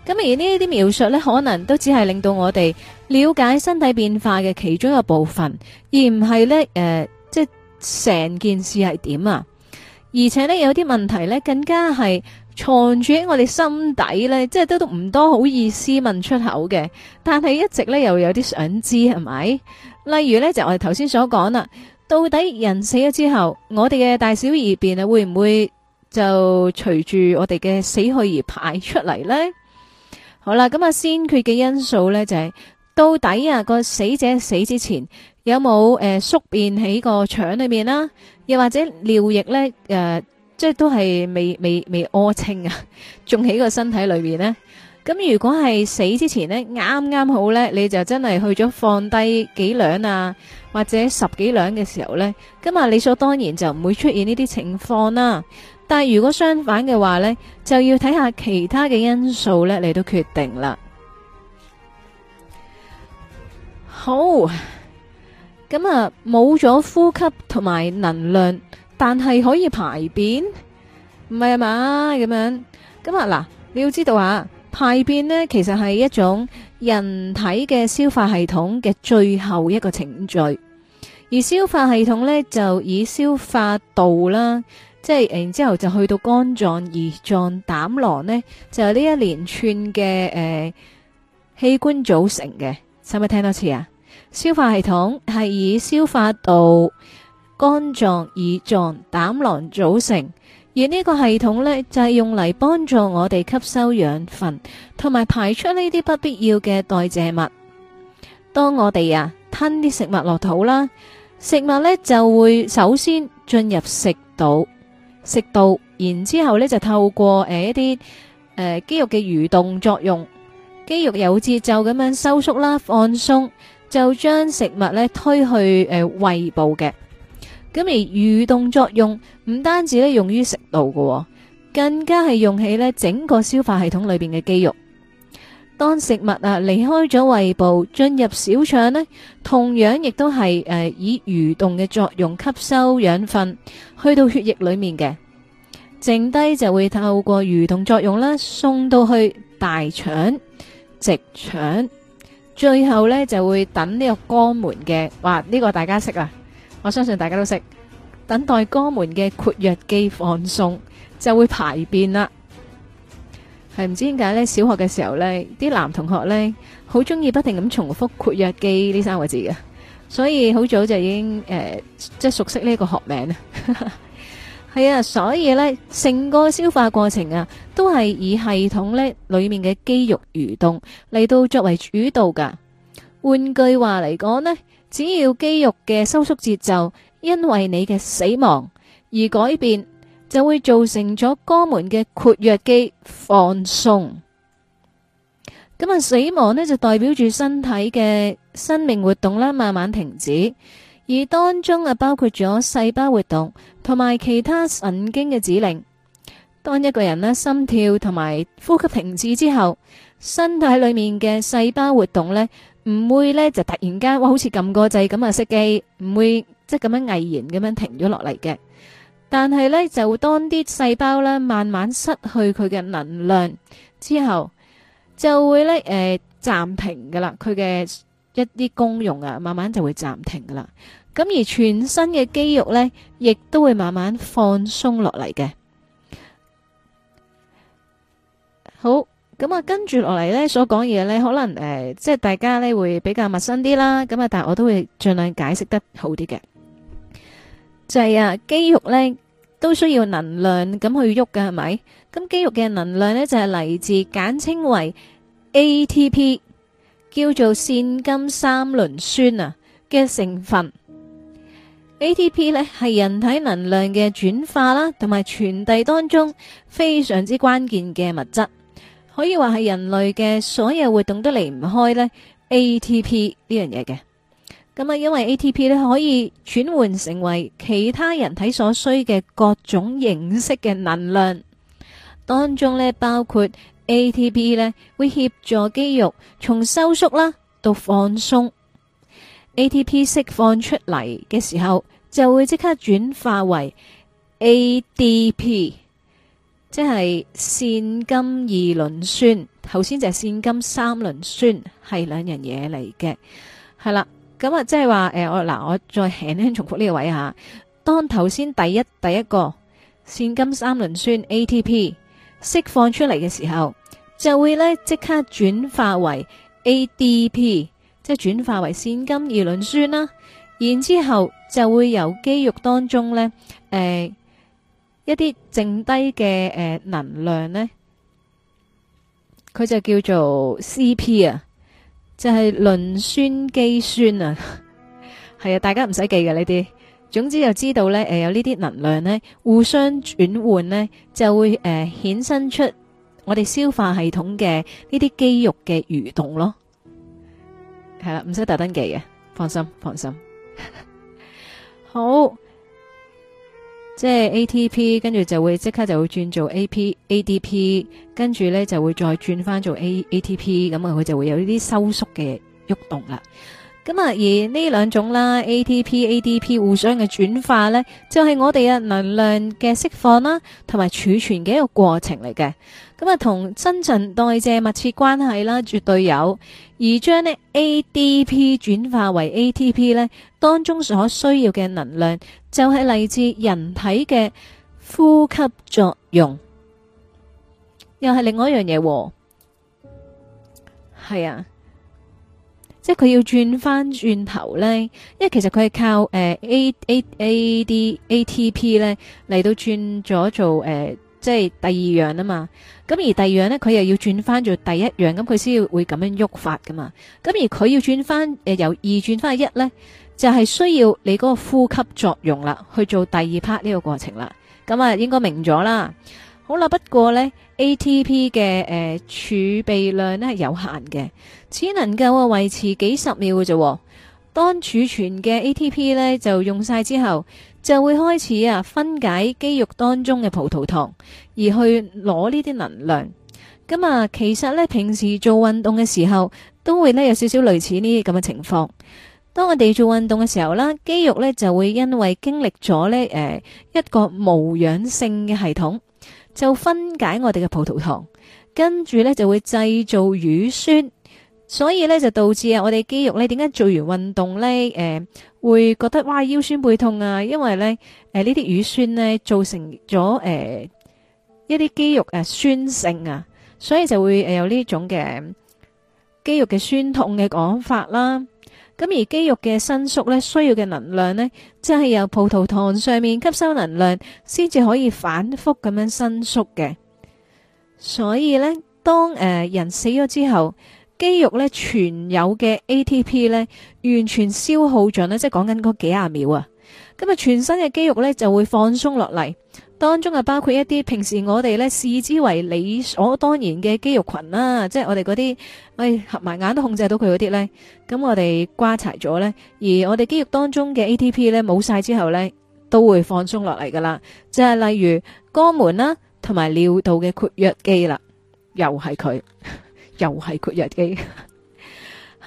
咁而呢啲描述呢，可能都只係令到我哋了解身體變化嘅其中一個部分，而唔係呢，誒、呃，即係成件事係點啊？而且呢，有啲問題呢，更加係藏住喺我哋心底呢，即係都都唔多好意思問出口嘅。但係一直呢，又有啲想知係咪？例如呢，就我哋頭先所講啦。到底人死咗之後，我哋嘅大小二便啊，會唔會就隨住我哋嘅死去而排出嚟呢？好啦，咁啊，先決嘅因素呢，就係、是、到底啊、個死者死之前有冇誒宿便喺個腸裏面啦，又或者尿液呢，誒、呃，即係都係未未未屙清啊，仲喺個身體裏面呢？咁如果係死之前呢，啱啱好呢，你就真係去咗放低幾兩啊，或者十幾兩嘅時候呢。咁啊，理所當然就唔會出現呢啲情況啦。但係如果相反嘅話呢，就要睇下其他嘅因素呢，你都決定啦。好，咁啊，冇咗呼吸同埋能量，但係可以排便，唔係啊嘛？咁樣，咁啊嗱，你要知道啊。排便呢，其實係一種人體嘅消化系統嘅最後一個程序，而消化系統呢，就以消化道啦，即係然之後就去到肝臟、胰臟、膽囊呢，就係、是、呢一連串嘅誒、呃、器官組成嘅。使唔使聽多次啊？消化系統係以消化道、肝臟、胰臟、膽囊組成。而呢個系統呢，就係、是、用嚟幫助我哋吸收養分，同埋排出呢啲不必要嘅代謝物。當我哋啊吞啲食物落肚啦，食物呢就會首先進入食道，食道，然之後呢就透過誒一啲誒、呃、肌肉嘅蠕動作用，肌肉有節奏咁樣收縮啦放鬆，就將食物呢推去誒、呃、胃部嘅。咁而蠕動作用唔單止咧用於食道嘅，更加係用喺整個消化系統裏邊嘅肌肉。當食物啊離開咗胃部進入小腸呢，同樣亦都係誒以蠕動嘅作用吸收養分，去到血液裏面嘅，剩低就會透過蠕動作用啦送到去大腸、直腸，最後呢就會等呢個肛門嘅。哇呢個大家識啦。我相信大家都識，等待肛門嘅括約肌放鬆，就會排便啦。係唔知點解呢？小學嘅時候呢啲男同學呢，好中意不停咁重複括約肌呢三個字嘅，所以好早就已經誒、呃，即係熟悉呢個學名啦。係 啊，所以呢，成個消化過程啊，都係以系統呢裏面嘅肌肉蠕動嚟到作為主導噶。換句話嚟講呢。只要肌肉嘅收縮節奏，因為你嘅死亡而改變，就會造成咗肛門嘅括約肌放鬆。咁啊，死亡呢就代表住身體嘅生命活動啦，慢慢停止，而當中啊包括咗細胞活動同埋其他神經嘅指令。當一個人呢心跳同埋呼吸停止之後，身體裏面嘅細胞活動呢？唔會呢，就突然間哇好似撳個掣咁啊熄機，唔會即係咁樣毅然咁樣停咗落嚟嘅。但係呢，就當啲細胞呢慢慢失去佢嘅能量之後就會呢誒、呃、暫停噶啦，佢嘅一啲功用啊，慢慢就會暫停噶啦。咁而全身嘅肌肉呢，亦都會慢慢放鬆落嚟嘅。好。咁啊，跟住落嚟咧，所講嘢咧，可能誒，即係大家咧會比較陌生啲啦。咁啊，但我都會盡量解釋得好啲嘅，就係啊，肌肉咧都需要能量咁去喐㗎，係咪？咁肌肉嘅能量咧就係嚟自簡稱為 ATP，叫做腺苷三磷酸啊嘅成分。ATP 咧係人體能量嘅轉化啦，同埋傳遞當中非常之關鍵嘅物質。可以話係人類嘅所有活動都離唔開呢 ATP 呢樣嘢嘅。咁啊，因為 ATP 呢可以轉換成為其他人體所需嘅各種形式嘅能量，當中呢，包括 ATP 呢會協助肌肉從收縮啦到放鬆，ATP 釋放出嚟嘅時候就會即刻轉化為 ADP。即係腺苷二磷酸，頭先就係腺苷三磷酸，係兩樣嘢嚟嘅，係啦。咁啊，即係話誒，我嗱，我再輕輕重複呢個位下。當頭先第一第一個腺苷三磷酸 ATP 釋放出嚟嘅時候，就會咧即刻轉化為 ADP，即係轉化為腺苷二磷酸啦。然之後就會由肌肉當中咧誒。呃一啲剩低嘅誒能量咧，佢就叫做 CP 啊，就係磷酸肌酸啊，係啊，大家唔使記嘅呢啲，總之就知道咧，誒有呢啲能量咧互相轉換咧，就會誒衍生出我哋消化系統嘅呢啲肌肉嘅蠕動咯，係啦，唔使特登記嘅，放心，放心，好。即係 ATP，跟住就會即刻就會轉做 ADP，p a 跟住呢就會再轉翻做 ATP，咁啊佢就會有呢啲收縮嘅喐動啦。咁啊，而呢兩種啦，ATP、ADP 互相嘅轉化呢，就係我哋嘅能量嘅釋放啦，同埋儲存嘅一個過程嚟嘅。咁啊，同新陳代謝密切關係啦，絕對有。而將呢 ADP 轉化為 ATP 呢，當中所需要嘅能量就係嚟自人體嘅呼吸作用，又係另外一樣嘢。係啊。即佢要轉翻轉頭呢，因為其實佢係靠誒、呃、A, A A A D A T P 呢嚟到轉咗做誒、呃，即係第二樣啊嘛。咁而第二樣呢，佢又要轉翻做第一樣，咁佢先要會咁樣喐法㗎嘛。咁而佢要轉翻誒、呃、由二轉翻去一呢，就係、是、需要你嗰個呼吸作用啦，去做第二 part 呢個過程啦。咁啊，應該明咗啦。好啦，不過呢 A T P 嘅誒儲備量呢係有限嘅，只能夠啊維持幾十秒嘅啫。當儲存嘅 A T P 呢就用晒之後，就會開始啊分解肌肉當中嘅葡萄糖而去攞呢啲能量。咁、嗯、啊，其實呢，平時做運動嘅時候都會呢有少少類似呢啲咁嘅情況。當我哋做運動嘅時候啦，肌肉呢就會因為經歷咗呢誒一個無氧性嘅系統。就分解我哋嘅葡萄糖，跟住咧就會製造乳酸，所以咧就導致啊我哋肌肉咧點解做完運動咧誒、呃、會覺得哇腰酸背痛啊？因為咧誒呢啲、呃、乳酸咧造成咗誒、呃、一啲肌肉誒酸性啊，所以就會誒有呢種嘅肌肉嘅酸痛嘅講法啦。咁而肌肉嘅伸縮咧，需要嘅能量呢，即係由葡萄糖上面吸收能量，先至可以反覆咁樣伸縮嘅。所以呢，當誒、呃、人死咗之後，肌肉咧全有嘅 ATP 咧完全消耗盡呢，即係講緊嗰幾廿秒啊，咁啊全身嘅肌肉咧就會放鬆落嚟。當中啊，包括一啲平時我哋咧視之為理所當然嘅肌肉群啦，即係我哋嗰啲，喂、哎、合埋眼都控制到佢嗰啲咧。咁我哋瓜柴咗咧，而我哋肌肉當中嘅 A T P 咧冇晒之後咧，都會放鬆落嚟噶啦。即係例如肛門啦，同埋尿道嘅括約肌啦，又係佢，又係括約肌。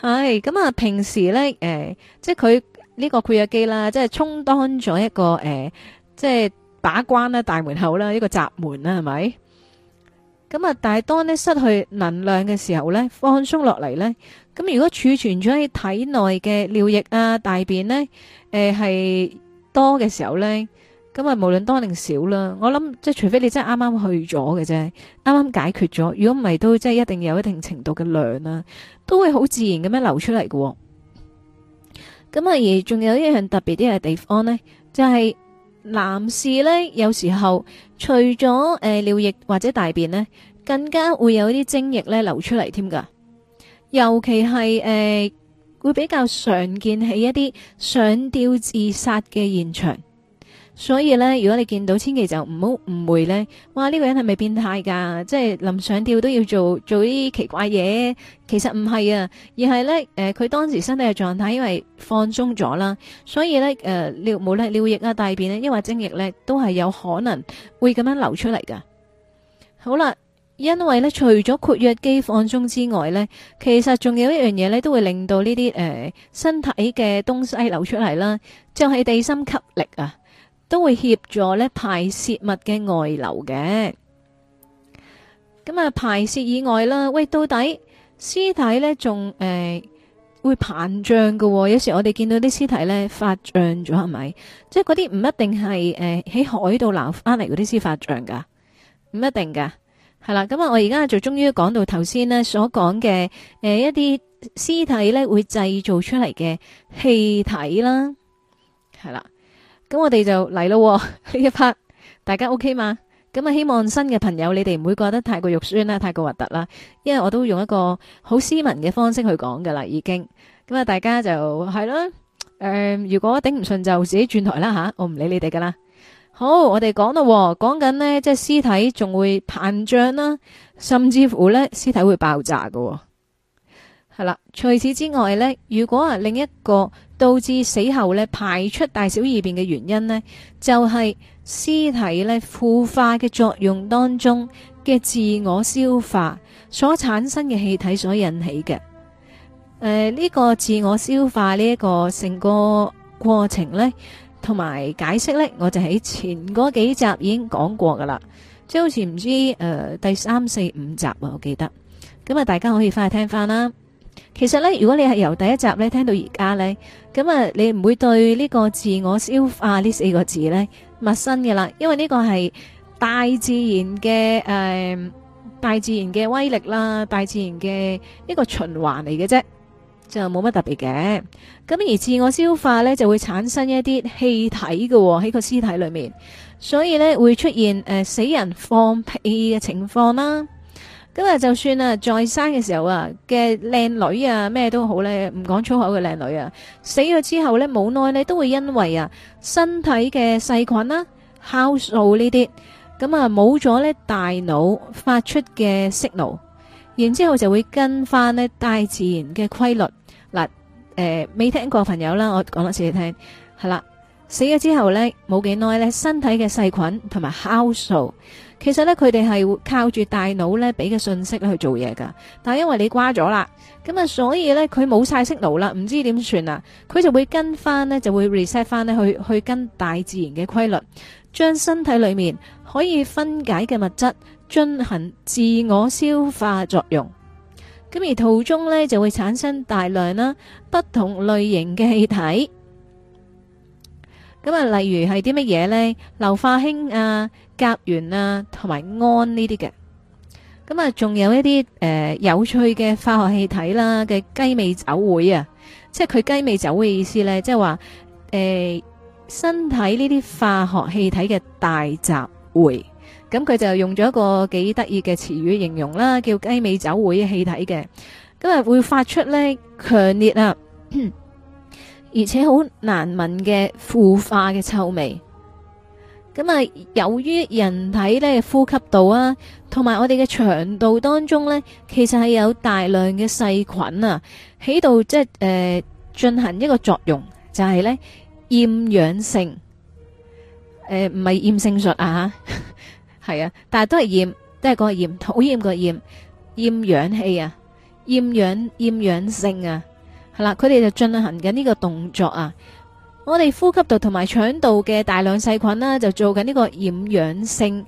係咁啊，平時咧誒、呃，即係佢呢個括約肌啦，即係充當咗一個誒、呃，即係。把關啦，大門口啦，一個閘門啦，係咪？咁啊，但係當呢失去能量嘅時候呢，放鬆落嚟呢。咁如果儲存咗喺體內嘅尿液啊、大便呢，誒係多嘅時候呢，咁啊，無論多定少啦，我諗即係除非你真係啱啱去咗嘅啫，啱啱解決咗，如果唔係都即係一定有一定程度嘅量啦，都會好自然咁樣流出嚟嘅。咁啊，而仲有一樣特別啲嘅地方呢，就係、是。男士咧，有時候除咗誒、呃、尿液或者大便咧，更加會有啲精液咧流出嚟添噶，尤其係誒、呃、會比較常見喺一啲上吊自殺嘅現場。所以咧，如果你見到，千祈就唔好誤會呢。哇，呢個人係咪變態噶？即係臨上吊都要做做啲奇怪嘢。其實唔係啊，而係呢，誒、呃，佢當時身體嘅狀態因為放鬆咗啦，所以呢，誒、呃，尿冇啦，尿液啊，大便呢，抑或精液呢，都係有可能會咁樣流出嚟噶。好啦，因為呢，除咗括約肌放鬆之外呢，其實仲有一樣嘢呢，都會令到呢啲誒身體嘅東西流出嚟啦，就係地心吸力啊。都會協助咧排泄物嘅外流嘅，咁啊排泄以外啦，喂到底屍體咧仲誒會膨脹噶喎。有時我哋見到啲屍體咧發脹咗係咪？即係嗰啲唔一定係誒喺海度撈翻嚟嗰啲屍發脹噶，唔一定噶。係啦，咁啊我而家就終於講到頭先呢所講嘅誒一啲屍體咧會製造出嚟嘅氣體啦，係啦。咁我哋就嚟咯，啊，呢一 part 大家 OK 嘛？咁啊，希望新嘅朋友你哋唔會覺得太過肉酸啦，太過核突啦。因為我都用一個好斯文嘅方式去講噶啦，已經咁啊，大家就係啦。誒、呃，如果頂唔順就自己轉台啦吓，啊，我唔理你哋噶啦。好，我哋講咯，講緊呢即係屍體仲會膨脹啦，甚至乎呢屍體會爆炸噶，啊。係啦，除此之外呢，如果另一個導致死後呢排出大小二便嘅原因呢，就係、是、屍體呢腐化嘅作用當中嘅自我消化所產生嘅氣體所引起嘅。誒、呃，呢、這個自我消化呢一個成個過程呢同埋解釋呢，我就喺前嗰幾集已經講過噶啦，即係好似唔知誒、呃、第三四五集、啊、我記得，咁啊大家可以返去聽返啦。其實咧，如果你係由第一集咧聽到而家咧，咁啊，你唔會對呢個自我消化呢四個字咧陌生嘅啦，因為呢個係大自然嘅誒、呃，大自然嘅威力啦，大自然嘅一個循環嚟嘅啫，就冇乜特別嘅。咁而自我消化咧就會產生一啲氣體嘅喎，喺個屍體裏面，所以咧會出現誒、呃、死人放屁嘅情況啦。咁就算啊，在生嘅時候啊嘅靚女啊，咩都好咧，唔講粗口嘅靚女啊，死咗之後咧，冇耐咧都會因為啊，身體嘅細菌啦、啊、酵素呢啲，咁啊冇咗咧大腦發出嘅 signal，然之後就會跟翻咧大自然嘅規律。嗱、呃，誒未聽過朋友啦，我講多次你聽，係啦，死咗之後咧，冇幾耐咧，身體嘅細菌同埋酵素。其實咧，佢哋係靠住大腦咧，俾嘅信息去做嘢噶。但係因為你瓜咗啦，咁啊，所以咧，佢冇晒識腦啦，唔知點算啊。佢就會跟翻呢就會 reset 翻呢去去跟大自然嘅規律，將身體裏面可以分解嘅物質進行自我消化作用。咁而途中咧就會產生大量啦不同類型嘅氣體。咁啊，例如係啲乜嘢呢？硫化氫啊！甲烷啊，同埋氨呢啲嘅，咁啊，仲有一啲誒、呃、有趣嘅化學氣體啦嘅雞尾酒會啊，即係佢雞尾酒嘅意思呢，即係話誒身體呢啲化學氣體嘅大集會，咁佢就用咗一個幾得意嘅詞語形容啦，叫雞尾酒會氣體嘅，咁啊會發出呢強烈啊，而且好難聞嘅腐化嘅臭味。咁啊、嗯，由於人體咧呼吸道啊，同埋我哋嘅腸道當中咧，其實係有大量嘅細菌啊，喺度即係誒、呃、進行一個作用，就係、是、咧厭氧性，誒唔係厭性術啊吓，係 啊，但係都係厭，都係嗰個厭，討厭個厭，厭氧氣啊，厭氧厭氧性啊，係啦，佢哋就進行緊呢個動作啊。我哋呼吸道同埋腸道嘅大量細菌啦，就做緊呢個染氧性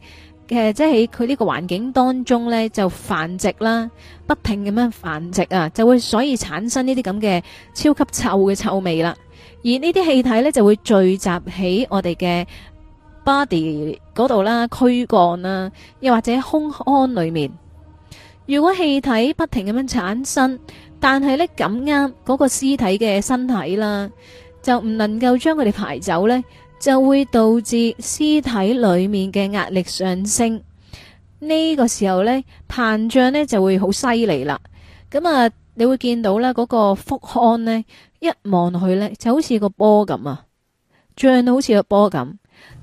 嘅，即係喺佢呢個環境當中呢，就繁殖啦，不停咁樣繁殖啊，就會所以產生呢啲咁嘅超級臭嘅臭味啦。而呢啲氣體呢，就會聚集喺我哋嘅 body 嗰度啦，軀幹啦，又或者空腔裏面。如果氣體不停咁樣產生，但係呢咁啱嗰個屍體嘅身體啦。就唔能夠將佢哋排走呢，就會導致屍體裏面嘅壓力上升。呢個時候呢，膨脹呢就會好犀利啦。咁啊，你會見到啦，嗰個腹腔呢，一望落去呢，就好似個波咁啊，脹到好似個波咁。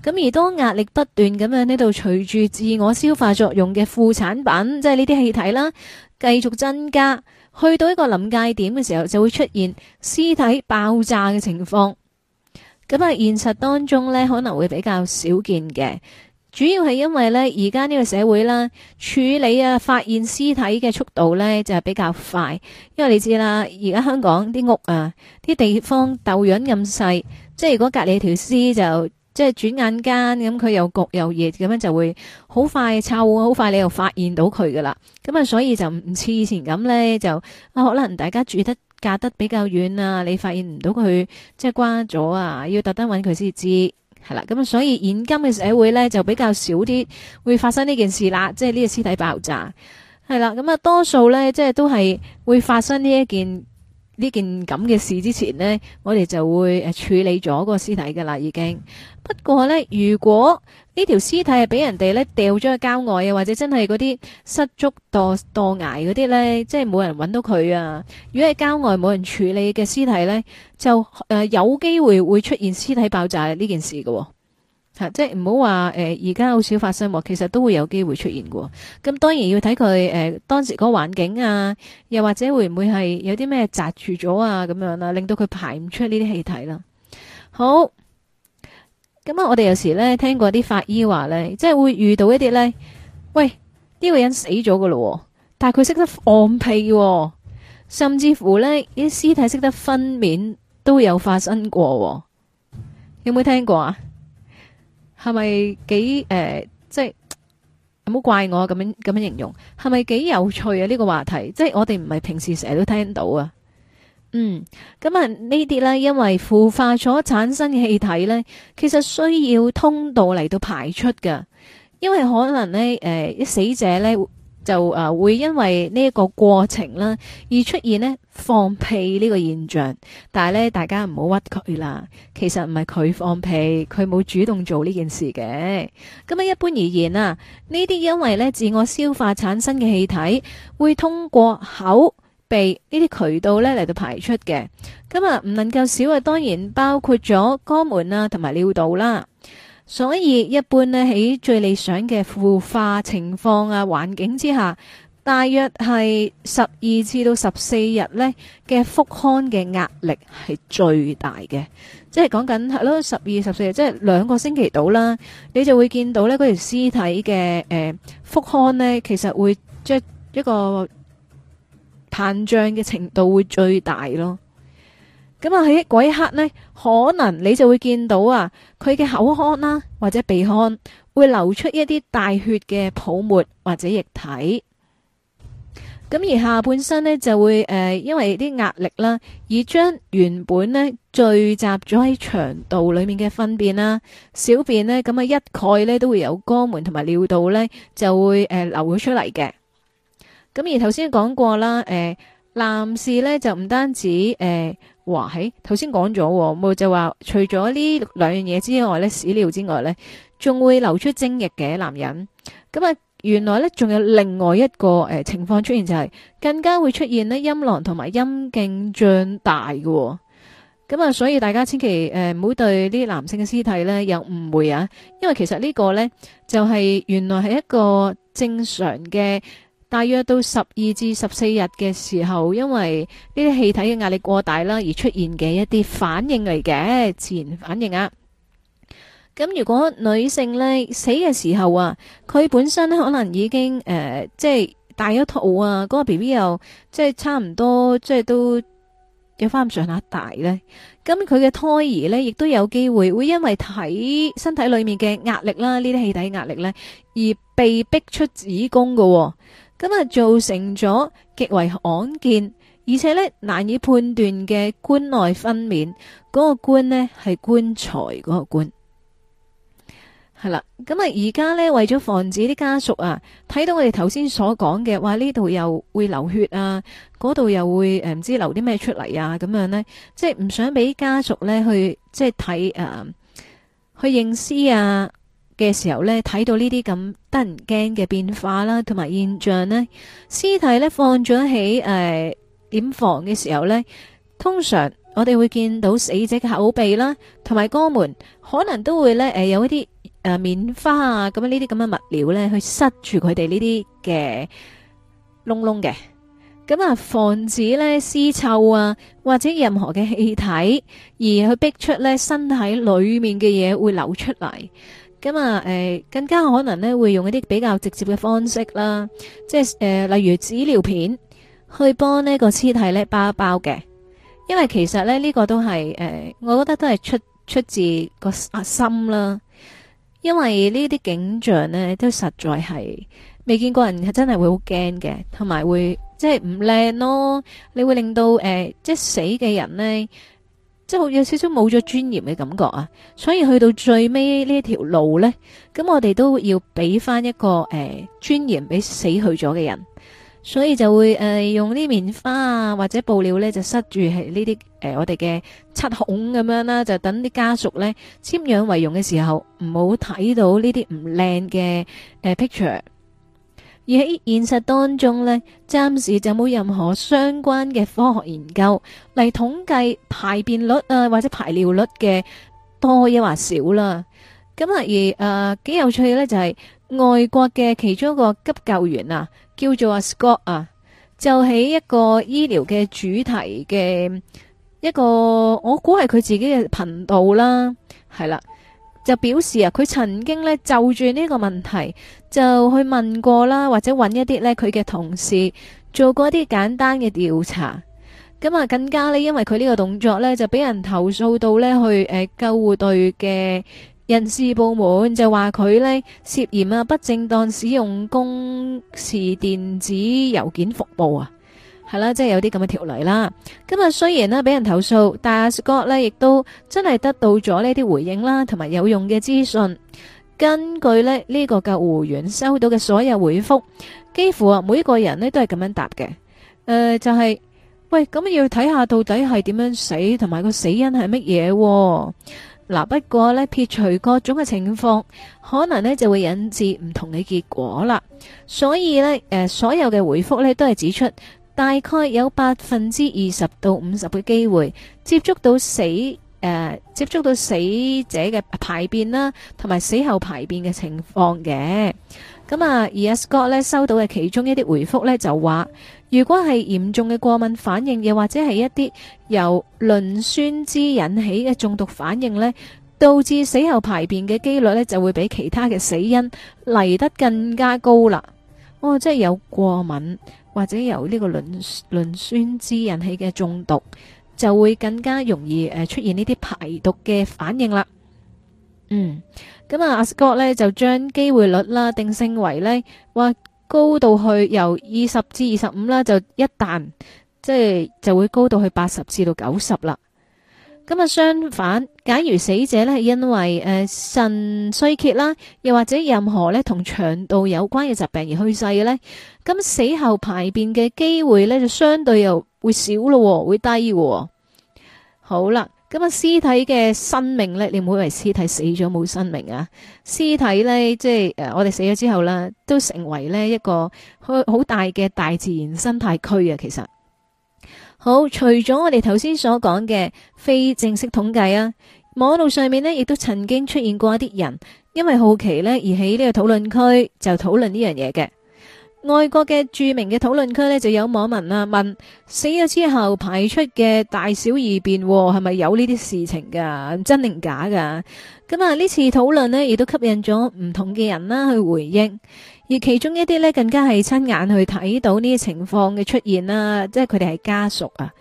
咁而當壓力不斷咁樣呢度，隨住自我消化作用嘅副產品，即係呢啲氣體啦，繼續增加。去到一個臨界點嘅時候，就會出現屍體爆炸嘅情況。咁啊，現實當中呢，可能會比較少見嘅，主要係因為呢，而家呢個社會啦，處理啊發現屍體嘅速度呢，就係比較快，因為你知啦，而家香港啲屋啊，啲地方豆潤咁細，即係如果隔籬有條屍就。即係轉眼間，咁佢又焗又熱，咁樣就會好快臭，好快你又發現到佢噶啦。咁啊，所以就唔似以前咁咧，就啊可能大家住得隔得比較遠啊，你發現唔到佢即係瓜咗啊，要特登揾佢先知係啦。咁啊，所以現今嘅社會咧就比較少啲會發生呢件事啦。即係呢個屍體爆炸係啦，咁啊多數咧即係都係會發生呢一件。呢件咁嘅事之前呢，我哋就會誒處理咗個屍體㗎啦，已經。不過呢，如果呢條屍體係俾人哋呢掉咗去郊外啊，或者真係嗰啲失足墮墮崖嗰啲呢，即係冇人揾到佢啊。如果喺郊外冇人處理嘅屍體呢，就誒、呃、有機會會出現屍體爆炸呢件事嘅、哦。即係唔好話誒，而家好少發生喎，其實都會有機會出現嘅。咁當然要睇佢誒，當時嗰個環境啊，又或者會唔會係有啲咩窒住咗啊，咁樣啦，令到佢排唔出呢啲氣體啦。好，咁啊，我哋有時咧聽過啲法醫話咧，即係會遇到一啲咧，喂，呢個人死咗嘅咯，但係佢識得放屁，哦，甚至乎咧啲屍體識得分娩都有發生過，哦，有冇聽過啊？係咪幾誒、呃，即係唔好怪我咁樣咁樣形容？係咪幾有趣啊？呢、這個話題，即係我哋唔係平時成日都聽到啊。嗯，咁啊呢啲咧，因為腐化咗產生嘅氣體咧，其實需要通道嚟到排出噶，因為可能咧誒，呃、一死者咧。就誒、啊，會因為呢一個過程啦，而出現呢放屁呢個現象。但係咧，大家唔好屈佢啦，其實唔係佢放屁，佢冇主動做呢件事嘅。咁啊，一般而言啊，呢啲因為咧自我消化產生嘅氣體，會通過口、鼻呢啲渠道咧嚟到排出嘅。咁啊，唔能夠少啊，當然包括咗肛門啊，同埋尿道啦、啊。所以一般呢，喺最理想嘅腐化情況，啊環境之下，大約係十二至到十四日呢，嘅腹腔嘅壓力係最大嘅，即係講緊係咯，十二十四日即係兩個星期到啦，你就會見到呢嗰條屍體嘅誒腹腔呢，其實會即係一個膨脹嘅程度會最大咯。咁啊，喺嗰一刻呢，可能你就會見到啊，佢嘅口腔啦，或者鼻腔會流出一啲帶血嘅泡沫或者液體。咁而下半身呢，就會誒、呃，因為啲壓力啦，而將原本呢聚集咗喺腸道裏面嘅糞便啦、小便呢咁啊一概呢，都會有肛門同埋尿道呢，就會誒、呃、流咗出嚟嘅。咁而頭先講過啦，誒、呃，男士呢，就唔單止誒。呃哇！喺頭先講咗，冇就話除咗呢兩樣嘢之外咧，屎尿之外咧，仲會流出精液嘅男人。咁啊，原來咧仲有另外一個誒情況出現，就係更加會出現咧陰囊同埋陰莖脹大嘅。咁啊，所以大家千祈誒唔好對呢啲男性嘅屍體咧有誤會啊，因為其實呢個咧就係原來係一個正常嘅。大約到十二至十四日嘅時候，因為呢啲氣體嘅壓力過大啦，而出現嘅一啲反應嚟嘅自然反應啊。咁如果女性呢死嘅時候啊，佢本身呢可能已經誒、呃，即係大咗肚啊，嗰、嗰個 B B 又即係差唔多，即係都有翻咁上下大呢。咁佢嘅胎兒呢亦都有機會會因為體身體裏面嘅壓力啦，呢啲氣體壓力呢而被逼出子宮噶、啊。咁啊，造成咗極為罕見，而且咧難以判斷嘅棺內分娩，嗰、嗰個官呢係棺材嗰個官，係啦。咁啊，而家咧為咗防止啲家屬啊，睇到我哋頭先所講嘅，話呢度又會流血啊，嗰度又會誒唔知流啲咩出嚟啊，咁樣呢，就係、呢即係唔想俾家屬咧去即係睇誒去認屍啊，嘅時候咧，睇到呢啲咁得人驚嘅變化啦，同埋現象咧，屍體咧放咗喺誒殮房嘅時候咧，通常我哋會見到死者嘅口鼻啦，同埋肛門，可能都會咧誒有一啲誒棉花啊，咁樣呢啲咁樣物料咧去塞住佢哋呢啲嘅窿窿嘅，咁啊防止咧屍臭啊，或者任何嘅氣體而去逼出咧身體裏面嘅嘢會流出嚟。咁啊，誒、呃，更加可能咧，會用一啲比較直接嘅方式啦，即係誒、呃，例如紙尿片去幫呢個屍體咧包一包嘅，因為其實咧呢、這個都係誒、呃，我覺得都係出出自個、啊、心啦，因為呢啲景象咧都實在係未見過人係真係會好驚嘅，同埋會即係唔靚咯，你會令到誒、呃、即係死嘅人咧。即係有少少冇咗尊嚴嘅感覺啊，所以去到最尾呢條路呢，咁我哋都要俾翻一個誒、呃、尊嚴俾死去咗嘅人，所以就會誒、呃、用啲棉花啊或者布料呢，就塞住係呢啲誒我哋嘅七孔咁樣啦，就等啲家屬呢，瞻仰遺容嘅時候唔好睇到呢啲唔靚嘅誒 picture。而喺現實當中呢，暫時就冇任何相關嘅科學研究嚟統計排便率啊，或者排尿率嘅多一或少啦。咁啊，而誒幾有趣呢，就是，就係外國嘅其中一個急救員啊，叫做阿 Scott 啊，就喺一個醫療嘅主題嘅一個，我估係佢自己嘅頻道啦，係啦。就表示啊，佢曾經咧就住呢個問題，就去問過啦，或者揾一啲咧佢嘅同事做過一啲簡單嘅調查。咁啊，更加咧，因為佢呢個動作咧就俾人投訴到咧去誒救護隊嘅人事部門，就話佢咧涉嫌啊不正當使用公事電子郵件服務啊。係啦，即係有啲咁嘅條例啦。今日雖然呢俾人投訴，但阿 Scott 呢亦都真係得到咗呢啲回應啦，同埋有用嘅資訊。根據呢呢個救護員收到嘅所有回覆，幾乎啊每個人呢都係咁樣答嘅。誒、呃、就係、是、喂，咁要睇下到底係點樣死，同埋個死因係乜嘢嗱。不過呢，撇除各種嘅情況，可能呢就會引致唔同嘅結果啦。所以呢、呃，所有嘅回覆呢都係指出。大概有百分之二十到五十嘅機會接觸到死誒、呃，接觸到死者嘅排便啦，同埋死後排便嘅情況嘅。而 Scott 收到嘅其中一啲回覆呢，就話，如果係嚴重嘅過敏反應，又或者係一啲由磷酸脂引起嘅中毒反應呢，導致死後排便嘅幾率呢，就會比其他嘅死因嚟得更加高啦。哦，即係有過敏。或者由呢個磷磷酸脂引起嘅中毒，就會更加容易誒出現呢啲排毒嘅反應啦。嗯，咁啊，阿 Scott 咧就將機會率啦定性為呢：「哇高到去由二十至二十五啦，就一彈，即、就、係、是、就會高到去八十至到九十啦。咁啊，相反。假如死者咧係因為誒腎衰竭啦，又或者任何咧同腸道有關嘅疾病而去世嘅咧，咁死後排便嘅機會咧就相對又會少咯，會低了。好啦，咁啊屍體嘅生命咧，你唔會以為屍體死咗冇生命啊？屍體咧即係誒，就是，我哋死咗之後啦，都成為呢一個好好大嘅大自然生態區啊。其實好，除咗我哋頭先所講嘅非正式統計啊。網絡上面呢，亦都曾經出現過一啲人，因為好奇呢，而喺呢個討論區就討論呢樣嘢嘅。外國嘅著名嘅討論區呢，就有網民啊問：死咗之後排出嘅大小二便，係咪有呢啲事情噶？真定假噶？咁啊，呢次討論呢，亦都吸引咗唔同嘅人啦去回應。而其中一啲呢，更加係親眼去睇到呢啲情況嘅出現啦，即係佢哋係家屬啊，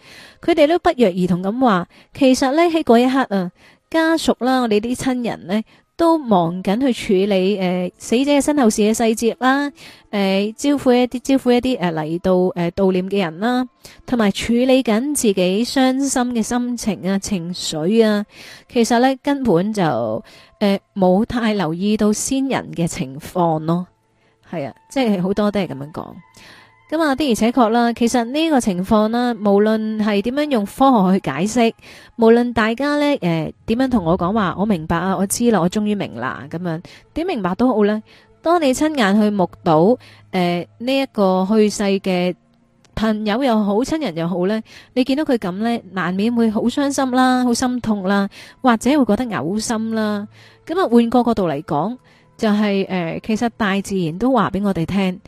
佢哋都不約而同咁話：其實呢，喺嗰一刻啊。家屬啦，我哋啲親人呢都忙緊去處理誒、呃、死者嘅身後事嘅細節啦，誒、呃、招呼一啲招呼一啲誒嚟到誒、呃、悼念嘅人啦，同埋處理緊自己傷心嘅心情啊、情緒啊，其實呢，根本就誒冇、呃、太留意到先人嘅情況咯，係啊，即係好多都係咁樣講。咁啊，的而且確啦。其實呢個情況啦，無論係點樣用科學去解釋，無論大家呢誒點樣同我講話，我明白啊，我知啦，我終於明啦。咁樣點明白都好啦。當你親眼去目睹誒呢一個去世嘅朋友又好，親人又好呢，你見到佢咁呢，難免會好傷心啦，好心痛啦，或者會覺得嘔心啦。咁啊，換個角度嚟講，就係誒，其實大自然都話俾我哋聽。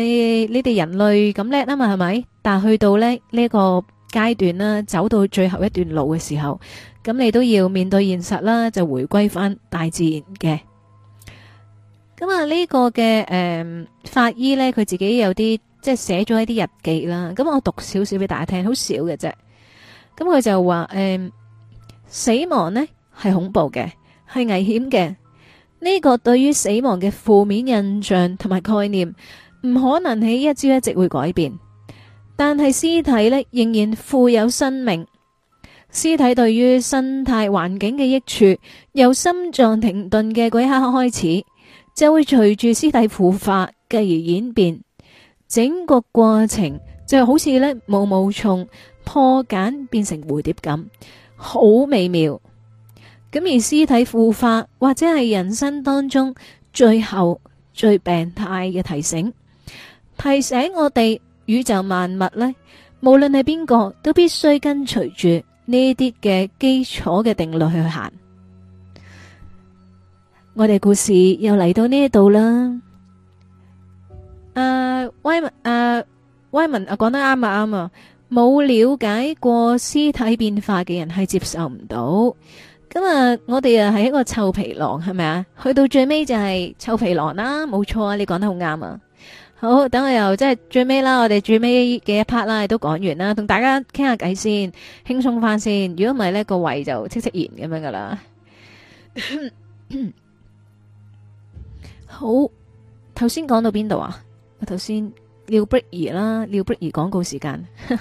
你你哋人類咁叻啊嘛，係咪？但係去到咧呢個階段啦，走到最後一段路嘅時候，咁你都要面對現實啦，就回歸翻大自然嘅。咁啊，呢個嘅誒法醫呢，佢自己有啲即係寫咗一啲日記啦。咁我讀少少俾大家聽，好少嘅啫。咁佢就話誒，死亡呢係恐怖嘅，係危險嘅。呢個對於死亡嘅負面印象同埋概念。唔可能喺一朝一夕會改變，但係屍體呢，仍然富有生命。屍體對於生態環境嘅益處，由心臟停頓嘅嗰一刻開始，就會隨住屍體腐化，繼而演變。整個過程就好似呢毛毛蟲破繭變成蝴蝶咁，好美妙。咁而屍體腐化或者係人生當中最後最病態嘅提醒。提醒我哋宇宙萬物咧，無論係邊個都必須跟隨住呢啲嘅基礎嘅定律去行。我哋故事又嚟到呢一度啦。誒、啊，威文誒，威文啊，講得啱啊啱啊，冇、啊啊、了解過屍體變化嘅人係接受唔到。咁啊，我哋啊係一個臭皮囊係咪啊？去到最尾就係臭皮囊啦，啊，冇錯啊！你講得好啱啊！好，等我又即係最尾啦，我哋最尾嘅一 part 啦，都講完啦，同大家傾下偈先，輕鬆翻先。如果唔係呢個胃就戚戚然咁樣噶啦。 好，頭先講到邊度啊？頭先尿 break 離啦，尿 break 離廣告時間，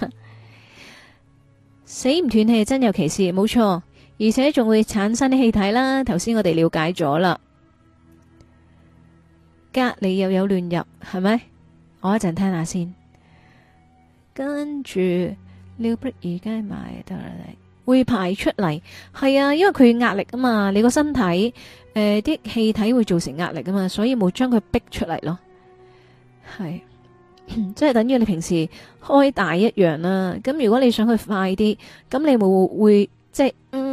死唔斷氣真有其事，冇錯，而且仲會產生啲氣體啦。頭先我哋了解咗啦。你又有亂入係咪？我一陣聽下先。跟住尿不二階埋嚟，會排出嚟。係啊，因為佢壓力啊嘛，你個身體誒啲氣體會造成壓力啊嘛，所以冇將佢逼出嚟咯。係，即 係等於你平時開大一樣啦，啊。咁如果你想佢快啲，咁你冇會即係。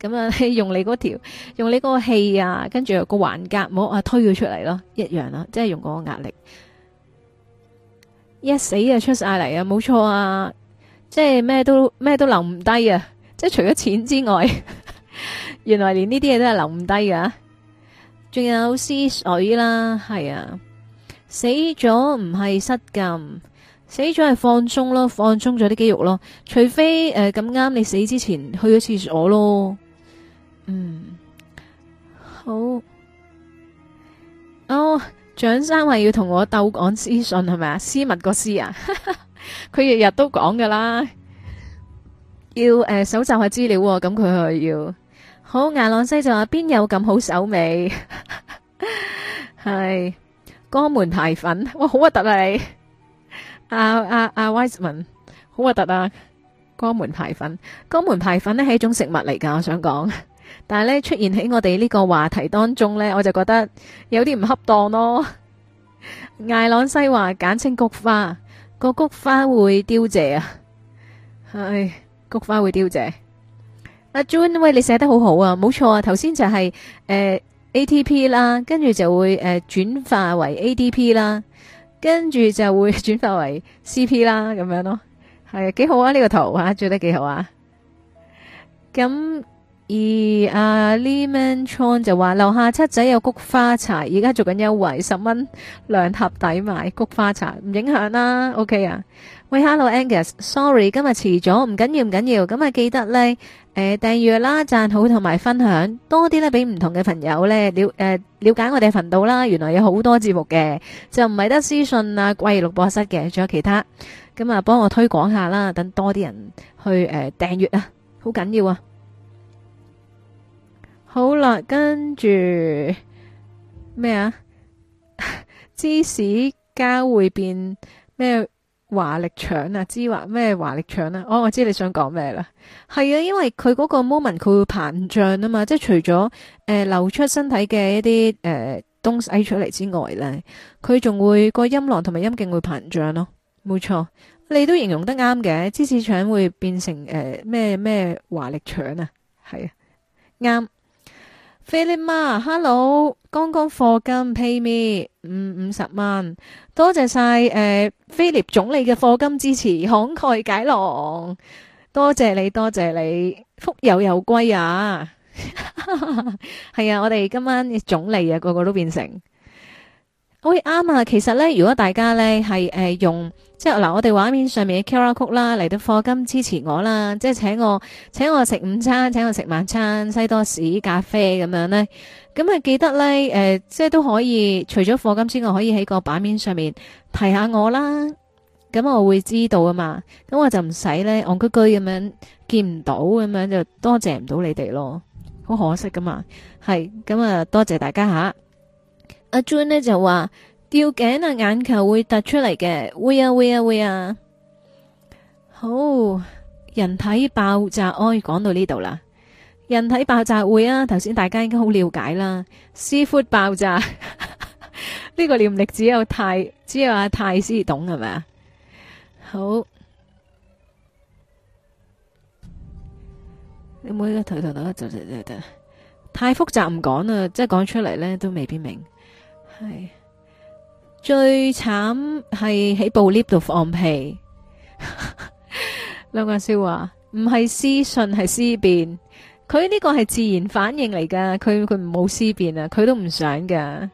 咁啊，用你嗰條，用你嗰個氣啊，跟住個橫隔膜啊，推佢出嚟咯，一樣啦，即係用嗰個壓力。一死啊，出晒嚟啊，冇錯啊，即係咩都咩都留唔低啊，即係、啊、除咗錢之外， 原來連呢啲嘢都係留唔低噶。仲有屎水啦，係啊，死咗唔係失禁，死咗係放鬆咯，放鬆咗啲肌肉咯，除非誒咁啱你死之前去咗廁所咯。嗯，好哦。蔣生話要同我鬥講私訊係咪啊？私密個私啊，佢日日都講噶啦。要誒搜集下資料，咁佢係要好顏，朗西就話邊有咁好手尾係江門牌粉，哇，好核突呀你。阿阿阿 Wiseman 好核突啊！江門牌粉，江門牌粉呢係一種食物嚟噶，我想講。但係咧出現喺我哋呢個話題當中呢，我就覺得有啲唔恰當咯。艾朗西話簡稱菊花，個菊花會凋謝啊，係、哎、菊花會凋謝。阿 John，喂，你寫得好好啊，冇錯啊。頭先就係 A T P 啦，跟住就會誒轉化為 A D P 啦，跟住就會轉化為 C P 啦，咁樣咯，係幾好啊。呢、呢個圖啊，做得幾好啊。咁。而阿 Lee Man Chuan 就話樓下七仔有菊花茶，而家做緊優惠，十蚊兩盒抵買菊花茶，唔影響啦。OK 啊，喂，Hello Angus，Sorry 今日遲咗，唔緊要唔緊要。咁啊記得咧，誒訂閱啦，讚好同埋分享多啲咧，俾唔同嘅朋友咧了誒了解我哋頻道啦。原來有好多節目嘅，就唔係得屍訊啊貴錄播室嘅，仲有其他。咁啊幫我推廣下啦，等多啲人去誒訂閱啊，好緊要啊！好啦，跟住咩啊？芝士膠會變咩華力腸啊？芝華咩華力腸啊？哦，我知你想講咩啦？係啊，因為佢嗰個 moment 佢會膨脹啊嘛，即係除咗誒、呃、流出身體嘅一啲誒、呃、東西出嚟之外咧，佢仲會個陰囊同埋陰莖會膨脹咯。冇錯，你都形容得啱嘅。芝士腸會變成誒咩咩華力腸啊？係啊，啱。菲利馬，hello，剛剛課金 pay me 五五十蚊，多謝晒誒，菲、呃、利總理嘅課金支持，慷慨解囊，多謝你，多謝你，福有有歸啊，係 啊，我哋今晚總理啊，個個都變成。啱啊，其實咧，如果大家咧係誒用即係嗱、呃，我哋畫面上面嘅 o 拉曲啦嚟到貨金支持我啦，即係請我請我食午餐，請我食晚餐，西多士、咖啡咁樣咧，咁、嗯、啊記得咧誒、呃，即係都可以，除咗貨金之外，可以喺個版面上面提下我啦，咁我會知道啊嘛，咁我就唔使咧戇居居咁樣見唔到咁樣就多謝唔到你哋咯，好可惜噶嘛，係咁啊，多謝大家吓。阿 June 呢就話吊頸啊，眼球會突出嚟嘅，會啊會啊會啊！好，人體爆炸案講、哦、到呢度啦，人體爆炸會啊，頭先大家應該好了解啦，Seafood 爆炸呢 個念力只有太只有阿太先懂係咪啊？好，你每個抬頭得就得就得，太複雜唔講啦，即係講出嚟呢都未必明。係最慘係喺部 lift 度放屁，兩句笑話唔係私信係私變，佢呢個係自然反應嚟噶，佢佢冇私變啊，佢都唔想噶，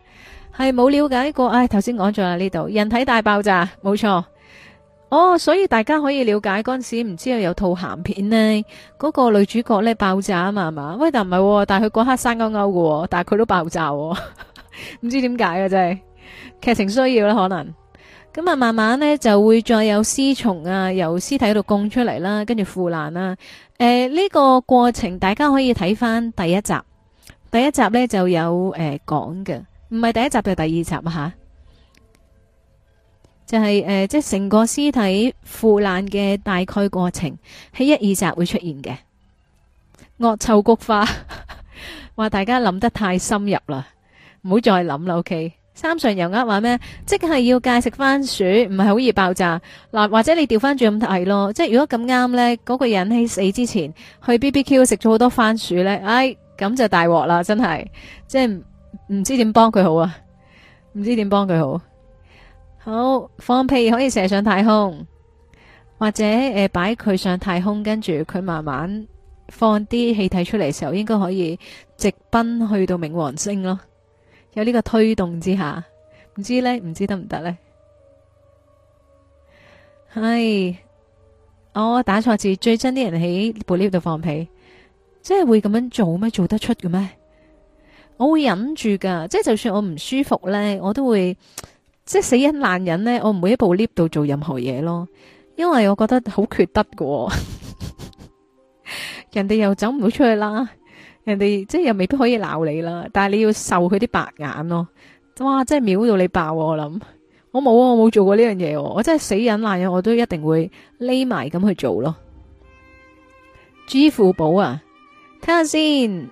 係冇了解過。唉、哎，頭先講咗啦，呢度人體大爆炸，冇錯。哦，所以大家可以了解嗰陣時唔知道有套鹹片呢，嗰、那個女主角咧爆炸啊嘛，係嘛？喂，但唔係、哦，但係佢嗰刻生勾勾喎，但係佢都爆炸、哦。唔 知點解嘅，真係劇情需要啦，可能咁啊，慢慢呢，就會再有屍蟲啊，由屍體度供出嚟啦，跟住腐爛啦、啊。誒、呃，呢、這個過程大家可以睇返第一集，第一集呢就有誒講嘅，唔、呃、係第一集就第二集啊吓，就係、是、誒、呃、即係成個屍體腐爛嘅大概過程喺一二集會出現嘅惡臭菊花， 話大家諗得太深入啦。唔好再諗啦，O K。OK? 三上油呃話咩？即係要戒食番薯，唔係好易爆炸嗱。或者你調翻轉咁大咯，即係如果咁啱呢，嗰個人喺死之前去 B B Q 食咗好多番薯呢，哎咁就大鑊啦，真係即係唔知點幫佢好啊，唔知點幫佢好。好，放屁可以射上太空，或者誒擺佢上太空，跟住佢慢慢放啲氣體出嚟嘅時候，應該可以直奔去到冥王星咯。有呢個推動之下，唔知咧，唔知得唔得咧？係，我打錯字，最憎啲人喺部 lift 度放屁，即係會咁樣做咩？做得出嘅咩？我會忍住噶，即係就算我唔舒服咧，我都會即係死忍爛忍咧，我唔會喺部 lift 度做任何嘢咯，因為我覺得好缺德噶、哦， 人哋又走唔到出去啦。人哋即係又未必可以鬧你啦，但係你要受佢啲白眼咯。哇，真係秒到你爆，我諗，我冇我冇做過呢樣嘢，我真係死忍爛忍，我都一定會匿埋咁去做咯。支付寶啊，睇下先。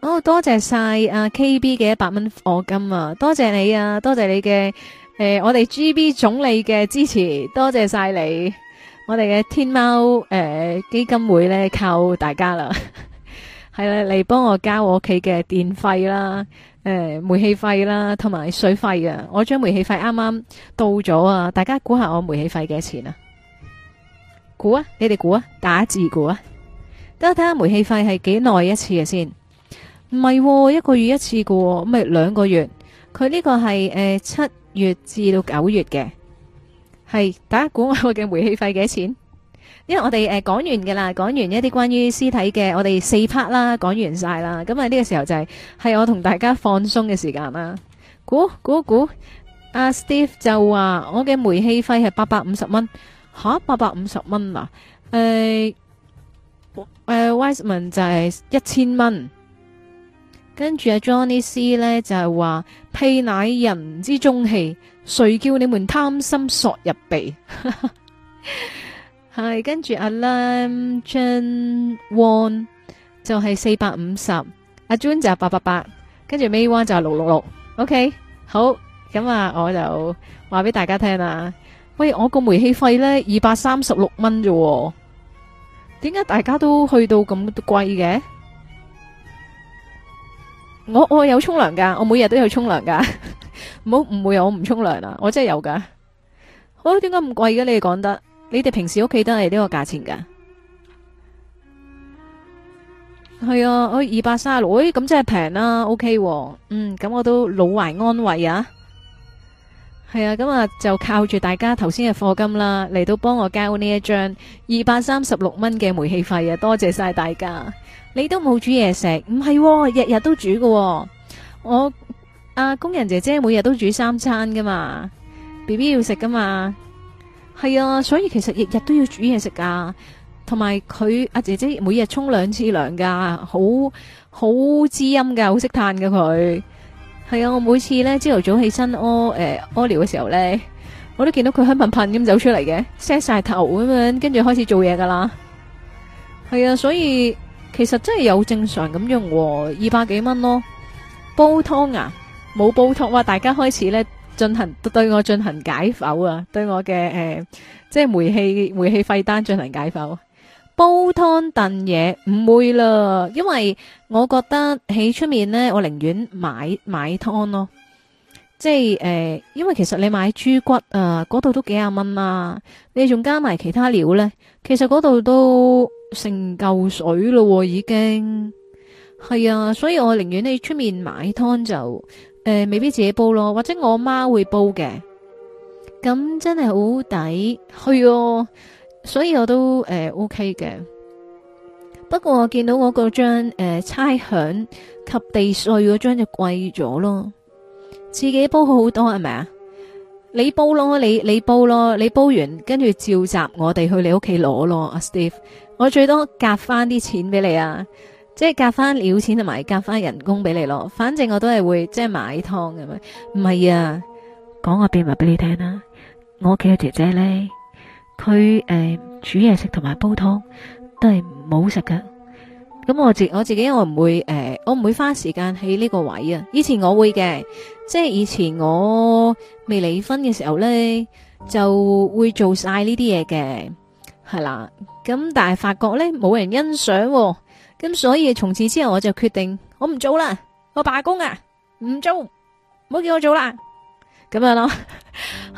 哦，多謝晒啊 KB 嘅一百蚊課金啊，多謝你啊，多謝你嘅、誒、呃，我哋 GB 總理嘅支持，多謝晒你。我哋嘅天喵、誒、呃、基金會咧靠大家啦。係啦，你幫我交我屋企嘅電費啦，誒、呃，煤氣費啦，同埋水費啊！我將煤氣費啱啱到咗啊！大家估下我煤氣費幾多錢啊？估啊！你哋估啊！打字估啊！等我睇下煤氣費係幾耐一次嘅先。唔係、哦，一個月一次嘅，唔係兩個月。佢呢個係誒七月至到九月嘅，係，大家估下我嘅煤氣費幾多錢？因為我哋誒，講完嘅啦，講完一啲關於屍體嘅我哋四 part 啦講完晒啦，咁啊呢個時候就係係我同大家放鬆嘅時間啦。估估估，阿 Steve 就話我嘅煤氣費係八百五十蚊，吓，八百五十蚊啊！誒，誒，Wiseman 就係一千蚊，跟住阿 Johnny C 呢就係話屁乃人之中氣，誰叫你們貪心索入鼻？係跟住阿 Lin、John、One 就係四百五十，阿 John 就係八八八，跟住 May One 就係六六六。OK，好，咁啊，我就話俾大家聽啦。喂，我個煤氣費咧二百三十六蚊啫，點解大家都去到咁貴嘅？我我有沖涼噶，我每日都有沖涼噶。唔好誤會我唔沖涼啊，我真係有噶。我點解咁貴嘅？你哋講得。你哋平時屋企都係呢個價錢噶？係啊，誒、哎，二百三十六，咁、哎、真係平啦，OK，啊、嗯，咁我都老懷安慰啊。係啊，咁啊，就靠住大家頭先嘅課金啦，嚟到幫我交呢一張二百三十六蚊嘅煤氣費啊！多謝晒大家，你都冇煮嘢食，唔係、啊，日日都煮喎、啊。我阿工、啊、人姐姐每日都煮三餐噶嘛，B B 要食噶嘛。係啊，所以其實日日都要煮嘢食噶，同埋佢阿姐姐每日沖兩次涼噶，好好滋陰噶，好識嘆㗎佢。係啊，我每次咧朝頭早起身屙誒屙尿嘅時候咧，我都見到佢香噴噴咁走出嚟嘅，set 晒頭咁樣，跟住開始做嘢噶啦。係啊，所以其實真係有正常咁用的，二百幾蚊咯煲湯啊，冇煲湯啊，大家開始咧。進行對我進行解剖啊，對我嘅，誒、呃，即係煤氣煤氣費單進行解剖。煲湯燉嘢，唔會啦，因為我覺得喺出面呢，我寧願買買湯咯。即係誒、呃，因為其實你買豬骨啊，嗰、呃、度都幾廿蚊啊，你仲加埋其他料呢，其實嗰度都成舊水咯、啊，已經係啊，所以我寧願你出面買湯就。誒、呃，未必自己煲咯，或者我媽會煲嘅，咁真係好抵，去哦、啊，所以我都誒、呃、OK 嘅。不過我見到我嗰張誒差餉及地租嗰張就貴咗咯，自己煲好好多係咪啊？你煲咯，你你煲咯，你煲完跟住召集我哋去你屋企攞咯，阿 Steve，我最多夾翻啲錢俾你啊。即係夾翻料錢同埋夾翻人工俾你咯，反正我都係會即係買湯咁樣。唔係啊，講個秘密俾你聽啦。我屋企嘅姐姐咧，佢誒、呃、煮嘢食同埋煲湯都係唔好食㗎。咁我自我自己我唔會誒、呃，我唔會花時間喺呢個位啊。以前我會嘅，即係以前我未離婚嘅時候咧，就會做晒呢啲嘢嘅，係啦、啊。咁但係發覺咧，冇人欣賞、啊。咁所以從此之後我就決定我唔做啦，我罷工啊，唔做，唔好叫我做啦，咁樣咯，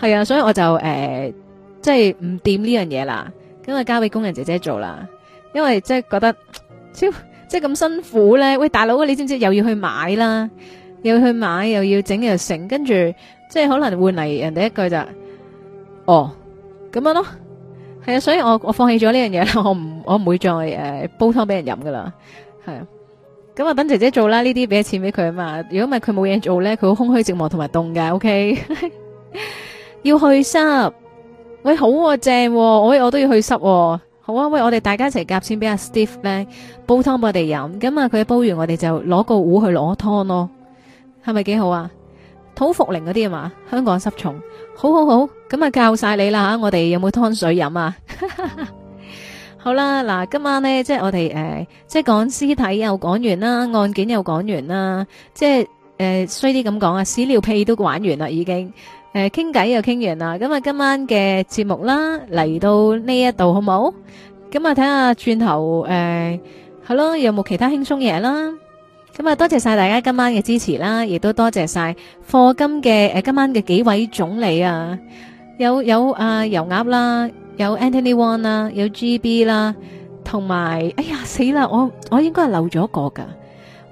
係 啊，所以我就誒、呃，即係唔掂呢樣嘢啦，咁啊交俾工人姐姐做啦，因為即係覺得超即係咁辛苦咧，喂大佬啊，你知唔知又要去買啦，又要去買又要整又成，跟住即係可能換嚟人哋一句就，哦，咁樣咯。係啊，所以我我放棄咗呢樣嘢啦，我唔我唔會再誒、呃、煲湯俾人飲噶啦。係啊，咁啊等姐姐做啦，呢啲俾錢俾佢啊嘛。如果唔係佢冇嘢做咧，佢好空虛寂寞同埋凍㗎。OK， 要去濕。喂，好、啊、正、啊，我我都要去濕、啊。好啊，喂，我哋大家一齊夾錢俾阿 Steve 咧煲湯俾我哋飲。咁啊，佢煲完我哋就攞個壺去攞湯咯，係咪幾好啊？土茯苓嗰啲啊嘛，香港濕重，好好好，咁啊教晒你啦吓，我哋有冇湯水飲啊？好啦，嗱，今晚咧即係我哋誒，即係講屍體又講完啦，案件又講完啦，即係誒衰啲咁講啊，屎尿屁都玩完啦，已經誒傾偈又傾完啦，咁啊今晚嘅節目啦嚟到呢一度好冇？咁啊睇下轉頭誒，係咯，有冇其他輕鬆嘢啦？咁啊，多謝晒大家今晚嘅支持啦，亦都多謝晒課金嘅誒，今晚嘅幾位總理啊，有有阿油鴨啦，有 Anthony Wong 啦，有, Wong, 有 GB 啦，同埋，哎呀死啦，我我應該係漏咗個噶，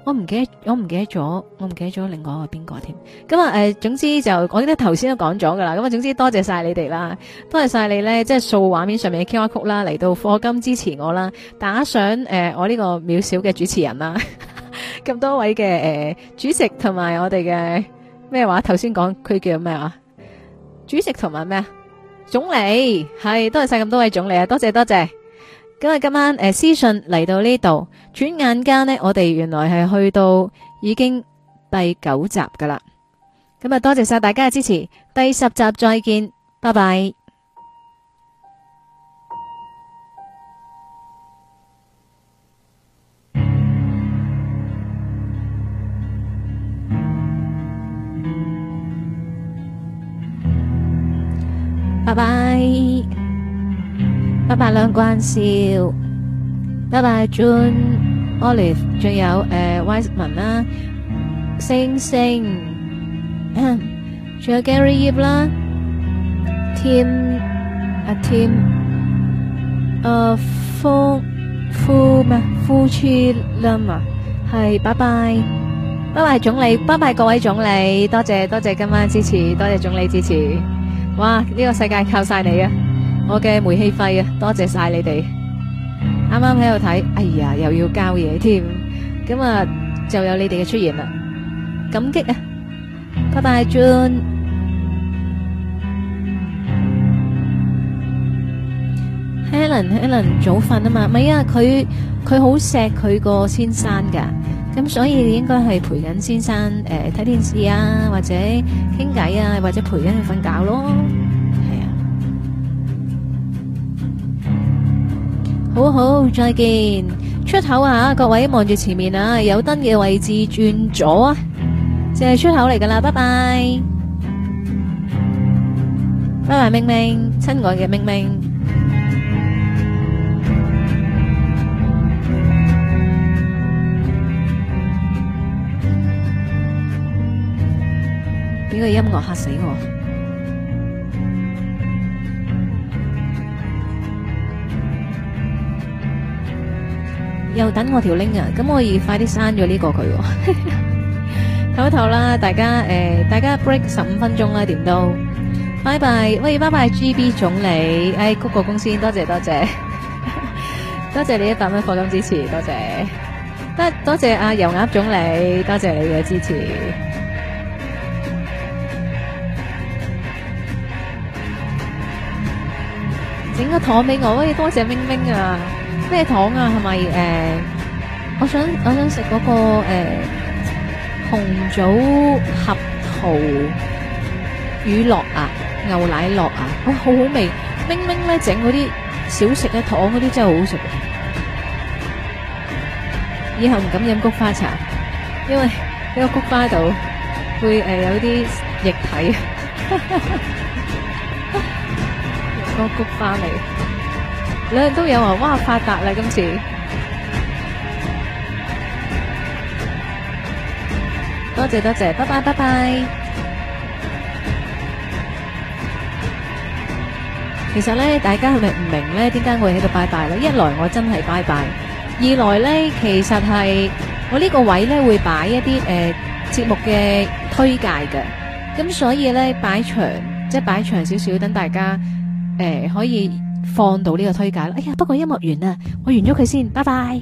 我唔記得，我唔記得咗，我唔記得咗另外一個邊個添。咁啊，誒，總之就我得頭先都講咗噶啦，咁啊，總之多謝晒你哋啦，多謝晒你咧，即係掃畫面上面嘅 QR Code 啦，嚟到課金支持我啦，打賞誒，我呢個渺小嘅主持人啦。咁多位嘅誒、呃、主席同埋我哋嘅咩話？頭先講佢叫咩話？主席同埋咩啊？總理係，多謝晒咁多位總理啊！多謝多謝，咁啊，今日今晚誒、呃、屍訊嚟到呢度，轉眼間呢，我哋原來係去到已經第九集噶啦，咁啊，多謝晒大家嘅支持，第十集再見，拜拜。拜拜，拜拜梁關少，拜拜 June Olive，仲有誒 Wiseman 啦，星星，仲有 Gary 葉啦，Tim 阿 Tim，誒夫夫咩夫珠林啊，係拜拜，拜拜總理，拜拜各位總理，多謝多謝今晚支持，多謝總理支持。哇！呢、這個世界靠晒你啊！我嘅煤氣費啊，多謝晒你哋。啱啱喺度睇，哎呀，又要交嘢添。咁啊，就有你哋嘅出現啦，感激啊！拜拜，June。Helen，Helen Helen, 早瞓啊嘛？咪啊，佢佢好錫佢個先生噶。咁所以應該係陪緊先生誒睇電視啊，或者傾偈啊，或者陪緊佢瞓覺咯，係啊，好好，再見。出口啊，各位望住前面啊，有燈嘅位置轉左啊，就係出口嚟噶啦，拜拜，拜拜，明明，親愛嘅明明。呢個音樂嚇死我！又等我條 link 啊，咁我可以快啲刪咗呢個佢。唞一唞啦，大家誒、呃，大家 break 十五分鐘啦，點都拜拜。喂，拜拜，G B 總理，哎，谷歌公司，多謝多謝，多謝，多謝你一百蚊課金，支持，多謝。得，多謝阿油鴨總理，多謝你嘅支持。整個糖俾我喂，多謝明明啊！咩糖啊？係咪誒？我想我想食嗰、嗰個誒、呃、紅棗核桃乳酪啊，牛奶酪啊，哦、好好味！明明咧整嗰啲小食嘅、啊、糖嗰啲真係好好食、啊，以後唔敢飲菊花茶，因為呢個菊花度會誒、呃、有啲液體。 多谷翻嚟，兩人都有話，哇，發達啦今次！多謝多謝，拜拜拜拜。其實咧，大家係咪唔明咧？點解我喺度拜拜咧？一來我真係拜拜，二來咧，其實係我呢個位咧會擺一啲誒節目嘅推介嘅，咁所以咧擺長，即係擺長少少，等大家。誒、呃，可以放到呢個推介啦。哎呀，不過音樂完啦，我完咗佢先，拜拜。